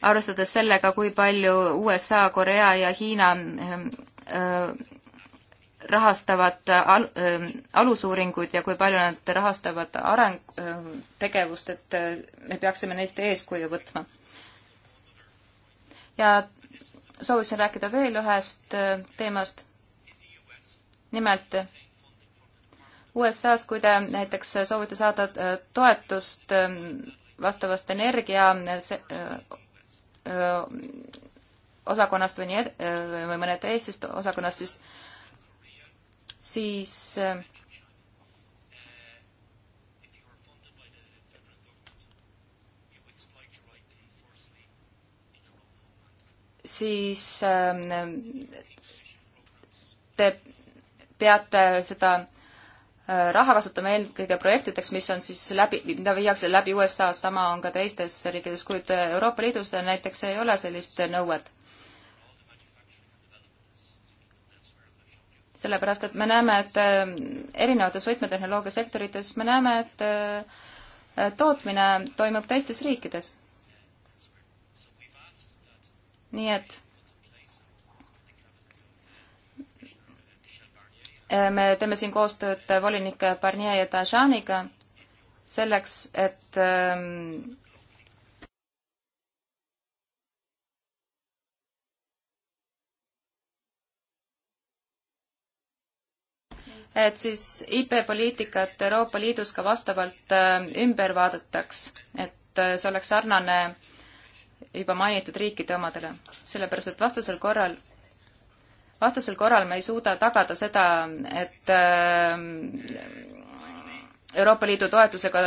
arvestades sellega, kui palju USA, Korea ja Hiina eh, rahastavad al-, äh, äh, alusuuringuid ja kui palju nad rahastavad areng, äh, tegevust, et me peaksime neist eeskuju võtma. ja soovisin rääkida veel ühest teemast. nimelt USA-s, kui te näiteks soovite saada toetust vastavast energia osakonnast või nii ed-, või mõne teisest osakonnast, siis siis siis ähm, te peate seda äh, raha kasutama eelkõige projektideks, mis on siis läbi, mida viiakse läbi USA-s, sama on ka teistes riikides, kuid Euroopa Liidus näiteks ei ole sellist nõuet. sellepärast et me näeme, et äh, erinevates võtmetehnoloogia sektorites me näeme, et äh, äh, tootmine toimub teistes riikides. nii et me teeme siin koostööd volinike Barnier ja Tajaniga selleks, et ähm, et siis IP-poliitikat Euroopa Liidus ka vastavalt äh, ümber vaadataks, et äh, see oleks sarnane juba mainitud riikide omadele, sellepärast et vastasel korral, vastasel korral me ei suuda tagada seda, et äh, Euroopa Liidu toetusega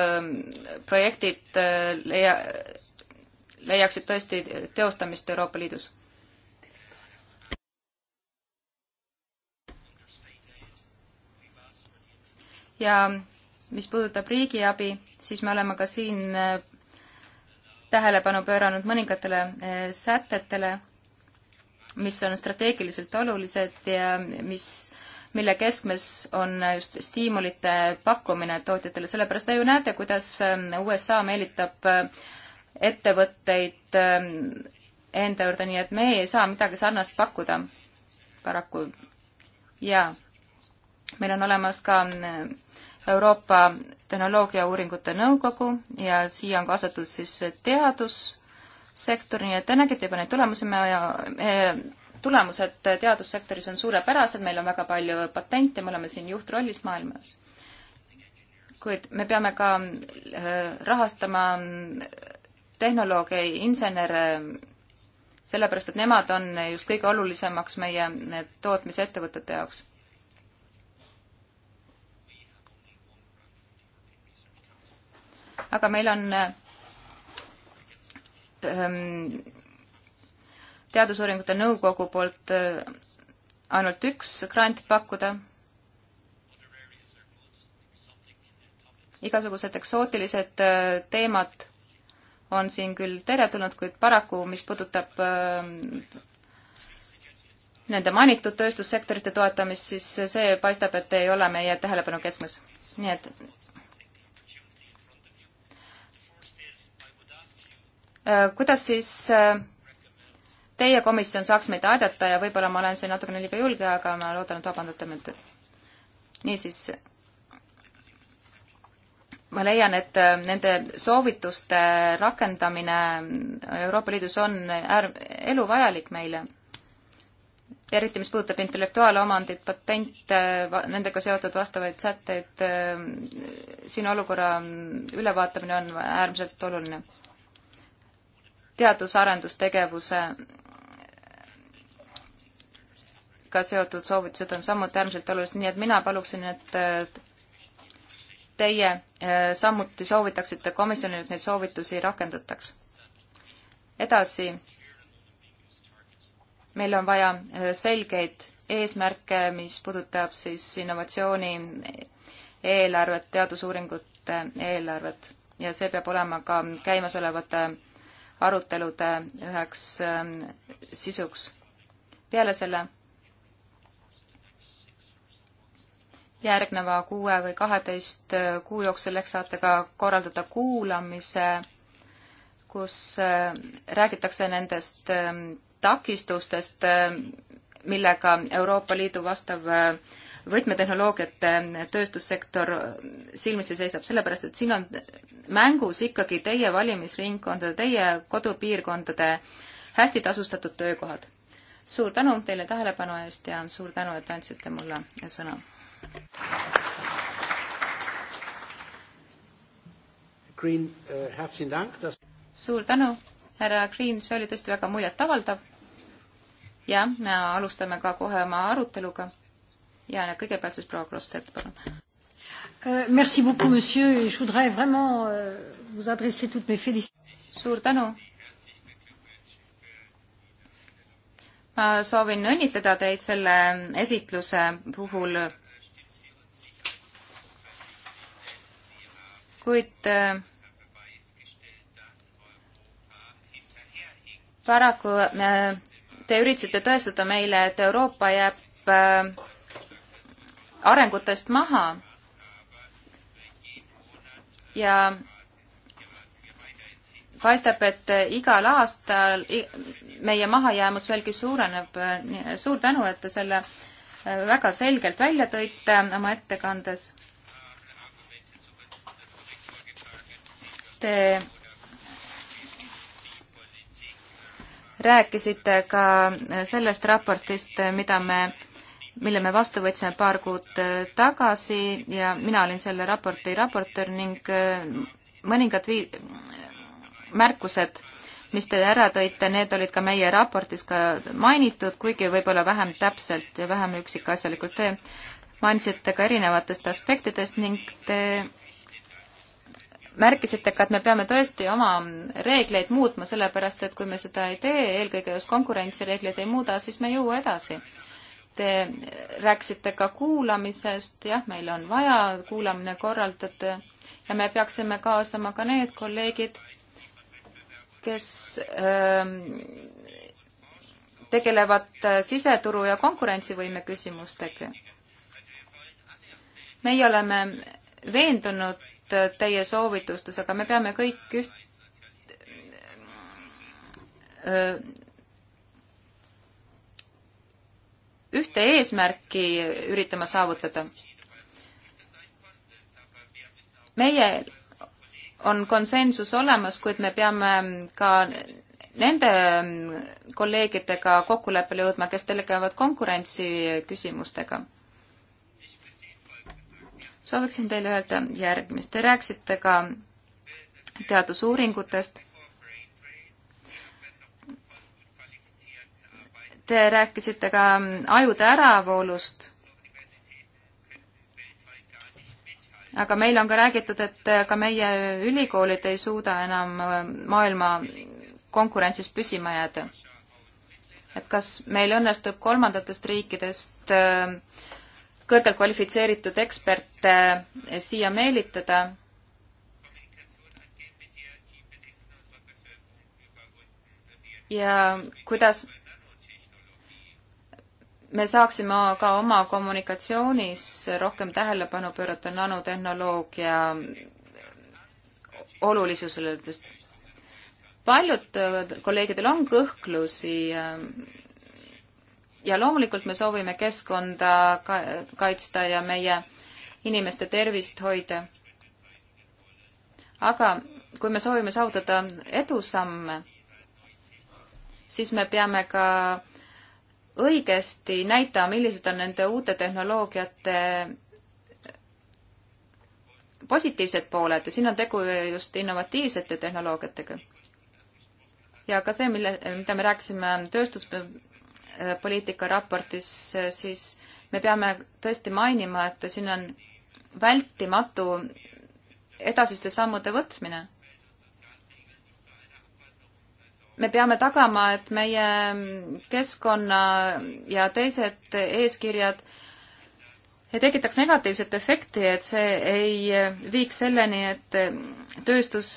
projektid leia-, leiaksid tõesti teostamist Euroopa Liidus ja mis puudutab riigiabi, siis me oleme ka siin äh, tähelepanu pööranud mõningatele äh, sätetele, mis on strateegiliselt olulised ja mis, mille keskmes on just stiimulite pakkumine tootjatele, sellepärast te ju näete, kuidas äh, USA meelitab ettevõtteid enda juurde, nii et me ei saa midagi sarnast pakkuda paraku. jaa, meil on olemas ka Euroopa Tehnoloogiauuringute Nõukogu ja siia on kaasatud siis teadussektor, nii et te nägite juba neid tulemusi, me, me tulemused teadussektoris on suurepärased, meil on väga palju patente, me oleme siin juhtrollis maailmas. kuid me peame ka äh, rahastama mm, tehnoloogia insenere, sellepärast et nemad on just kõige olulisemaks meie tootmisettevõtete jaoks aga meil on ähm, teadusuuringute nõukogu poolt äh, ainult üks grant pakkuda. igasugused eksootilised äh, teemad on siin küll teretulnud, kuid paraku, mis puudutab ähm, nende mainitud tööstussektorite toetamist, siis see paistab, et ei ole meie tähelepanu keskmes. nii et Äh, kuidas siis äh, teie komisjon saaks meid aidata ja võib-olla ma olen siin natukene liiga julge, aga ma loodan, et vabandate mind. niisiis, ma leian, et äh, nende soovituste rakendamine Euroopa Liidus on äär-, eluvajalik meile. eriti, mis puudutab intellektuaalomandit, patente, nendega seotud vastavaid sätteid, siin olukorra ülevaatamine on äärmiselt oluline teadus-arendustegevuse ka seotud soovitused on samuti äärmiselt olulised, nii et mina paluksin, et teie eh, samuti soovitaksite komisjonile, et neid soovitusi rakendataks. edasi, meil on vaja eh, selgeid eesmärke, mis puudutab siis innovatsiooni eelarvet, teadusuuringute eelarvet ja see peab olema ka käimasolevate arutelude äh, üheks ähm, sisuks. peale selle järgneva kuue või kaheteist äh, kuu jooksul ehk saate ka korraldada kuulamise, kus äh, räägitakse nendest ähm, takistustest, millega Euroopa Liidu vastav äh, võtmetehnoloogiate tööstussektor silmitsi seisab, sellepärast et siin on mängus ikkagi teie valimisringkondade, teie kodupiirkondade hästi tasustatud töökohad. suur tänu teile tähelepanu eest ja suur tänu, et andsite mulle sõna. Green äh,, herzlichen Dank das.... suur tänu, härra Green, see oli tõesti väga muljetavaldav. jah, me alustame ka kohe oma aruteluga ja kõigepealt siis proua Krossett, palun. Euh, merci beaucoup, monsieur, et je voudrais vraiment euh, vous adresser toutes mes félicitations. suur tänu. ma soovin õnnitleda teid selle esitluse puhul. kuid äh, paraku äh, te üritasite tõestada meile, et Euroopa jääb äh, arengutest maha ja paistab, et igal aastal meie mahajäämus veelgi suureneb. suur tänu, et te selle äh, väga selgelt välja tõite äh, oma ettekandes. Te rääkisite ka äh, sellest raportist, mida me mille me vastu võtsime paar kuud äh, tagasi ja mina olin selle raporti raportöör ning äh, mõningad vii-, märkused, mis te ära tõite, need olid ka meie raportis ka mainitud, kuigi võib-olla vähem täpselt ja vähem üksikasjalikult. Te mainisite ka erinevatest aspektidest ning te märkisite ka, et me peame tõesti oma reegleid muutma, sellepärast et kui me seda ei tee, eelkõige just konkurentsireegleid ei muuda, siis me ei jõua edasi. Te rääkisite ka kuulamisest, jah, meil on vaja kuulamine korraldada ja me peaksime kaasama ka need kolleegid, kes ähm, tegelevad äh, siseturu ja konkurentsivõime küsimustega. meie oleme veendunud äh, teie soovitustes, aga me peame kõik üht äh, ühte eesmärki üritama saavutada. meie on konsensus olemas, kuid me peame ka nende kolleegidega kokkuleppele jõudma, kes tegelevad konkurentsi küsimustega. sooviksin teile öelda järgmist. Te rääkisite ka teadusuuringutest Te rääkisite ka ajude äravoolust. aga meil on ka räägitud, et ka meie ülikoolid ei suuda enam äh, maailma konkurentsis püsima jääda. et kas meil õnnestub kolmandatest riikidest äh, kõrgelt kvalifitseeritud eksperte äh, siia meelitada ja kuidas me saaksime ka oma kommunikatsioonis rohkem tähelepanu pöörata nanotehnoloogia olulisusele, sest paljud äh, kolleegidel on kõhklusi äh, ja loomulikult me soovime keskkonda kaitsta ja meie inimeste tervist hoida. aga kui me soovime saavutada edusamme, siis me peame ka õigesti näita, millised on nende uute tehnoloogiate positiivsed pooled ja siin on tegu just innovatiivsete tehnoloogiatega. ja ka see, mille, mida me rääkisime tööstuspoliitika raportis, siis me peame tõesti mainima, et siin on vältimatu edasiste sammude võtmine me peame tagama, et meie keskkonna ja teised eeskirjad ei tekitaks negatiivset efekti, et see ei viiks selleni, et tööstus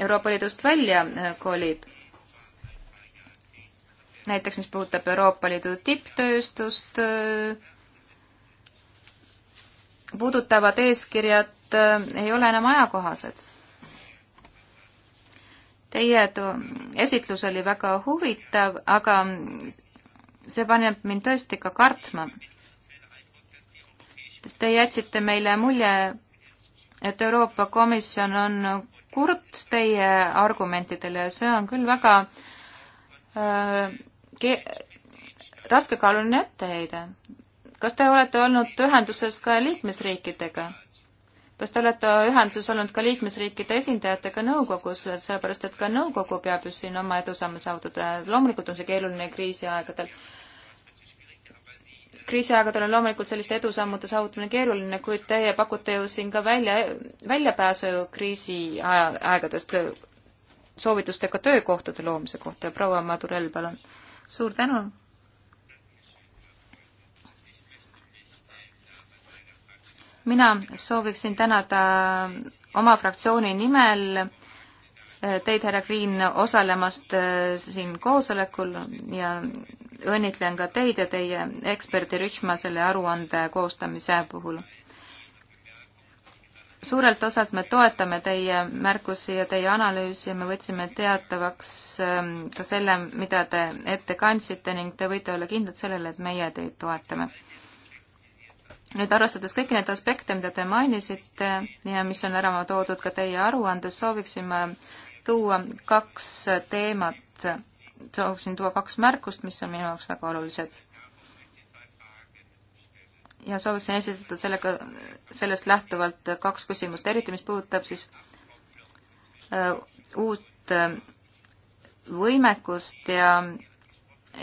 Euroopa Liidust välja kolib. näiteks, mis puudutab Euroopa Liidu tipptööstust, puudutavad eeskirjad ei ole enam ajakohased Teie esitlus oli väga huvitav, aga see paneb mind tõesti ka kartma. sest te jätsite meile mulje, et Euroopa Komisjon on kurt teie argumentidele ja see on küll väga äh, raskekaaluline etteheide. kas te olete olnud ühenduses ka liikmesriikidega? kas te olete ühenduses olnud ka liikmesriikide esindajatega nõukogus, et sellepärast, et ka nõukogu peab ju siin oma edusamme saavutada, loomulikult on see keeruline kriisiaegadel. kriisiaegadel on loomulikult selliste edusammude saavutamine keeruline, kuid teie pakute ju siin ka välja, väljapääsu kriisiaegadest soovitustega töökohtade loomise kohta ja proua Madurell, palun. suur tänu mina sooviksin tänada oma fraktsiooni nimel eh, teid, härra Green, osalemast eh, siin koosolekul ja õnnitlen ka teid ja teie eksperdirühma selle aruande koostamise puhul. suurelt osalt me toetame teie märkusi ja teie analüüsi ja me võtsime teatavaks eh, ka selle, mida te ette kandsite ning te võite olla kindlad sellele, et meie teid toetame nüüd arvestades kõiki neid aspekte, mida te mainisite ja mis on ära toodud ka teie aruandes, sooviksime tuua kaks teemat, sooviksin tuua kaks märkust, mis on minu jaoks väga olulised. ja sooviksin esitada sellega, sellest lähtuvalt kaks küsimust, eriti mis puudutab siis uh, uut uh, võimekust ja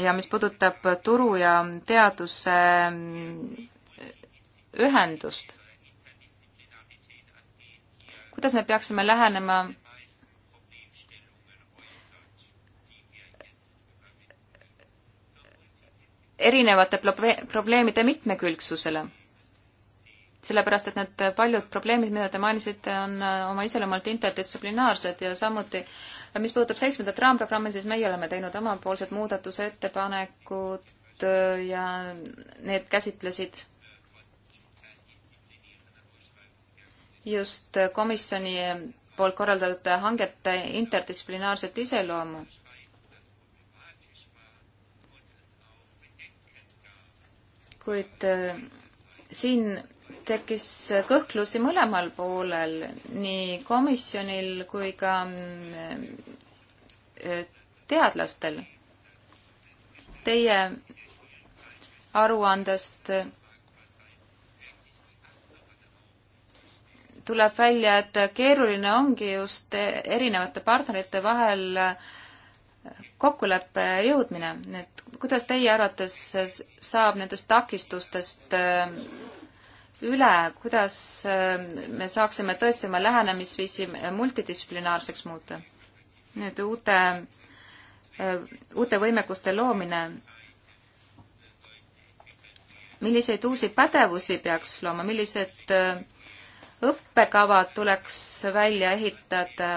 ja mis puudutab turu ja teaduse uh, ühendust. kuidas me peaksime lähenema erinevate probleemide mitmekülgsusele? sellepärast, et need paljud probleemid, mida te mainisite, on äh, oma iseloomult interdistsiplinaarsed ja samuti äh, mis puudutab seitsmendat raamprogrammi, siis meie oleme teinud omapoolsed muudatusettepanekud äh, ja need käsitlesid just komisjoni poolt korraldatud hangete interdistsiplinaarset iseloomu. kuid äh, siin tekkis kõhklusi mõlemal poolel, nii komisjonil kui ka äh, teadlastel. Teie aruandest tuleb välja, et keeruline ongi just erinevate partnerite vahel kokkuleppe jõudmine, et kuidas teie arvates saab nendest takistustest äh, üle, kuidas äh, me saaksime tõesti oma lähenemisviisi multidistsiplinaarseks muuta? nüüd uute, äh, uute võimekuste loomine milliseid uusi pädevusi peaks looma, millised õppekavad tuleks välja ehitada,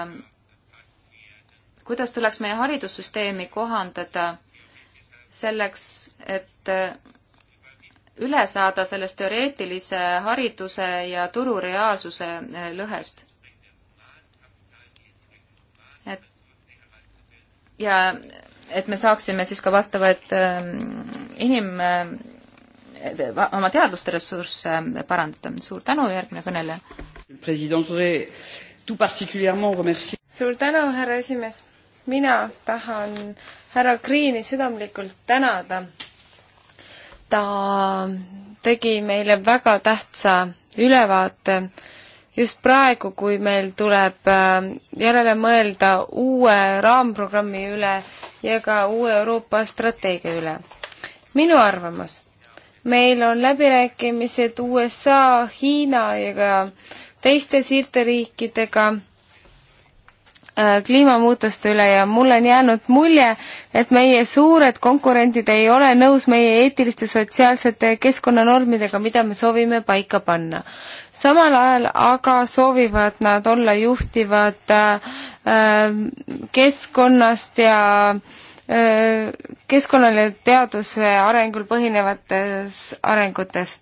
kuidas tuleks meie haridussüsteemi kohandada selleks, et üle saada sellest teoreetilise hariduse ja turureaalsuse lõhest. et ja et me saaksime siis ka vastavaid ähm, inim- oma teadlaste ressursse parandada. suur tänu, järgmine kõneleja. suur tänu, härra esimees. mina tahan härra Kriini südamlikult tänada. ta tegi meile väga tähtsa ülevaate just praegu, kui meil tuleb äh, järele mõelda uue raamprogrammi üle ja ka uue Euroopa strateegia üle. minu arvamus meil on läbirääkimised USA, Hiina ja ka teiste siirderiikidega äh, kliimamuutuste üle ja mul on jäänud mulje, et meie suured konkurendid ei ole nõus meie eetiliste, sotsiaalsete keskkonnanormidega, mida me soovime paika panna. samal ajal aga soovivad nad olla juhtivad äh, äh keskkonnast ja äh, Äh, keskkonnal ja teaduse arengul põhinevates arengutes.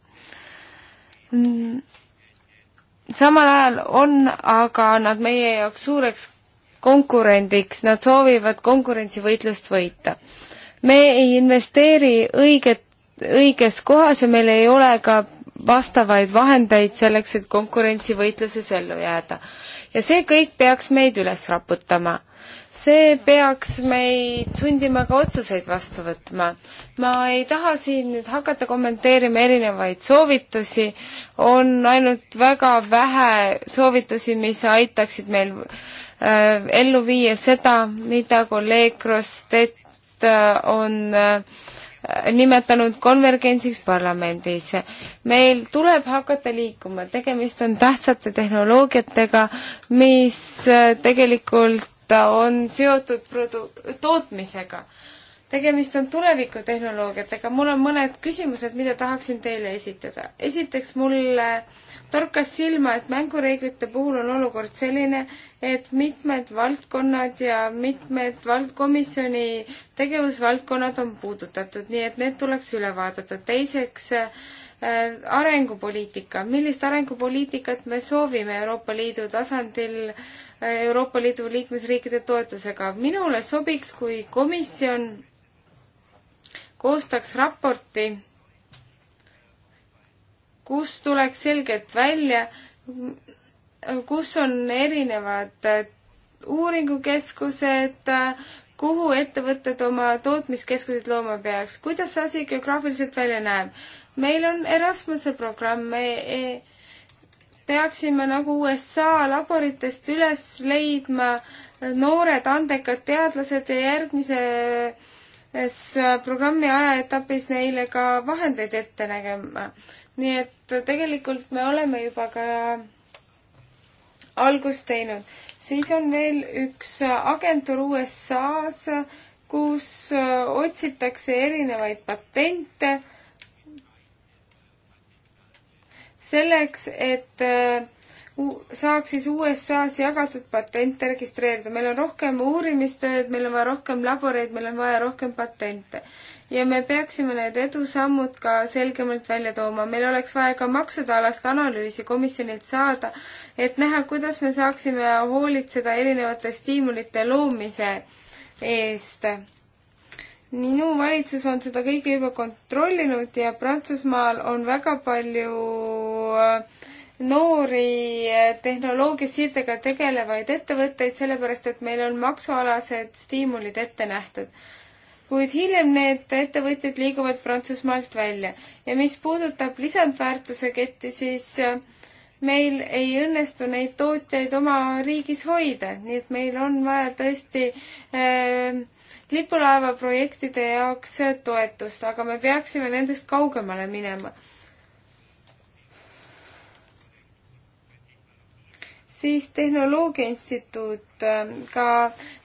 Mm, samal ajal on aga nad meie jaoks suureks konkurendiks, nad soovivad konkurentsivõitlust võita. me ei investeeri õiget, õiges kohas ja meil ei ole ka vastavaid vahendeid selleks, et konkurentsivõitluses ellu jääda. ja see kõik peaks meid üles raputama see peaks meid sundima ka otsuseid vastu võtma. ma ei taha siin nüüd hakata kommenteerima erinevaid soovitusi, on ainult väga vähe soovitusi, mis aitaksid meil äh, ellu viia seda, mida kolleeg Krossett äh, on äh, nimetanud konvergentsiks parlamendis. meil tuleb hakata liikuma, tegemist on tähtsate tehnoloogiatega, mis äh, tegelikult ta on seotud produ-, tootmisega. tegemist on tulevikutehnoloogiatega, mul on mõned küsimused, mida tahaksin teile esitada. esiteks, mulle torkas silma, et mängureeglite puhul on olukord selline, et mitmed valdkonnad ja mitmed valdkomisjoni tegevusvaldkonnad on puudutatud, nii et need tuleks üle vaadata. teiseks, äh, arengupoliitika, millist arengupoliitikat me soovime Euroopa Liidu tasandil äh, Euroopa Liidu liikmesriikide toetusega. minule sobiks, kui komisjon koostaks raporti, kus tuleks selgelt välja, kus on erinevad äh, uuringukeskused, äh, kuhu ettevõtted oma tootmiskeskused looma peaks, kuidas see asi geograafiliselt välja näeb. meil on Erasmuse programm e, peaksime nagu USA laboritest üles leidma noored andekad teadlased ja järgmises programmi ajaetapis neile ka vahendeid ette nägema. nii et tegelikult me oleme juba ka algust teinud. siis on veel üks agentuur USA-s, kus otsitakse erinevaid patente selleks, et äh, saaks siis USA-s jagatud patente registreerida. meil on rohkem uurimistööd, meil on vaja rohkem laboreid, meil on vaja rohkem patente. ja me peaksime need edusammud ka selgemalt välja tooma. meil oleks vaja ka maksude alast analüüsi komisjonilt saada, et näha, kuidas me saaksime hoolitseda erinevate stiimulite loomise eest minu valitsus on seda kõike juba kontrollinud ja Prantsusmaal on väga palju äh, noori äh, tehnoloogiasiirdega tegelevaid ettevõtteid, sellepärast et meil on maksualased stiimulid ette nähtud. kuid hiljem need ettevõtjad liiguvad Prantsusmaalt välja ja mis puudutab lisandväärtuse ketti, siis äh, meil ei õnnestu neid tootjaid oma riigis hoida, nii et meil on vaja tõesti äh, lipulaevaprojektide jaoks toetust, aga me peaksime nendest kaugemale minema. siis Tehnoloogia Instituut, äh, ka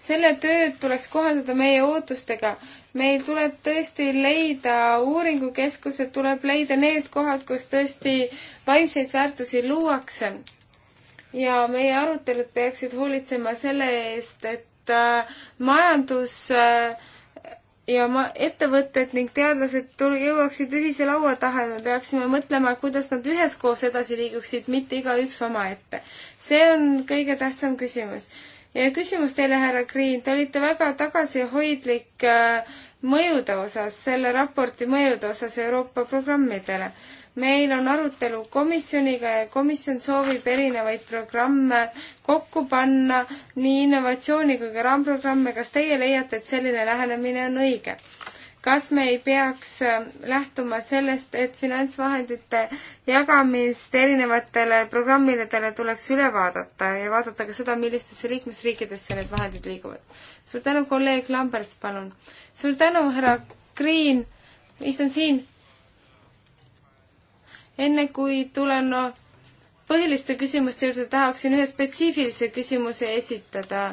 selle tööd tuleks kohandada meie ootustega. meil tuleb tõesti leida uuringukeskused, tuleb leida need kohad, kus tõesti vaimseid väärtusi luuakse. ja meie arutelud peaksid hoolitsema selle eest, et Äh, majandus äh, ja ma-, ettevõtted ning teadlased tul-, jõuaksid ühise laua taha ja me peaksime mõtlema, kuidas nad üheskoos edasi liiguksid, mitte igaüks omaette. see on kõige tähtsam küsimus. ja küsimus teile, härra Green, te olite väga tagasihoidlik äh, mõjude osas, selle raporti mõjude osas Euroopa programmidele meil on arutelu komisjoniga ja komisjon soovib erinevaid programme kokku panna, nii innovatsiooni kui ka raamprogramme. kas teie leiate, et selline lähenemine on õige? kas me ei peaks äh, lähtuma sellest, et finantsvahendite jagamist erinevatele programmidele tuleks üle vaadata ja vaadata ka seda, millistesse liikmesriikidesse need vahendid liiguvad? suur tänu, kolleeg Lamberts, palun. suur tänu, härra Green, istun siin enne kui tulen no, põhiliste küsimuste juurde, tahaksin ühe spetsiifilise küsimuse esitada.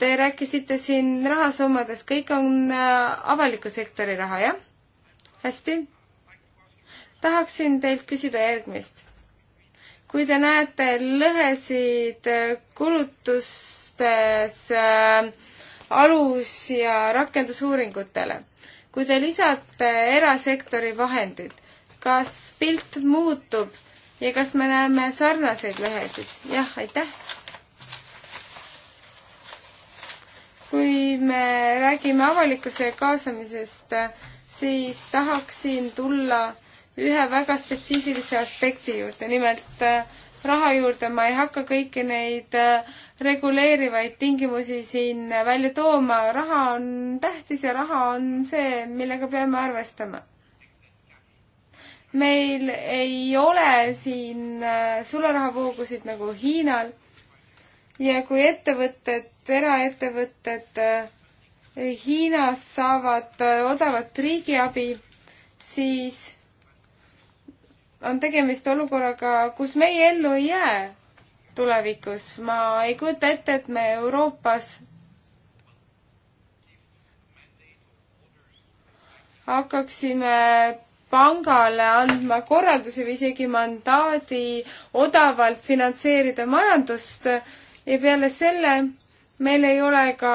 Te rääkisite siin rahasummadest, kõik on äh, avaliku sektori raha, jah? hästi. tahaksin teilt küsida järgmist. kui te näete lõhesid äh, kulutustes äh, alus- ja rakendusuuringutele, kui te lisate erasektori vahendid kas pilt muutub ja kas me näeme sarnaseid lehesid? jah, aitäh. kui me räägime avalikkuse kaasamisest, siis tahaksin tulla ühe väga spetsiifilise aspekti juurde, nimelt äh, raha juurde, ma ei hakka kõiki neid äh, reguleerivaid tingimusi siin välja tooma, raha on tähtis ja raha on see, millega peame arvestama meil ei ole siin äh, sularahavoogusid nagu Hiinal ja kui ettevõtted, eraettevõtted äh, Hiinas saavad äh, odavat riigiabi, siis on tegemist olukorraga, kus meie ellu ei jää tulevikus. ma ei kujuta ette, et me Euroopas hakkaksime pangale andma korraldusi või isegi mandaadi odavalt finantseerida majandust ja peale selle meil ei ole ka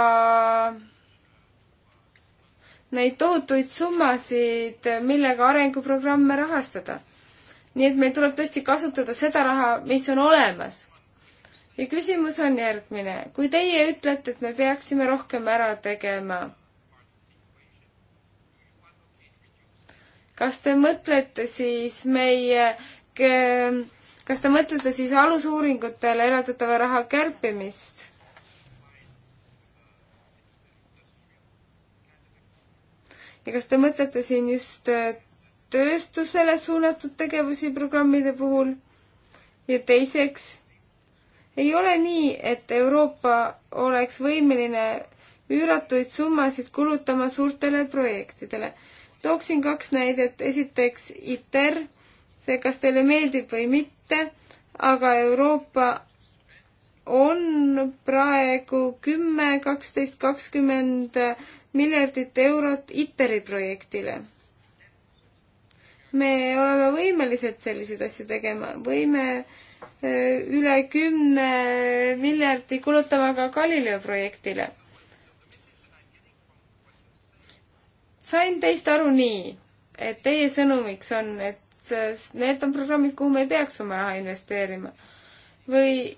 neid tohutuid summasid, millega arenguprogramme rahastada. nii et meil tuleb tõesti kasutada seda raha, mis on olemas. ja küsimus on järgmine. kui teie ütlete, et me peaksime rohkem ära tegema kas te mõtlete siis meie, kas te mõtlete siis alusuuringutele eraldatava raha kärpimist? ja kas te mõtlete siin just äh, tööstusele suunatud tegevusi programmide puhul? ja teiseks, ei ole nii, et Euroopa oleks võimeline üüratuid summasid kulutama suurtele projektidele tooksin kaks näidet, esiteks ITER, see kas teile meeldib või mitte, aga Euroopa on praegu kümme, kaksteist, kakskümmend miljardit eurot ITER-i projektile. me oleme võimelised selliseid asju tegema, võime eh, üle kümne miljardi kulutama ka Galileo projektile sain teist aru nii, et teie sõnumiks on, et need on programmid, kuhu me ei peaks oma raha investeerima. või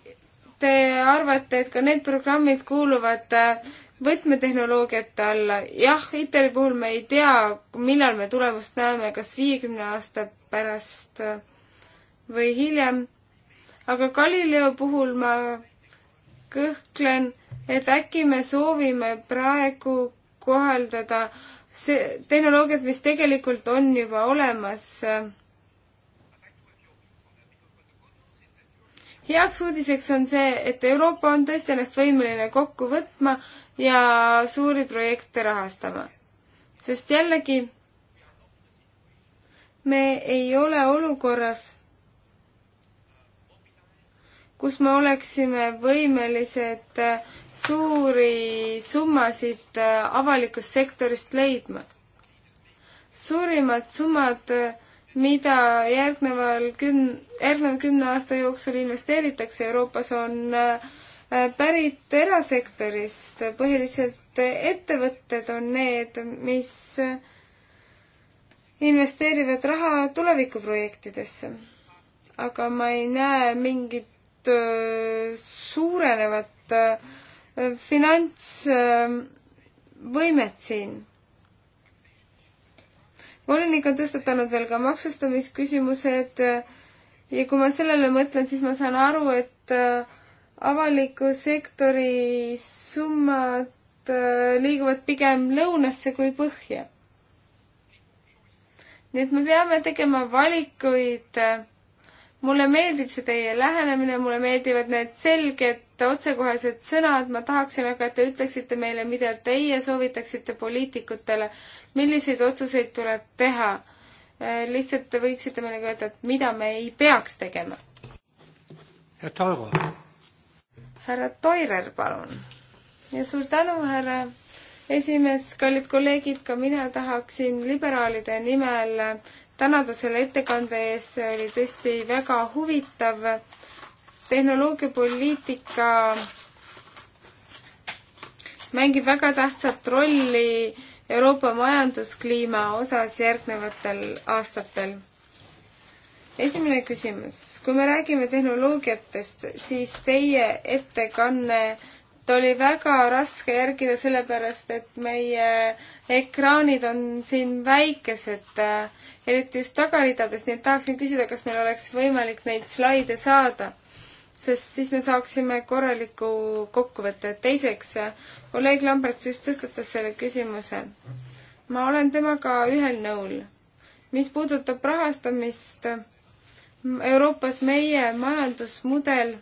te arvate, et ka need programmid kuuluvad äh, võtmetehnoloogiate alla. jah, ITER-i puhul me ei tea, millal me tulemust näeme, kas viiekümne aasta pärast äh, või hiljem. aga Galileo puhul ma kõhklen, et äkki me soovime praegu kohaldada äh, see, tehnoloogiad, mis tegelikult on juba olemas. heaks uudiseks on see, et Euroopa on tõesti ennast võimeline kokku võtma ja suuri projekte rahastama. sest jällegi, me ei ole olukorras kus me oleksime võimelised äh, suuri summasid äh, avalikust sektorist leidma. suurimad summad, äh, mida järgneval küm-, järgneva kümne aasta jooksul investeeritakse Euroopas, on pärit erasektorist, põhiliselt ettevõtted on need, mis investeerivad raha tulevikuprojektidesse. aga ma ei näe mingit Äh, suurenevat äh, finantsvõimet siin. volinik on tõstatanud veel ka maksustamisküsimused äh, ja kui ma sellele mõtlen, siis ma saan aru, et avaliku sektori summad liiguvad pigem lõunasse kui põhja. nii et me peame tegema valikuid äh, mulle meeldib see teie lähenemine, mulle meeldivad need selged otsekohesed sõnad, ma tahaksin aga, et te ütleksite meile, mida teie soovitaksite poliitikutele, milliseid otsuseid tuleb teha. Äh, lihtsalt te võiksite meile ka öelda, et mida me ei peaks tegema. härra Toiro. härra Toirer, palun. ja suur tänu, härra esimees, kallid kolleegid, ka mina tahaksin liberaalide nimel tänada selle ettekande eest, see oli tõesti väga huvitav. tehnoloogiapoliitika mängib väga tähtsat rolli Euroopa majanduskliima osas järgnevatel aastatel. esimene küsimus, kui me räägime tehnoloogiatest, siis teie ettekanne äh, oli väga raske järgida, sellepärast et meie ekraanid on siin väikesed, äh, eriti just tagaridades, nii et tahaksin küsida, kas meil oleks võimalik neid slaide saada. sest siis me saaksime korraliku kokkuvõtte. teiseks, kolleeg Lamberts just tõstatas selle küsimuse. ma olen temaga ühel nõul. mis puudutab rahastamist, Euroopas meie majandusmudel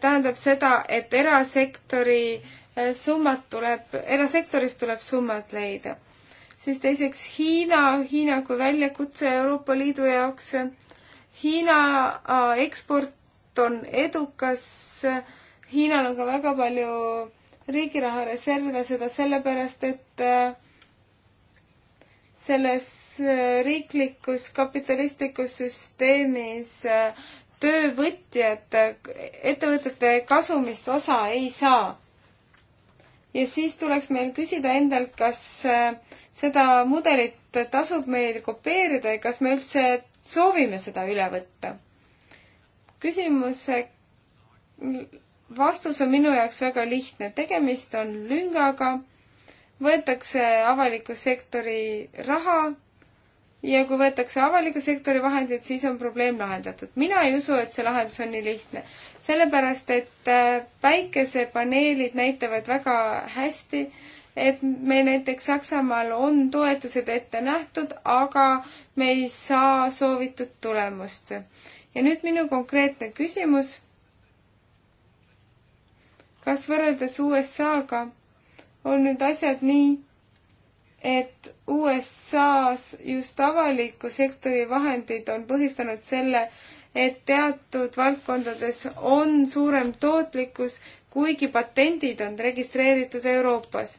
tähendab seda, et erasektori eh, summad tuleb, erasektorist tuleb summad leida. siis teiseks Hiina, Hiina kui väljakutse Euroopa Liidu jaoks. Hiina eh, eksport on edukas, Hiinal on ka väga palju riigiraha reserve, seda sellepärast, et eh, selles riiklikus kapitalistlikus süsteemis töövõtjad ettevõtete kasumist osa ei saa. ja siis tuleks meil küsida endalt, kas äh, seda mudelit tasub meil kopeerida ja kas me üldse soovime seda üle võtta. küsimuse vastus on minu jaoks väga lihtne, tegemist on lüngaga, võetakse avaliku sektori raha ja kui võetakse avaliku sektori vahendid, siis on probleem lahendatud. mina ei usu, et see lahendus on nii lihtne. sellepärast, et äh, päikesepaneelid näitavad väga hästi, et meil näiteks Saksamaal on toetused ette nähtud, aga me ei saa soovitud tulemust. ja nüüd minu konkreetne küsimus. kas võrreldes USA-ga on nüüd asjad nii, et USA-s just avaliku sektori vahendid on põhistanud selle, et teatud valdkondades on suurem tootlikkus, kuigi patendid on registreeritud Euroopas.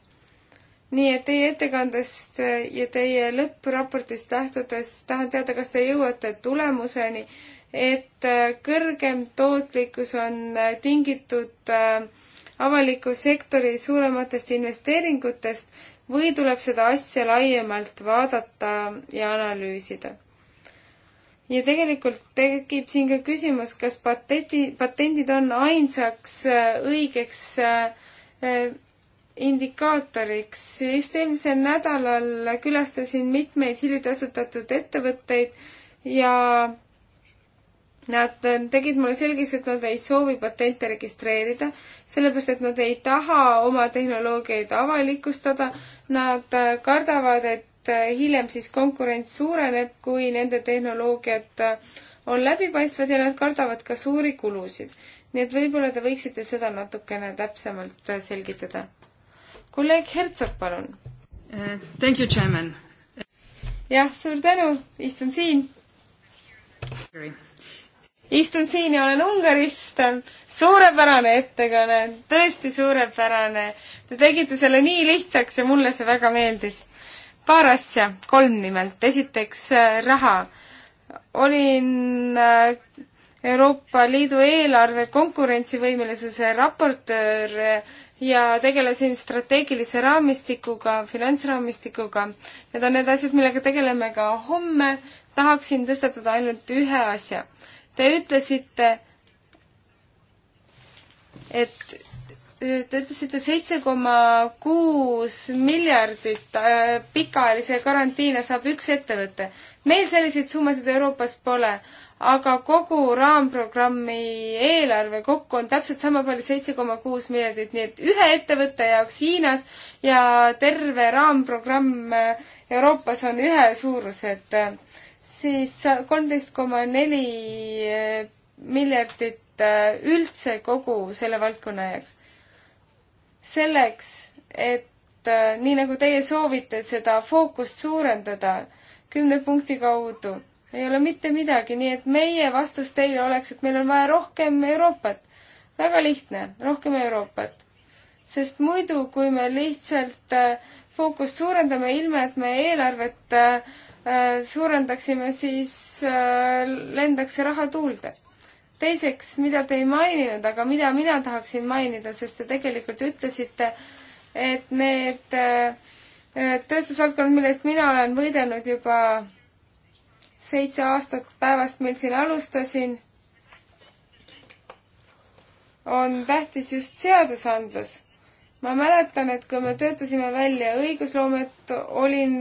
nii et teie ettekandest ja teie lõppraportist lähtudes tahan teada, kas te jõuate tulemuseni, et kõrgem tootlikkus on tingitud avaliku sektori suurematest investeeringutest või tuleb seda asja laiemalt vaadata ja analüüsida? ja tegelikult tekib siin ka küsimus, kas patenti, patendid on ainsaks äh, õigeks äh, äh, indikaatoriks. just eelmisel nädalal külastasin mitmeid hiljuti asutatud ettevõtteid ja Nad äh, tegid mulle selgeks, et nad ei soovi patente registreerida, sellepärast et nad ei taha oma tehnoloogiaid avalikustada. Nad äh, kardavad, et äh, hiljem siis konkurents suureneb, kui nende tehnoloogiad on läbipaistvad ja nad kardavad ka suuri kulusid. nii et võib-olla te võiksite seda natukene täpsemalt selgitada. kolleeg Hertsog, palun uh,. Thank you, chairman. jah, suur tänu, istun siin istun siin ja olen Ungarist. suurepärane ettekanne, tõesti suurepärane. Te tegite selle nii lihtsaks ja mulle see väga meeldis. paar asja, kolm nimelt. esiteks äh, raha. olin äh, Euroopa Liidu eelarve konkurentsivõimelisuse raportöör äh, ja tegelesin strateegilise raamistikuga, finantsraamistikuga. Need on need asjad, millega tegeleme ka homme. tahaksin tõstatada ainult ühe asja Te ütlesite, et te ütlesite seitse koma kuus miljardit äh, pikaajalise karantiine saab üks ettevõte. meil selliseid summasid Euroopas pole, aga kogu raamprogrammi eelarve kokku on täpselt sama palju, seitse koma kuus miljardit, nii et ühe ettevõtte jaoks Hiinas ja terve raamprogramm Euroopas on ühesuurused siis kolmteist koma neli eh, miljardit eh, üldse kogu selle valdkonna jaoks. selleks, et eh, nii nagu teie soovite, seda fookust suurendada kümne punkti kaudu, ei ole mitte midagi, nii et meie vastus teile oleks, et meil on vaja rohkem Euroopat. väga lihtne, rohkem Euroopat. sest muidu, kui me lihtsalt fookust suurendame, ilma et me eelarvet äh, Äh, suurendaksime, siis äh, lendaks see raha tuulde. teiseks, mida te ei maininud, aga mida mina tahaksin mainida, sest te tegelikult ütlesite, et need äh, tööstusvaldkonnad, mille eest mina olen võidelnud juba seitse aastat päevast, mil siin alustasin, on tähtis just seadusandlus ma mäletan, et kui me töötasime välja õigusloomet, olin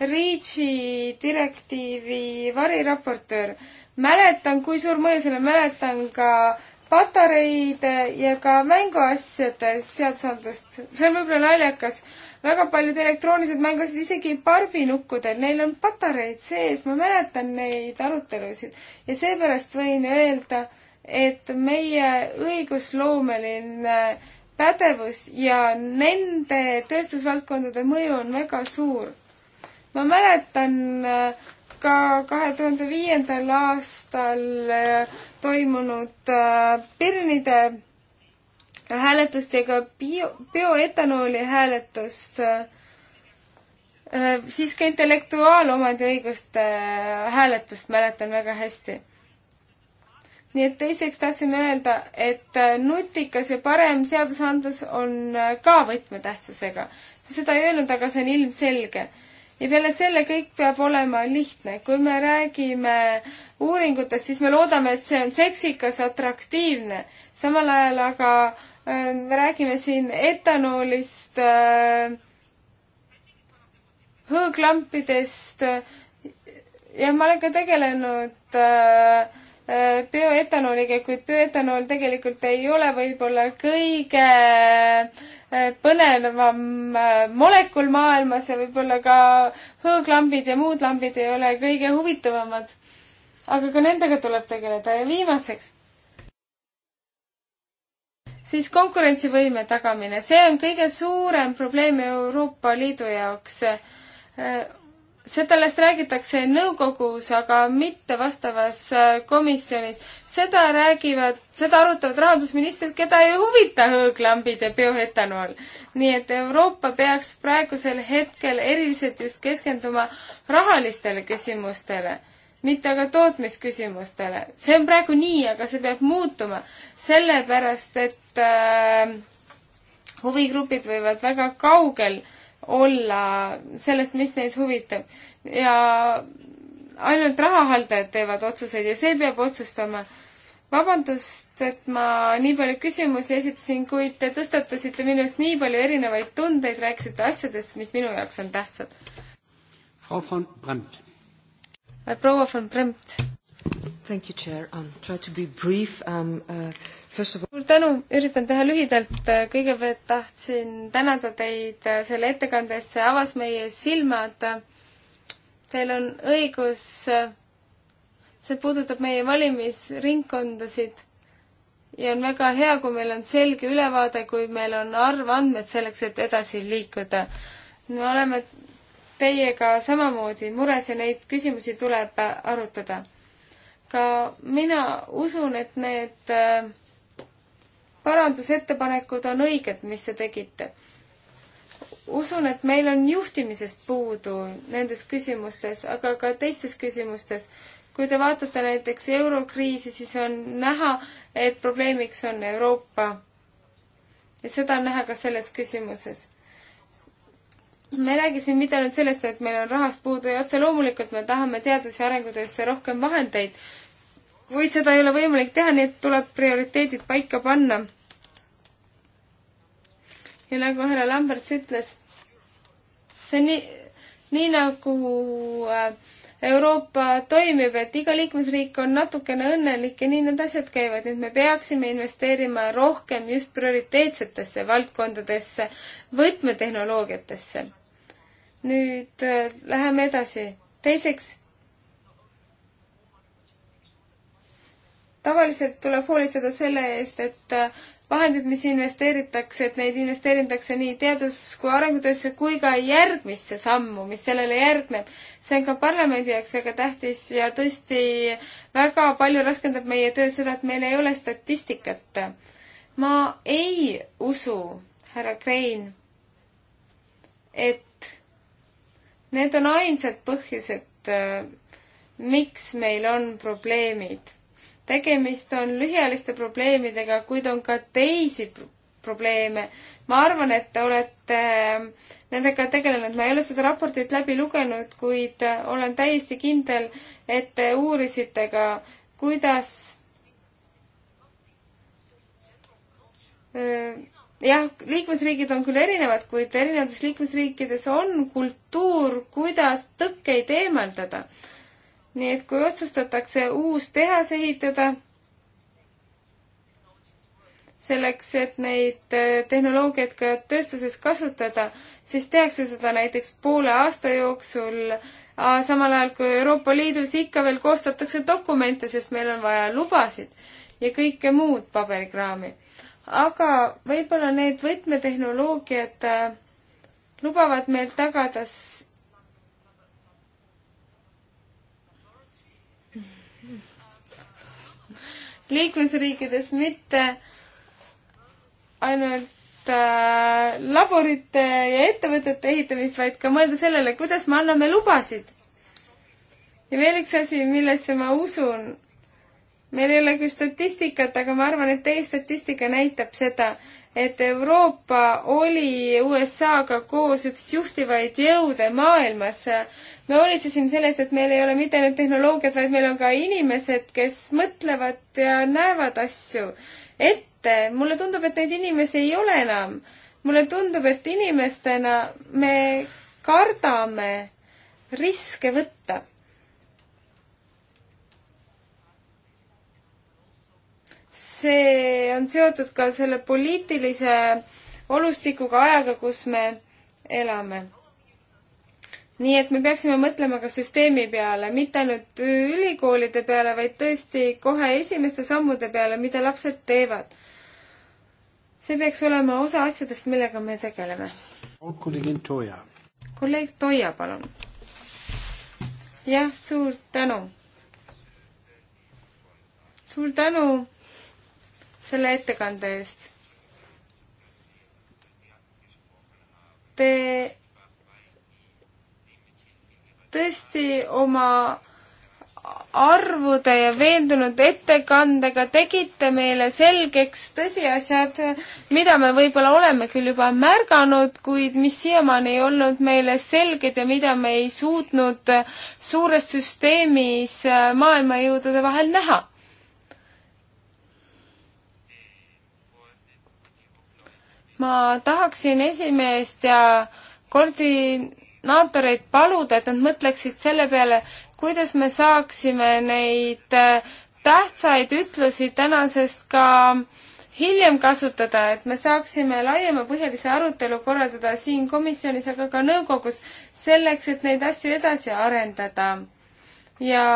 REACH-i direktiivi variraportöör. mäletan, kui suur mõju sellel, mäletan ka patareide ja ka mänguasjade seadusandlust. see on võib-olla naljakas. väga paljud elektroonilised mänguasjad, isegi barbinukkudel, neil on patareid sees, ma mäletan neid arutelusid ja seepärast võin öelda, et meie õigusloomeline pädevus ja nende tööstusvaldkondade mõju on väga suur. ma mäletan äh, ka kahe tuhande viiendal aastal äh, toimunud äh, pirnide hääletust ja ka bio, bioetanooli hääletust, siis ka intellektuaalomandiõiguste hääletust mäletan väga hästi nii et teiseks tahtsin öelda, et äh, nutikas ja parem seadusandlus on äh, ka võtmetähtsusega. ta seda ei öelnud, aga see on ilmselge. ja peale selle kõik peab olema lihtne. kui me räägime uuringutest, siis me loodame, et see on seksikas, atraktiivne. samal ajal aga äh, me räägime siin etanoolist äh,, hõõglampidest äh, ja ma olen ka tegelenud äh, bioetanooliga, kuid bioetanool tegelikult ei ole võib-olla kõige äh, põnevam äh, molekul maailmas ja võib-olla ka hõõglambid ja muud lambid ei ole kõige huvitavamad. aga ka nendega tuleb tegeleda ja viimaseks, siis konkurentsivõime tagamine, see on kõige suurem probleem Euroopa Liidu jaoks äh, sellest räägitakse nõukogus, aga mitte vastavas äh, komisjonis. seda räägivad, seda arutavad rahandusministrid, keda ei huvita hõõglambid ja bioetanool. nii et Euroopa peaks praegusel hetkel eriliselt just keskenduma rahalistele küsimustele, mitte aga tootmisküsimustele. see on praegu nii, aga see peab muutuma, sellepärast et äh, huvigrupid võivad väga kaugel äh, olla sellest, mis neid huvitab. ja ainult rahahaldajad teevad otsuseid ja see peab otsustama. vabandust, et ma nii palju küsimusi esitasin, kuid te tõstatasite minust nii palju erinevaid tundeid, rääkisite asjadest, mis minu jaoks on tähtsad. proua von Bremt. proua von Bremt Thank you, Chair. Um, try to be brief. Um, uh, first of all... suur tänu, üritan teha lühidalt. kõigepealt tahtsin tänada teid äh, selle ettekande eest, see avas meie silmad. Teil on õigus, see puudutab meie valimisringkondasid ja on väga hea, kui meil on selge ülevaade, kui meil on arvandmed selleks, et edasi liikuda. me oleme teiega samamoodi mures ja neid küsimusi tuleb arutada ka mina usun, et need äh, parandusettepanekud on õiged, mis te tegite. usun, et meil on juhtimisest puudu nendes küsimustes, aga ka teistes küsimustes. kui te vaatate näiteks eurokriisi, siis on näha, et probleemiks on Euroopa. ja seda on näha ka selles küsimuses me rääkisime mitte ainult sellest, et meil on rahast puudu ja otse loomulikult me tahame teadus- ja arengutöösse rohkem vahendeid, kuid seda ei ole võimalik teha, nii et tuleb prioriteedid paika panna. ja nagu härra Lamberts ütles, see on nii, nii nagu äh, Euroopa toimib, et iga liikmesriik on natukene õnnelik ja nii need asjad käivad, et me peaksime investeerima rohkem just prioriteetsetesse valdkondadesse, võtmetehnoloogiatesse. nüüd äh, läheme edasi. teiseks tavaliselt tuleb hoolitseda selle eest, et äh, vahendid, mis investeeritakse, et neid investeeritakse nii teadus- kui arengutöösse kui ka järgmisse sammu, mis sellele järgneb. see on ka parlamendi jaoks väga tähtis ja tõesti väga palju raskendab meie tööd seda, et meil ei ole statistikat. ma ei usu, härra Krein, et need on ainsad põhjused, äh, miks meil on probleemid tegemist on lühiajaliste probleemidega, kuid on ka teisi probleeme. ma arvan, et te olete ähm, nendega tegelenud, ma ei ole seda raportit läbi lugenud, kuid äh, olen täiesti kindel, et te uurisite ka, kuidas äh, jah, liikmesriigid on küll erinevad, kuid erinevates liikmesriikides on kultuur, kuidas tõkkeid eemaldada nii et kui otsustatakse uus tehas ehitada, selleks, et neid äh, tehnoloogiaid ka tööstuses kasutada, siis tehakse seda näiteks poole aasta jooksul, samal ajal kui Euroopa Liidus ikka veel koostatakse dokumente, sest meil on vaja lubasid ja kõike muud paberikraami. aga võib-olla need võtmetehnoloogiad äh, lubavad meil tagada liikmesriikides, mitte ainult äh, laborite ja ettevõtete ehitamist, vaid ka mõelda sellele, kuidas me anname lubasid. ja veel üks asi, millesse ma usun. meil ei ole küll statistikat, aga ma arvan, et teie statistika näitab seda, et Euroopa oli USA-ga koos üks juhtivaid jõude maailmas. me hoolitsesime sellest, et meil ei ole mitte ainult tehnoloogiad, vaid meil on ka inimesed, kes mõtlevad ja näevad asju ette. mulle tundub, et neid inimesi ei ole enam. mulle tundub, et inimestena me kardame riske võtta see on seotud ka selle poliitilise olustikuga, ajaga, kus me elame. nii et me peaksime mõtlema ka süsteemi peale, mitte ainult ülikoolide peale, vaid tõesti kohe esimeste sammude peale, mida lapsed teevad. see peaks olema osa asjadest, millega me tegeleme. kolleeg Toia, palun. jah, suur tänu. suur tänu selle ettekande eest. Te tõesti oma arvude ja veendunud ettekandega tegite meile selgeks tõsiasjad, mida me võib-olla oleme küll juba märganud, kuid mis siiamaani ei olnud meile selged ja mida me ei suutnud suures süsteemis maailmajõudude vahel näha. ma tahaksin esimeest ja koordinaatoreid paluda, et nad mõtleksid selle peale, kuidas me saaksime neid äh, tähtsaid ütlusi tänasest ka hiljem kasutada, et me saaksime laiemapõhjalise arutelu korraldada siin komisjonis, aga ka nõukogus, selleks, et neid asju edasi arendada ja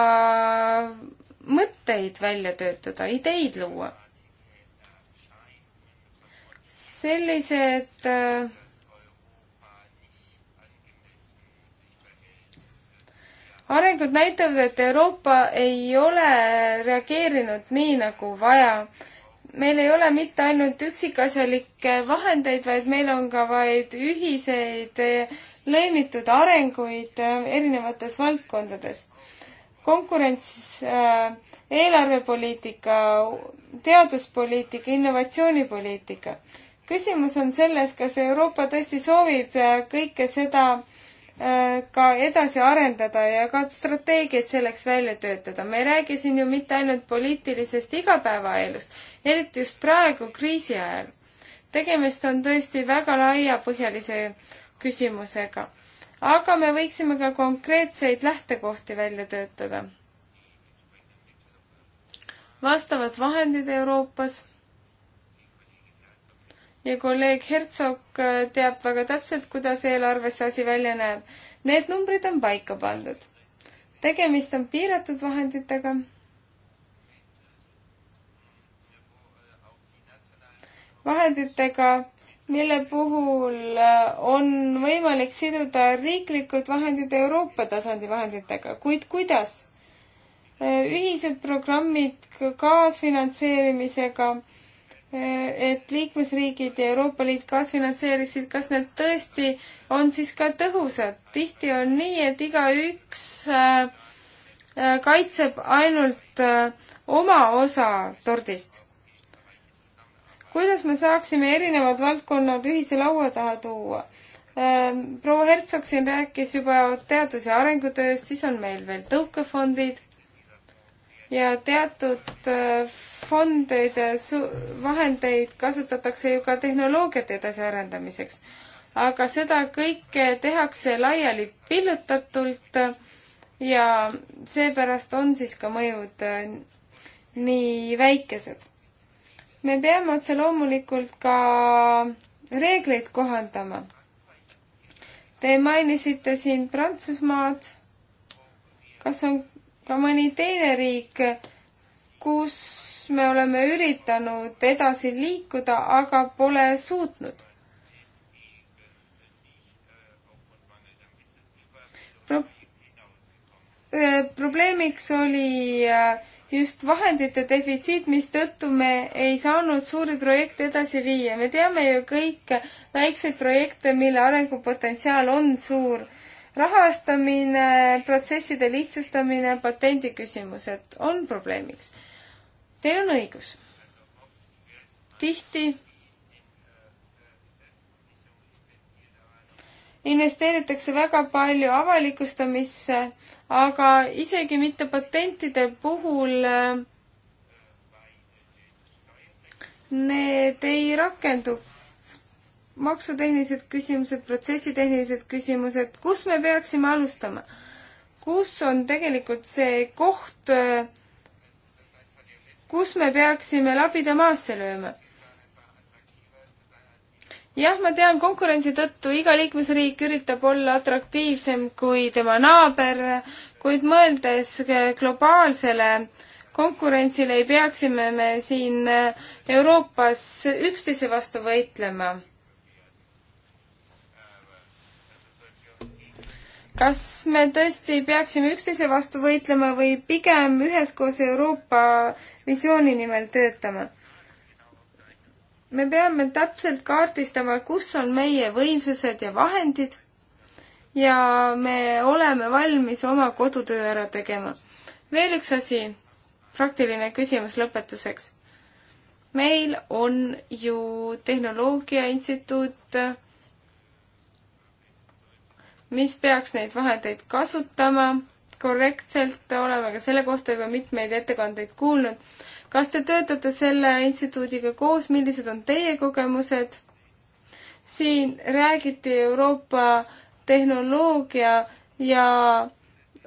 mõtteid välja töötada, ideid luua sellised äh, arengud näitavad, et Euroopa ei ole reageerinud nii, nagu vaja. meil ei ole mitte ainult üksikasjalikke vahendeid, vaid meil on ka vaid ühiseid äh, lõimitud arenguid äh, erinevates valdkondades. konkurents, eelarvepoliitika, teaduspoliitika, innovatsioonipoliitika küsimus on selles, kas Euroopa tõesti soovib äh, kõike seda äh, ka edasi arendada ja ka strateegiaid selleks välja töötada. me ei räägi siin ju mitte ainult poliitilisest igapäevaelust, eriti just praegu, kriisi ajal. tegemist on tõesti väga laiapõhjalise küsimusega. aga me võiksime ka konkreetseid lähtekohti välja töötada. vastavad vahendid Euroopas ja kolleeg Hertsog äh, teab väga täpselt, kuidas eelarves see asi välja näeb. Need numbrid on paika pandud. tegemist on piiratud vahenditega. vahenditega, mille puhul äh, on võimalik siduda riiklikud vahendid Euroopa tasandi vahenditega, kuid kuidas? Äh, ühised programmid kaasfinantseerimisega et liikmesriigid ja Euroopa Liit kaasfinantseeriksid, kas need tõesti on siis ka tõhusad? tihti on nii, et igaüks äh, äh, kaitseb ainult äh, oma osa tordist. kuidas me saaksime erinevad valdkonnad ühise laua taha tuua? Ähm, proua Hertsog siin rääkis juba teadus- ja arengutööst, siis on meil veel tõukefondid ja teatud äh, fondeide vahendeid kasutatakse ju ka tehnoloogiate edasiarendamiseks. aga seda kõike tehakse laiali pillutatult ja seepärast on siis ka mõjud äh, nii väikesed. me peame otse loomulikult ka reegleid kohandama. Te mainisite siin Prantsusmaad. kas on ka mõni teine riik, kus me oleme üritanud edasi liikuda, aga pole suutnud. Pro-, probleemiks oli äh, just vahendite defitsiit, mistõttu me ei saanud suuri projekte edasi viia. me teame ju kõik väikseid projekte, mille arengupotentsiaal on suur rahastamine, protsesside lihtsustamine, patendiküsimused on probleemiks. Teil on õigus. tihti investeeritakse väga palju avalikustamisse, aga isegi mitte patentide puhul äh, need ei rakendu maksutehnilised küsimused, protsessitehnilised küsimused, kus me peaksime alustama? kus on tegelikult see koht, kus me peaksime labida maasse lööma? jah, ma tean, konkurentsi tõttu iga liikmesriik üritab olla atraktiivsem kui tema naaber, kuid mõeldes globaalsele konkurentsile ei peaksime me siin Euroopas üksteise vastu võitlema kas me tõesti peaksime üksteise vastu võitlema või pigem üheskoos Euroopa visiooni nimel töötama? me peame täpselt kaardistama, kus on meie võimsused ja vahendid ja me oleme valmis oma kodutöö ära tegema. veel üks asi, praktiline küsimus lõpetuseks. meil on ju Tehnoloogia Instituut mis peaks neid vahendeid kasutama korrektselt, oleme ka selle kohta juba mitmeid ettekandeid kuulnud. kas te töötate selle instituudiga koos, millised on teie kogemused? siin räägiti Euroopa tehnoloogia ja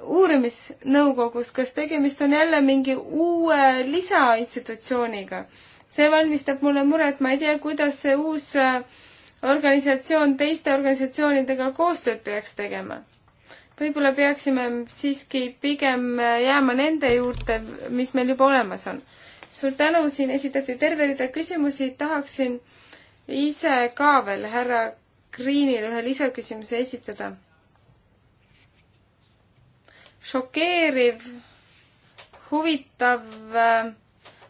uurimisnõukogus, kas tegemist on jälle mingi uue lisainstitutsiooniga? see valmistab mulle muret, ma ei tea, kuidas see uus äh, organisatsioon teiste organisatsioonidega koostööd peaks tegema. võib-olla peaksime siiski pigem jääma nende juurde, mis meil juba olemas on. suur tänu, siin esitati terve rida küsimusi, tahaksin ise ka veel härra Greenile ühe lisaküsimuse esitada. šokeeriv, huvitav,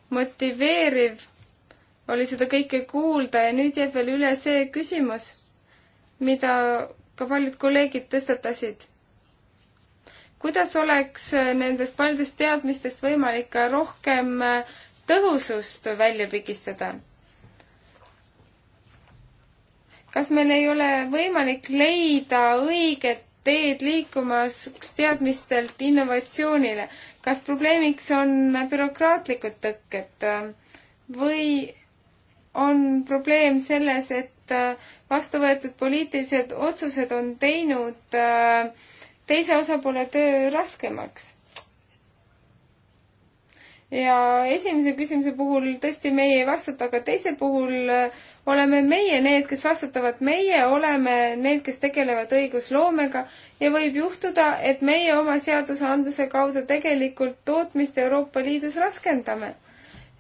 motiveeriv oli seda kõike kuulda ja nüüd jääb veel üle see küsimus, mida ka paljud kolleegid tõstatasid. kuidas oleks nendest paljudest teadmistest võimalik ka rohkem tõhusust välja pigistada? kas meil ei ole võimalik leida õiget teed liikumaks teadmistelt innovatsioonile? kas probleemiks on bürokraatlikud tõkked või on probleem selles, et äh, vastu võetud poliitilised otsused on teinud äh, teise osapoole töö raskemaks. ja esimese küsimuse puhul tõesti meie ei vastuta, aga teise puhul äh, oleme meie need, kes vastutavad, meie oleme need, kes tegelevad õigusloomega ja võib juhtuda, et meie oma seadusandluse kaudu tegelikult tootmist Euroopa Liidus raskendame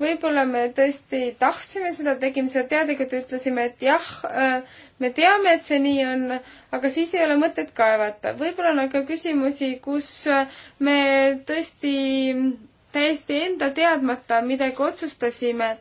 võib-olla me tõesti tahtsime seda, tegime seda teadlikult, ütlesime, et jah, äh, me teame, et see nii on, aga siis ei ole mõtet kaevata. võib-olla on aga küsimusi, kus äh, me tõesti täiesti enda teadmata midagi otsustasime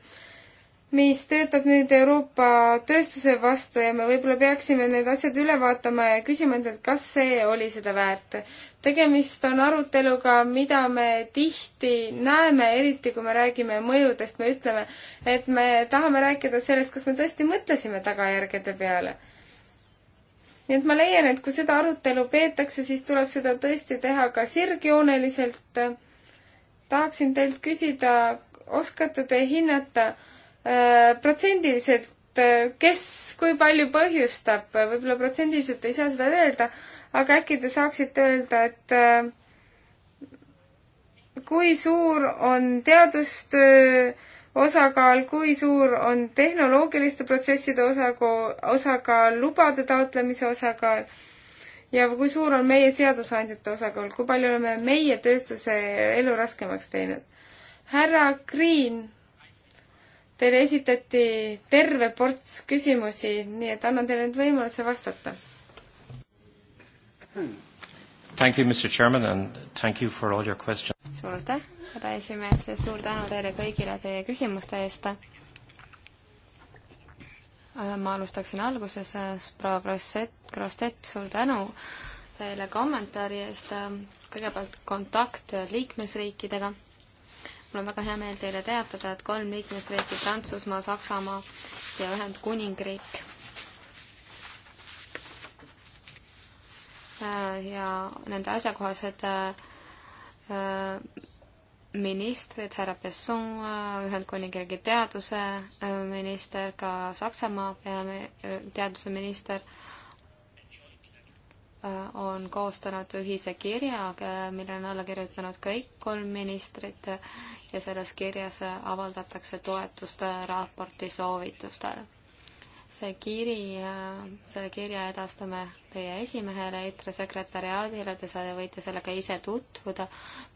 mis töötab nüüd Euroopa tööstuse vastu ja me võib-olla peaksime need asjad üle vaatama ja küsima endalt, kas see oli seda väärt. tegemist on aruteluga, mida me tihti näeme, eriti kui me räägime mõjudest, me ütleme, et me tahame rääkida sellest, kas me tõesti mõtlesime tagajärgede peale. nii et ma leian, et kui seda arutelu peetakse, siis tuleb seda tõesti teha ka sirgjooneliselt. tahaksin teilt küsida, oskate te hinnata, Äh, protsendiliselt, äh, kes kui palju põhjustab, äh, võib-olla protsendiliselt ei saa seda öelda, aga äkki te saaksite öelda, et kui suur on teadustöö osakaal, kui suur on tehnoloogiliste protsesside osaku-, osakaal, lubade taotlemise osakaal ja kui suur on meie seadusandjate osakaal, kui palju oleme meie tööstuse elu raskemaks teinud? härra Green Teile esitati terve ports küsimusi, nii et annan teile nüüd võimaluse vastata. Thank you, Mr Chairman and thank you for all your questions. suur aitäh, härra esimees ja suur tänu teile kõigile teie küsimuste eest. Äh, ma alustaksin alguses, äh, proua Grossett, Grossett, suur tänu teile kommentaari eest. Äh, kõigepealt kontakt liikmesriikidega mul on väga hea meel teile teatada, et kolm liikmesriiki, Prantsusmaa, Saksamaa ja Ühendkuningriik äh, ja nende asjakohased äh, ministrid, härra Besson, äh, Ühendkuningriigi teaduse minister, ka Saksamaa teaduse minister Äh, on koostanud ühise kirja, mille on alla kirjutanud kõik kolm ministrit ja selles kirjas avaldatakse toetust raporti soovitustele. see kiri, äh, selle kirja edastame teie esimehele, EITRE sekretäriaadile, te saate, võite sellega ise tutvuda.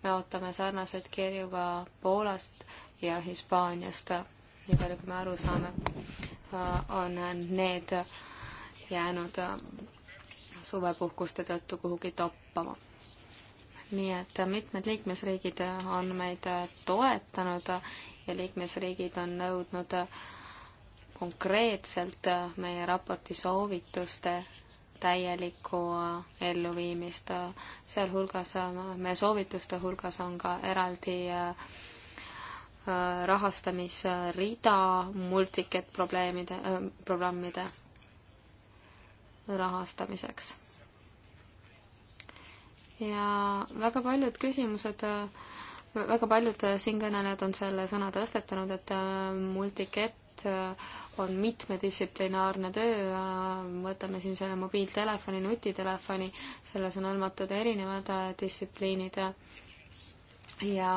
me ootame sarnaseid kirju ka Poolast ja Hispaaniast, nii palju kui me aru saame, äh, on need jäänud suvepuhkuste tõttu kuhugi toppama. nii et mitmed liikmesriigid on meid toetanud ja liikmesriigid on nõudnud konkreetselt meie raporti soovituste täielikku elluviimist, sealhulgas, meie soovituste hulgas on ka eraldi äh, rahastamisrida multiket probleemide äh,, programmide rahastamiseks. ja väga paljud küsimused, väga paljud siinkõnelejad on selle sõna tõstetanud, et äh, multikett äh, on mitmedistsiplinaarne töö, äh, võtame siin selle mobiiltelefoni, nutitelefoni, selles on hõlmatud erinevad distsipliinid ja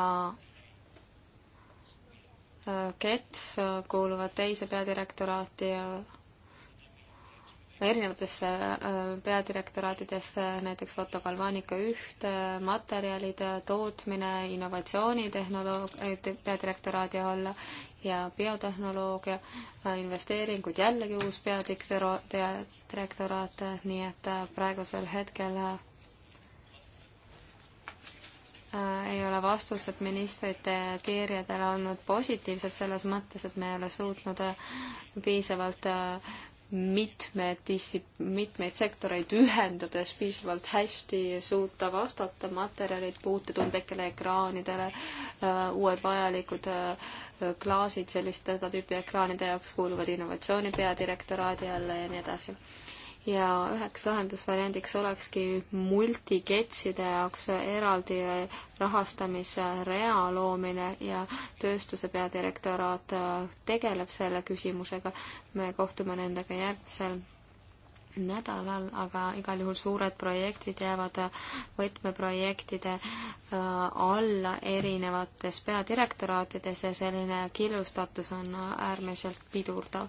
KETS kuuluvad teise peadirektoraati ja erinevatesse äh, peadirektoraatidesse, näiteks Lotto Galvanika üht, äh, materjalid, äh, tootmine, innovatsioonitehnoloog-, peadirektoraadi alla ja biotehnoloogia, investeeringud jällegi uus peadirektoraat, nii et praegusel hetkel ei ole vastused ministrite kirjadele olnud positiivsed selles mõttes, et me ei ole suutnud piisavalt mitmed distsip-, mitmeid sektoreid ühendades piisavalt hästi suuta vastata materjalid puututundlikele ekraanidele, äh, uued vajalikud äh, klaasid sellist, seda tüüpi ekraanide jaoks kuuluvad innovatsiooni peadirektoraadi alla ja nii edasi ja üheks lahendusvariandiks olekski multiketside jaoks eraldi rahastamise rea loomine ja tööstuse peadirektoraat tegeleb selle küsimusega. me kohtume nendega järgmisel nädalal, aga igal juhul suured projektid jäävad võtmeprojektide äh, alla erinevates peadirektoraatides ja selline killustatus on äärmiselt pidurdav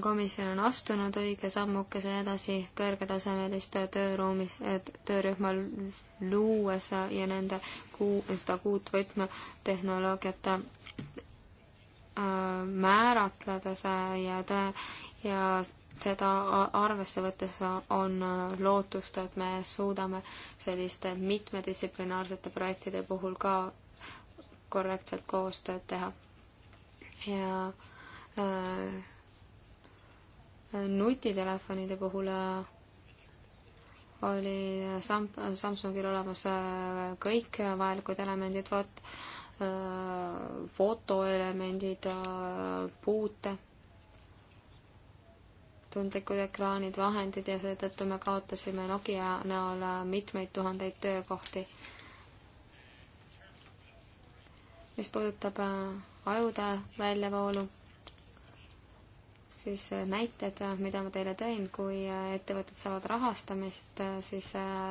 komisjon on astunud õige sammukese edasi kõrgetasemeliste tööruumi, töörühma luues ja nende kuu, seda kuut võtmetehnoloogiat äh, määratledes äh, ja tõ-, ja seda arvesse võttes on äh, lootust, et me suudame selliste mitmedistsiplinaarsete projektide puhul ka korrektselt koostööd teha. ja äh, nutitelefonide puhul äh, oli Sam-, Samsungil olemas äh, kõik vajalikud elemendid, vot äh, fotoelemendid, puute, tundlikud ekraanid, vahendid ja seetõttu me kaotasime Nokia näol mitmeid tuhandeid töökohti. mis puudutab ajude väljavoolu siis äh, näited, äh, mida ma teile tõin, kui äh, ettevõtted saavad rahastamist, siis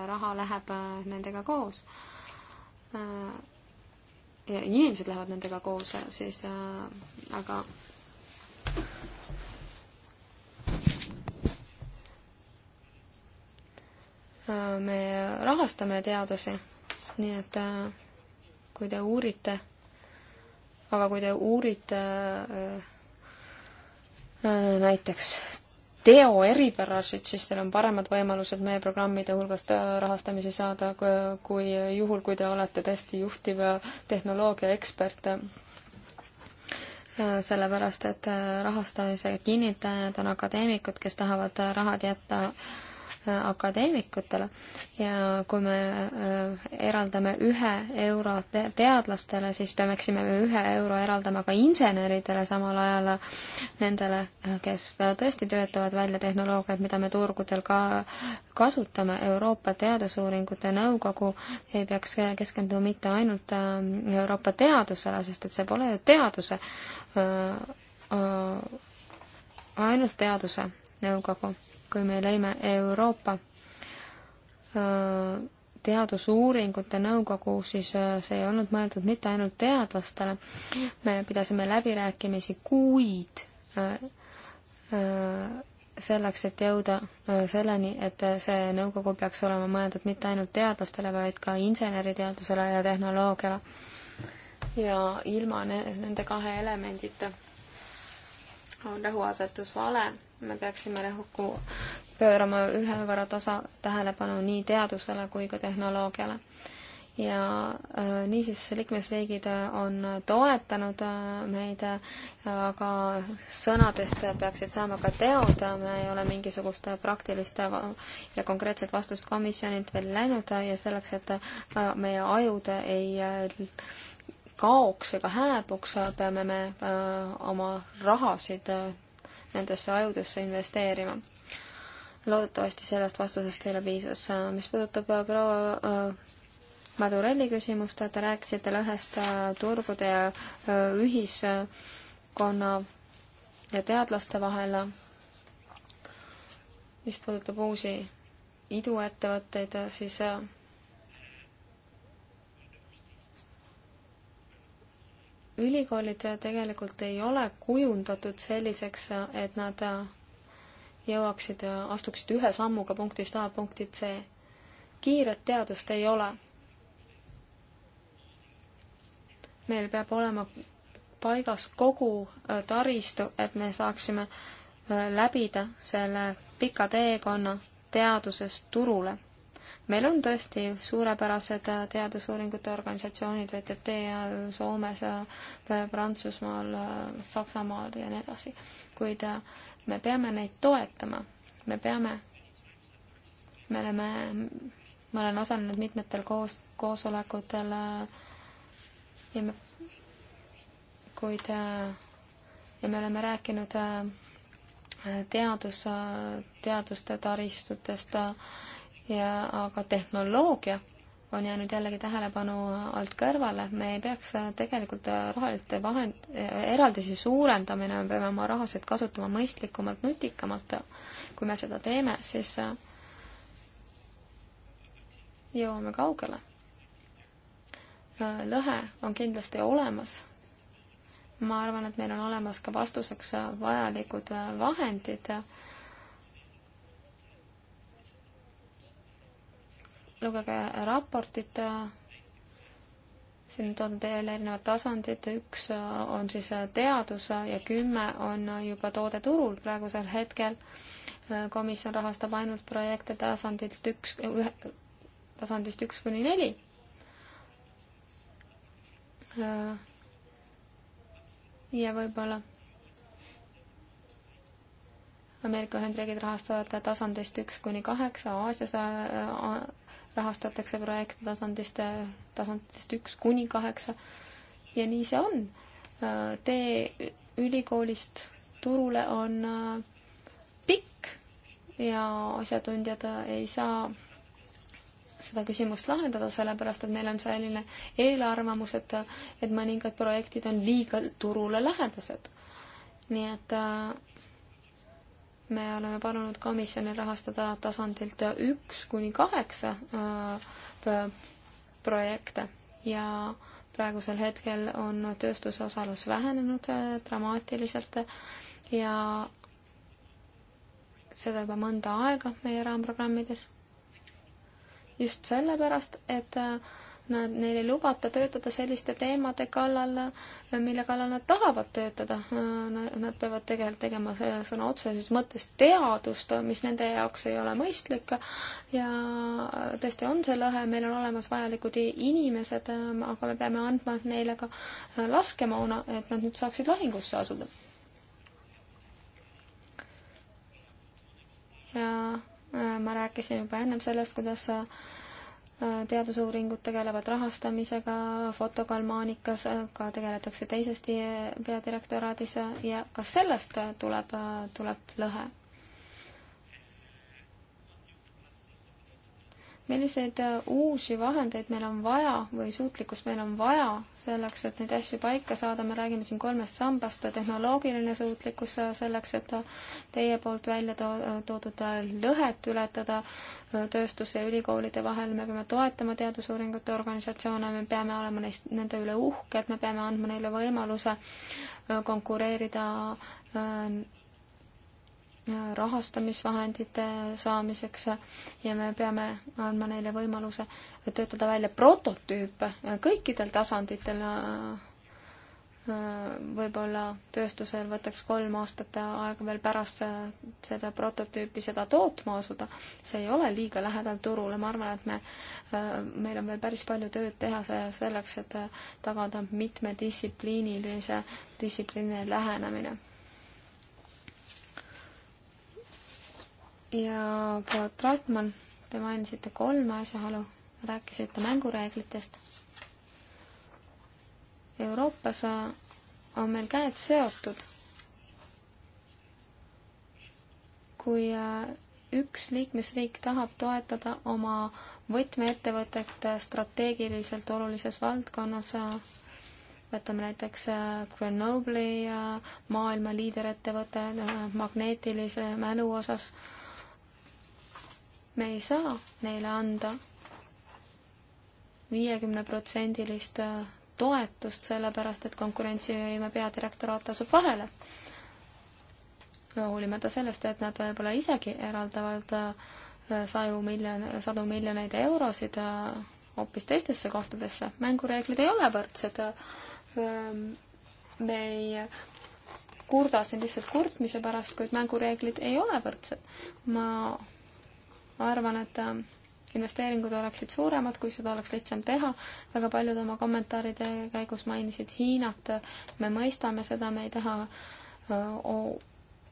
raha läheb nendega koos. ja inimesed lähevad nendega koos, siis aga me rahastame teadusi, nii et kui te uurite, aga kui te uurite äh, näiteks teo eripärasid, siis teil on paremad võimalused meie programmide hulgast äh, rahastamisi saada, kui juhul, kui te olete tõesti juhtiv äh, tehnoloogia ekspert. Äh, sellepärast, et rahastamise kinnitajad on akadeemikud, kes tahavad rahad jätta akadeemikutele ja kui me äh, eraldame ühe euro te teadlastele, siis peaksime me ühe euro eraldama ka inseneridele samal ajal, äh, nendele, äh, kes tõesti töötavad välja tehnoloogiaid, mida me turgudel ka kasutame. Euroopa Teadusuuringute Nõukogu ei peaks keskenduma mitte ainult Euroopa teadusele, sest et see pole ju teaduse, ainult teaduse nõukogu kui me lõime Euroopa teadusuuringute nõukogu, siis see ei olnud mõeldud mitte ainult teadlastele, me pidasime läbirääkimisi kuid selleks, et jõuda selleni, et see nõukogu peaks olema mõeldud mitte ainult teadlastele, vaid ka inseneriteadusele ja tehnoloogiale. ja ilma ne nende kahe elemendita on rõhuasetus vale me peaksime rõhku pöörama ühe võrra tasa tähelepanu nii teadusele kui ka tehnoloogiale. ja äh, niisiis liikmesriigid on toetanud äh, meid, äh, aga sõnadest peaksid saama ka teod, me ei ole mingisugust praktilist ja konkreetset vastust komisjonilt veel läinud ja selleks, et meie ajud ei kaoks ega hääbuks, peame me öö, oma rahasid öö, nendesse ajudesse investeerima. loodetavasti sellest vastusest teile piisas. mis puudutab äh, proua äh, Madurelli küsimust, te rääkisite lõhest äh, turgude ja ühiskonna ja teadlaste vahel, mis puudutab uusi iduettevõtteid, siis ülikoolid tegelikult ei ole kujundatud selliseks, et nad jõuaksid, astuksid ühe sammuga punktist A punkti C. kiiret teadust ei ole. meil peab olema paigas kogu äh, taristu, et me saaksime äh, läbida selle pika teekonna teadusest turule meil on tõesti suurepärased äh, teadusuuringute organisatsioonid VTT Soomes, äh, Prantsusmaal, äh, Saksamaal ja nii edasi, kuid me peame neid toetama, me peame, me oleme, ma olen osalenud mitmetel koos, koosolekutel ja me, kuid ja me oleme rääkinud teadus, teaduste taristutest, ja aga tehnoloogia on jäänud jällegi tähelepanu alt kõrvale, me ei peaks tegelikult rahaliste vahend, eraldisi suurendamine, me peame oma rahasid kasutama mõistlikumalt, nutikamalt. kui me seda teeme, siis jõuame kaugele. lõhe on kindlasti olemas. ma arvan, et meil on olemas ka vastuseks vajalikud vahendid lugege raportit, siin on toodud jälle erinevad tasandid, üks on siis teadus ja kümme on juba toode turul praegusel hetkel. komisjon rahastab ainult projekte tasandilt üks, ühe, tasandist üks kuni neli. ja võib-olla Ameerika Ühendriigid rahastavad tasandist üks kuni kaheksa, Aasias rahastatakse projekte tasandist, tasandist üks kuni kaheksa ja nii see on. tee ülikoolist turule on äh, pikk ja asjatundjad äh, ei saa seda küsimust lahendada, sellepärast et neil on selline eelarvamus, et, et mõningad projektid on liiga turule lähedased. nii et äh, me oleme palunud komisjonil rahastada tasandilt üks kuni kaheksa äh, projekte ja praegusel hetkel on tööstuse osalus vähenenud äh, dramaatiliselt ja seda juba mõnda aega meie raamprogrammides. just sellepärast, et äh, Nad, neil ei lubata töötada selliste teemade kallal, mille kallal nad tahavad töötada. Nad peavad tegelikult tegema sõna otseses mõttes teadust, mis nende jaoks ei ole mõistlik ja tõesti on see lõhe, meil on olemas vajalikud inimesed, aga me peame andma neile ka laskemoona, et nad nüüd saaksid lahingusse asuda. ja äh, ma rääkisin juba ennem sellest, kuidas Äh, teadusuuringud tegelevad rahastamisega, fotokalmaanikas äh, ka tegeletakse teises äh, peadirektoraadis ja ka sellest tuleb, tuleb lõhe. milliseid äh, uusi vahendeid meil on vaja või suutlikkust meil on vaja selleks, et neid asju paika saada, me räägime siin kolmest sambast, äh, tehnoloogiline suutlikkus äh, selleks, et teie poolt välja toodud lõhet ületada tööstuse ja ülikoolide vahel, me peame toetama teadusuuringute organisatsioone, me peame olema neist, nende üle uhked, me peame andma neile võimaluse konkureerida rahastamisvahendite saamiseks ja me peame andma neile võimaluse töötada välja prototüüpe kõikidel tasanditel. võib-olla tööstusel võtaks kolm aastat aega veel pärast seda prototüüpi seda tootma asuda. see ei ole liiga lähedal turule, ma arvan, et me, meil on veel päris palju tööd teha selleks, et tagada mitmedistsiplinilise distsipliini lähenemine ja proua Trautmann, te mainisite kolme asjaolu, rääkisite mängureeglitest. Euroopas on meil käed seotud. kui üks liikmesriik tahab toetada oma võtmeettevõtet strateegiliselt olulises valdkonnas, võtame näiteks äh, Grenoble'i äh, maailma liiderettevõte äh, magneetilise mälu osas me ei saa neile anda viiekümneprotsendilist äh, toetust, sellepärast et konkurentsivõime peadirektoraat asub vahele. hoolimata sellest, et nad võib-olla isegi eraldavad äh, saju miljon, sadu miljoneid eurosid äh, hoopis teistesse kohtadesse. mängureeglid ei ole võrdsed. Ähm, me ei kurda siin lihtsalt kurtmise pärast, kuid mängureeglid ei ole võrdsed. ma arvan, et äh, investeeringud oleksid suuremad, kui seda oleks lihtsam teha. väga paljud oma kommentaaride käigus mainisid Hiinat. me mõistame seda, me ei taha äh,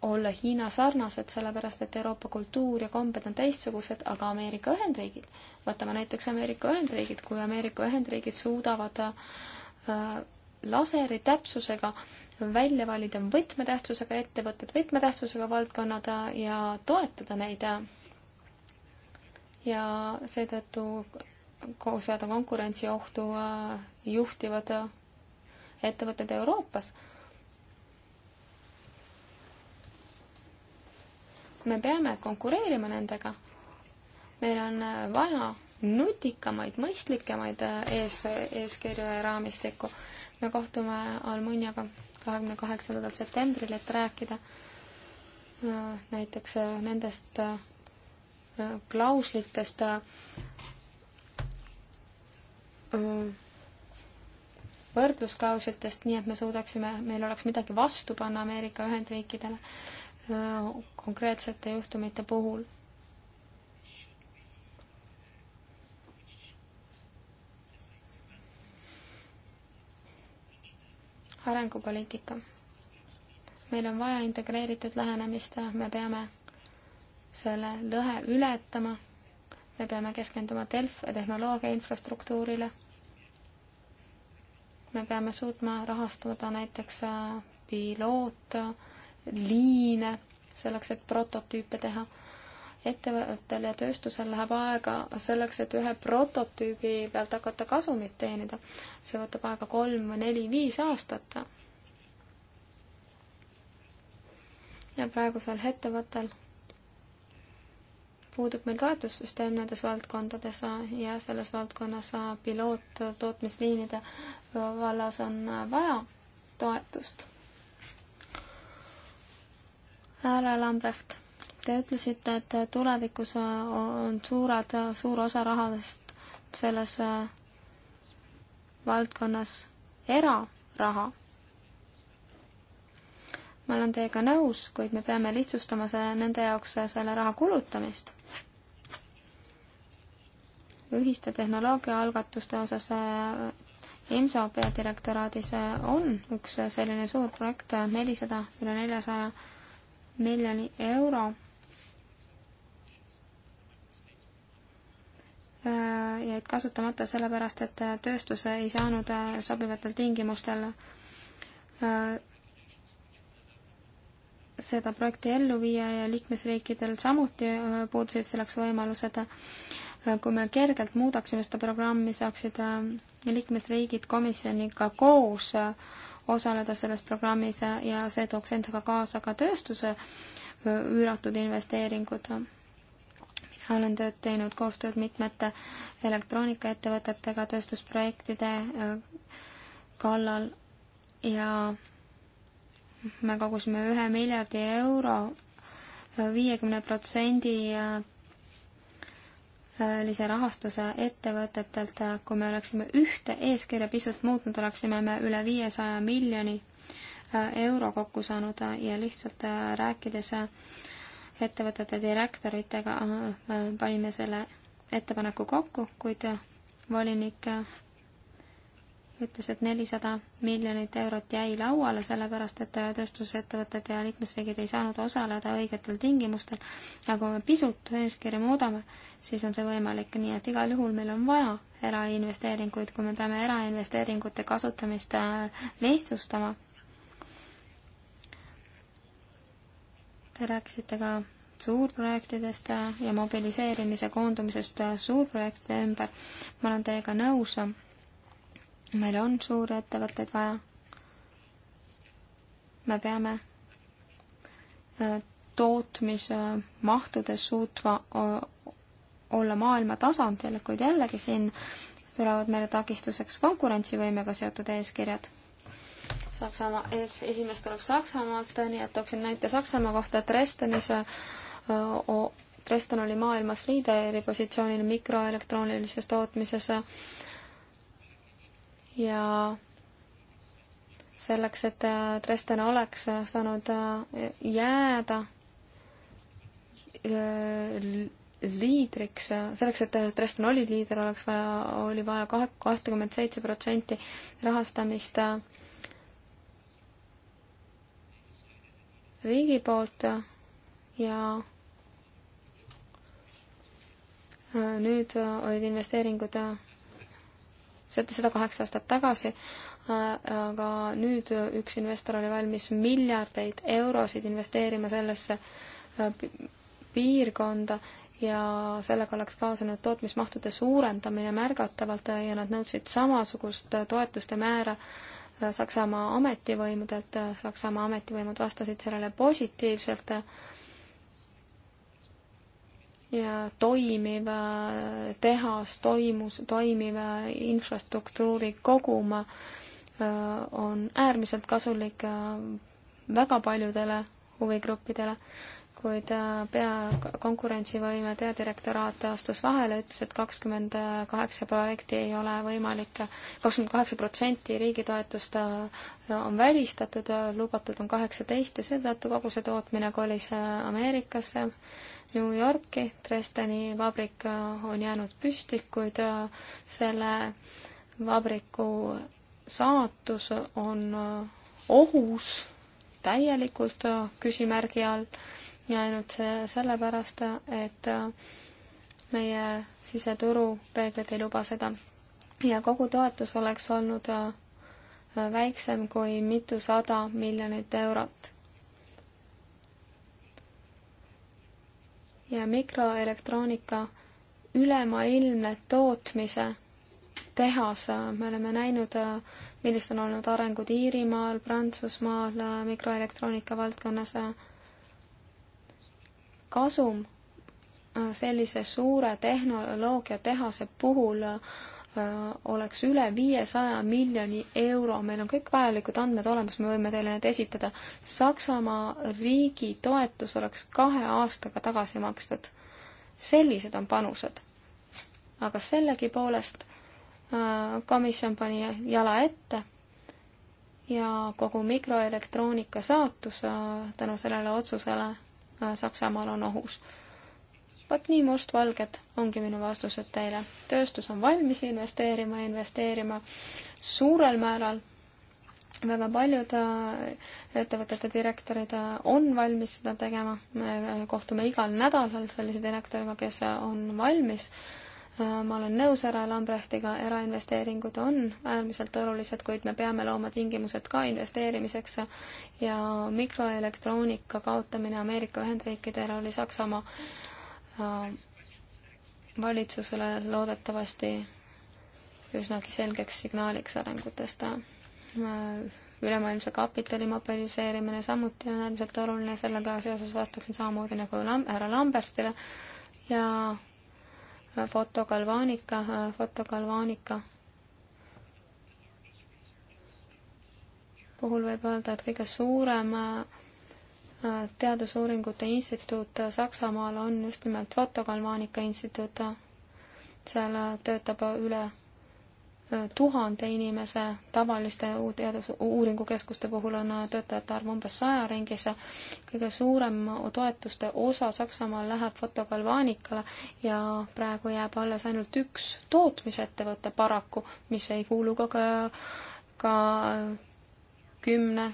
olla Hiina sarnased, sellepärast et Euroopa kultuur ja kombed on teistsugused, aga Ameerika Ühendriigid, võtame näiteks Ameerika Ühendriigid, kui Ameerika Ühendriigid suudavad äh, laseri täpsusega välja valida võtmetähtsusega ettevõtted, võtmetähtsusega valdkonnad ja toetada neid ja seetõttu kogu seada konkurentsiohtu äh, juhtivad äh, ettevõtted Euroopas. me peame konkureerima nendega. meil on äh, vaja nutikamaid, mõistlikemaid ees, eeskirju ja raamistikku. me kohtume Almuniaga kahekümne kaheksandal septembril, et rääkida näiteks nendest klauslitest äh, võrdlusklauslitest, nii et me suudaksime, meil oleks midagi vastu panna Ameerika Ühendriikidele äh, konkreetsete juhtumite puhul. arengupoliitika. meil on vaja integreeritud lähenemist, me peame selle lõhe ületama. me peame keskenduma Delf tehnoloogia infrastruktuurile. me peame suutma rahastada näiteks äh, pilootliine selleks, et prototüüpe teha ettevõttel ja tööstusel läheb aega selleks, et ühe prototüübi pealt hakata kasumit teenida. see võtab aega kolm või neli-viis aastat. ja praegusel ettevõttel puudub meil toetussüsteem nendes valdkondades äh, ja selles valdkonnas äh, piloottootmisliinide äh, vallas on vaja toetust. härra Lambrecht, te ütlesite, et tulevikus on suured, suur osa rahadest selles valdkonnas eraraha ma olen teiega nõus, kuid me peame lihtsustama selle, nende jaoks selle raha kulutamist. ühiste tehnoloogiaalgatuste osas eh, EMSO peadirektoraadis eh, on üks eh, selline suur projekt, nelisada, üle neljasaja miljoni euro. jäid kasutamata sellepärast, et tööstus ei saanud sobivatel tingimustel seda projekti ellu viia ja liikmesriikidel samuti äh, puudusid selleks võimalused. Äh, kui me kergelt muudaksime seda programmi, saaksid äh, liikmesriigid komisjoniga koos osaleda selles programmis ja see tooks endaga kaasa ka tööstuse üüratud investeeringud. mina olen tööd teinud koostööd mitmete elektroonikaettevõtetega tööstusprojektide kallal ja me kogusime ühe miljardi euro viiekümne protsendi äh, lise rahastuse ettevõtetelt, kui me oleksime ühte eeskirja pisut muutnud, oleksime me üle viiesaja miljoni äh, euro kokku saanud ja lihtsalt äh, rääkides ettevõtete direktoritega panime selle ettepaneku kokku, kuid volinik ütles, et nelisada miljonit eurot jäi lauale, sellepärast et tööstusettevõtted ja liikmesriigid ei saanud osaleda õigetel tingimustel. ja kui me pisut eeskirja muudame, siis on see võimalik, nii et igal juhul meil on vaja erainvesteeringuid, kui me peame erainvesteeringute kasutamist äh, lihtsustama. Te rääkisite ka suurprojektidest äh, ja mobiliseerimise koondumisest äh, suurprojektide ümber. ma olen teiega nõus meil on suuri ettevõtteid vaja. me peame äh, tootmismahtudes suutma äh, olla maailma tasandil, kuid jällegi siin tulevad meile takistuseks konkurentsivõimega seotud eeskirjad. Saksamaa, ees, esimees tuleb Saksamaalt, nii et tooksin näite Saksamaa kohta, et Dresdenis äh, Dresden oli maailmas liideri positsioonil mikroelektroonilises tootmises ja selleks, et äh, Dresden oleks äh, saanud äh, jääda liidriks, selleks, et Dresden oli liider, oleks vaja, oli vaja kahe, kahtekümmet seitse protsenti rahastamist riigi poolt ja nüüd olid investeeringud seda, seda kaheksa aastat tagasi, äh, aga nüüd üks investor oli valmis miljardeid eurosid investeerima sellesse äh, piirkonda ja sellega oleks kaasanud tootmismahtude suurendamine märgatavalt ja nad nõudsid samasugust toetuste määra äh, Saksamaa ametivõimudelt, Saksamaa ametivõimud vastasid sellele positiivselt ja toimiv tehas, toimus, toimiv infrastruktuuri kogum on äärmiselt kasulik väga paljudele huvigruppidele, kuid pea, konkurentsivõime peadirektoraat astus vahele, ütles, et kakskümmend kaheksa projekti ei ole võimalik, kakskümmend kaheksa protsenti riigi toetust on välistatud, lubatud on kaheksateist ja seetõttu kogu see tootmine kolis Ameerikasse New Yorki, Dresdeni vabrik äh, on jäänud püsti, kuid äh, selle vabriku saatus on äh, ohus täielikult küsimärgi all ja ainult see sellepärast, et meie siseturu reeglid ei luba seda. ja kogu toetus oleks olnud väiksem kui mitusada miljonit eurot. ja mikroelektroonika ülemaailmne tootmise tehas, me oleme näinud, millised on olnud arengud Iirimaal, Prantsusmaal mikroelektroonika valdkonnas. kasum sellise suure tehnoloogiatehase puhul Äh, oleks üle viiesaja miljoni euro, meil on kõik vajalikud andmed olemas, me võime teile need esitada. Saksamaa riigi toetus oleks kahe aastaga tagasi makstud. sellised on panused. aga sellegipoolest äh, komisjon pani jala ette ja kogu mikroelektroonika saatus äh, tänu sellele otsusele Saksamaal on ohus vot nii mustvalged ongi minu vastused teile. tööstus on valmis investeerima, investeerima suurel määral. väga paljud äh, ettevõtete direktorid äh, on valmis seda tegema. me äh, kohtume igal nädalal sellise direktoriga, kes on valmis. ma olen nõus härra Lambrechtiga, erainvesteeringud on äärmiselt olulised, kuid me peame looma tingimused ka investeerimiseks ja mikroelektroonika kaotamine Ameerika Ühendriikidele oli Saksamaa valitsusele loodetavasti üsnagi selgeks signaaliks arengutest. Äh, ülemaailmse kapitali mobiliseerimine samuti on äärmiselt oluline, sellega seoses vastaksin samamoodi nagu härra Lambertile ja äh, fotogalvaanika, äh, fotogalvaanika puhul võib öelda, et kõige suurem Teadusuuringute Instituut Saksamaal on just nimelt fotogalvaanika instituut. seal töötab üle äh, tuhande inimese, tavaliste teadusuuringukeskuste puhul on äh, töötajate arv umbes saja ringis. kõige suurem toetuste osa Saksamaal läheb fotogalvaanikale ja praegu jääb alles ainult üks tootmisettevõte paraku, mis ei kuulu ka, ka, ka äh, kümne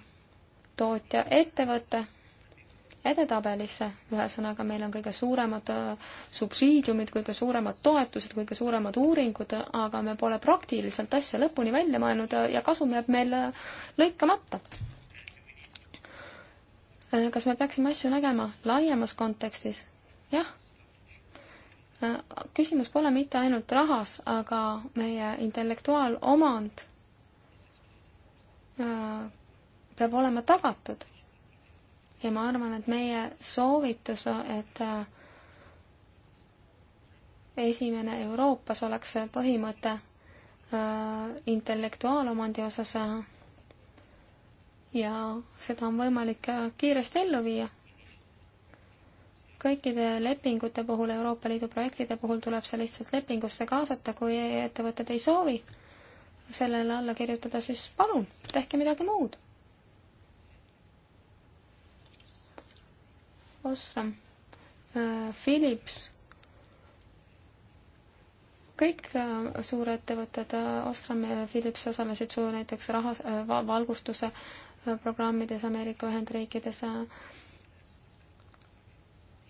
tootja ettevõte edetabelisse, ühesõnaga meil on kõige suuremad äh, subsiidiumid, kõige suuremad toetused, kõige suuremad uuringud, aga me pole praktiliselt asja lõpuni välja mõelnud äh, ja kasum jääb meil äh, lõikamata. kas me peaksime asju nägema laiemas kontekstis? jah. küsimus pole mitte ainult rahas, aga meie intellektuaalomand peab olema tagatud ja ma arvan, et meie soovitus, et äh, esimene Euroopas oleks põhimõte äh, intellektuaalomandi osas äh, ja seda on võimalik kiiresti ellu viia. kõikide lepingute puhul, Euroopa Liidu projektide puhul tuleb see lihtsalt lepingusse kaasata, kui ettevõtted ei soovi sellele alla kirjutada, siis palun, tehke midagi muud Osram, äh, Philips, kõik äh, suurettevõtted, äh, Osram ja Philips osalesid su näiteks raha, valgustuse programmides Ameerika Ühendriikides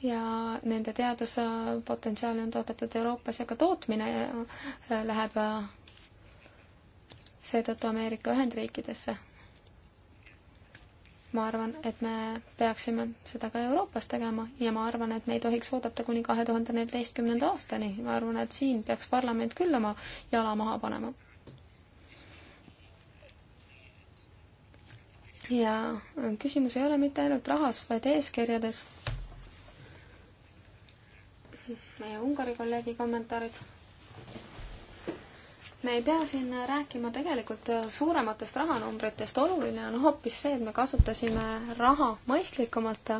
ja nende teaduspotentsiaali on toodetud Euroopas ja ka tootmine läheb seetõttu Ameerika Ühendriikidesse ma arvan, et me peaksime seda ka Euroopas tegema ja ma arvan, et me ei tohiks oodata kuni kahe tuhande neljateistkümnenda aastani. ma arvan, et siin peaks parlament küll oma jala maha panema. ja küsimus ei ole mitte ainult rahas, vaid eeskirjades. meie Ungari kolleegi kommentaarid me ei pea siin rääkima tegelikult suurematest rahanumbritest, oluline on hoopis see, et me kasutasime raha mõistlikumalt.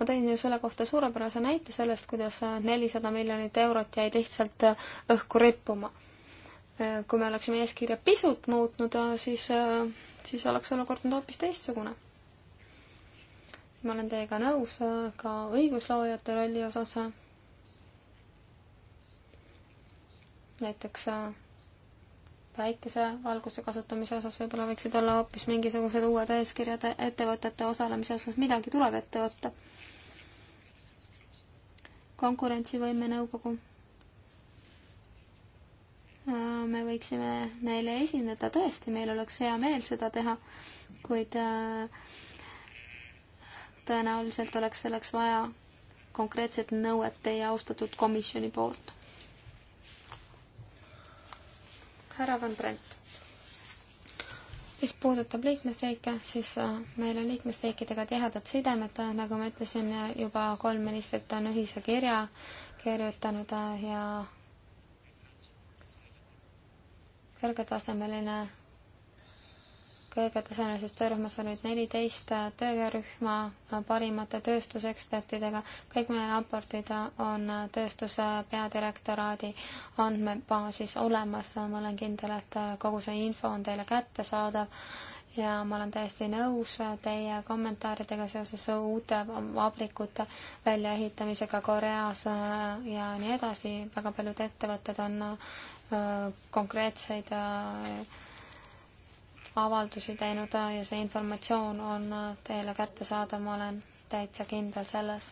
ma tõin ju selle kohta suurepärase näite sellest, kuidas nelisada miljonit eurot jäi lihtsalt õhku rippuma. kui me oleksime eeskirja pisut muutnud, siis, siis oleks olukord olnud hoopis teistsugune. ma olen teiega nõus ka õigusloojate rolli osas. näiteks päikesevalguse kasutamise osas võib-olla võiksid olla hoopis mingisugused uued eeskirjad ettevõtete osalemise osas, midagi tuleb ette võtta. konkurentsivõime nõukogu. me võiksime neile esineda, tõesti, meil oleks hea meel seda teha, kuid äh, tõenäoliselt oleks selleks vaja konkreetset nõuet teie austatud komisjoni poolt härra Van Brent. mis puudutab liikmesriike, siis äh, meil on liikmesriikidega tihedad sidemed, äh, nagu ma ütlesin, juba kolm ministrit on ühise kirja kirjutanud äh, ja kõrgetasemeline kõrgetasemelises töörühmas oli neliteist töörühma parimate tööstusekspertidega. kõik meie raportid on tööstuse peadirektoraadi andmebaasis olemas. ma olen kindel, et kogu see info on teile kättesaadav ja ma olen täiesti nõus teie kommentaaridega seoses uute vabrikute väljaehitamisega Koreas ja nii edasi. väga paljud ettevõtted on äh, konkreetseid äh, avaldusi teinud ja see informatsioon on teile kättesaadav, ma olen täitsa kindel selles.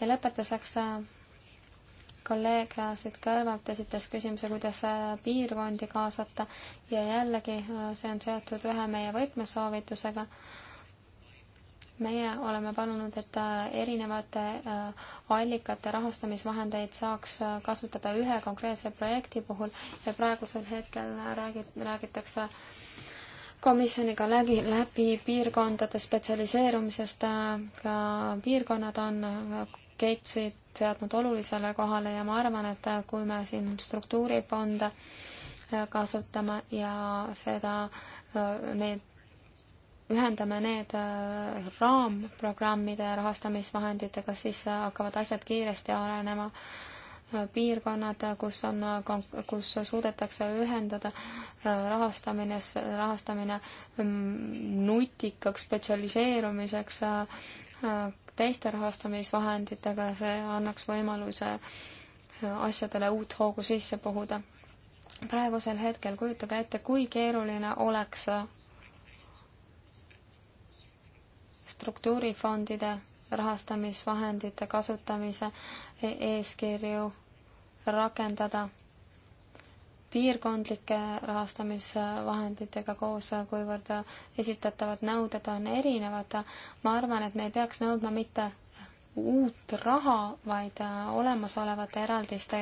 ja lõpetuseks kolleeg siit kõrvalt esitas küsimuse, kuidas piirkondi kaasata ja jällegi see on seotud ühe meie võtmesoovitusega. meie oleme palunud, et erinevate äh, allikate rahastamisvahendeid saaks äh, kasutada ühe konkreetse projekti puhul ja praegusel hetkel räägid, räägitakse komisjoniga läbi, läbi piirkondade spetsialiseerumisest, äh, ka piirkonnad on Gatesid äh, seadnud olulisele kohale ja ma arvan, et äh, kui me siin struktuurifonde kasutame ja seda, need, ühendame need raamprogrammide rahastamisvahenditega, siis hakkavad asjad kiiresti arenema piirkonnad, kus on, kus suudetakse ühendada äh, rahastamine, rahastamine mm, nutikaks spetsialiseerumiseks äh, teiste rahastamisvahenditega, see annaks võimaluse äh, asjadele uut hoogu sisse puhuda. praegusel hetkel kujutage ette, kui keeruline oleks struktuurifondide rahastamisvahendite kasutamise e- eeskirju rakendada piirkondlike rahastamisvahenditega koos, kuivõrd esitatavad nõuded on erinevad. ma arvan, et me ei peaks nõudma mitte uut raha, vaid äh, olemasolevate eraldiste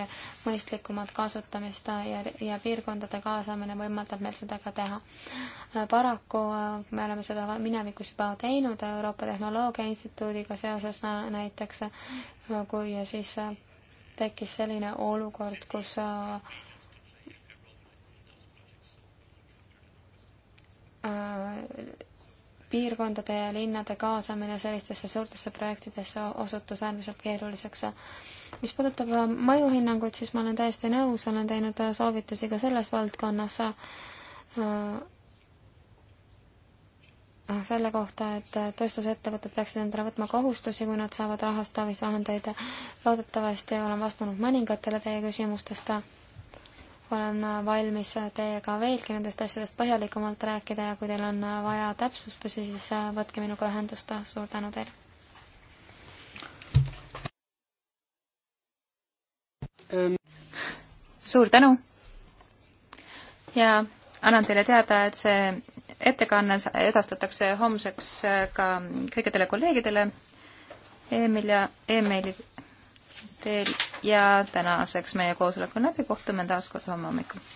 mõistlikumat kasutamist ja, ja piirkondade kaasamine võimaldab meil seda ka teha. Äh, paraku äh, me oleme seda minevikus juba teinud Euroopa Tehnoloogia Instituudiga seoses näiteks, kui siis tekkis selline olukord, kus äh, piirkondade ja linnade kaasamine sellistesse suurtesse projektidesse osutus äärmiselt keeruliseks. mis puudutab äh, mõjuhinnanguid, siis ma olen täiesti nõus, olen teinud äh, soovitusi ka selles valdkonnas äh, selle kohta, et tööstusettevõtted peaksid endale võtma kohustusi, kui nad saavad rahastamisvahendeid. loodetavasti olen vastanud mõningatele teie küsimustest olen valmis teiega veelgi nendest asjadest põhjalikumalt rääkida ja kui teil on vaja täpsustusi, siis võtke minuga ühendust, suur tänu teile! suur tänu ja annan teile teada, et see ettekanne edastatakse homseks ka kõikidele kolleegidele e-mail ja e-maili teil ja tänaseks meie koosolek on läbi, kohtume taas kord homme hommikul.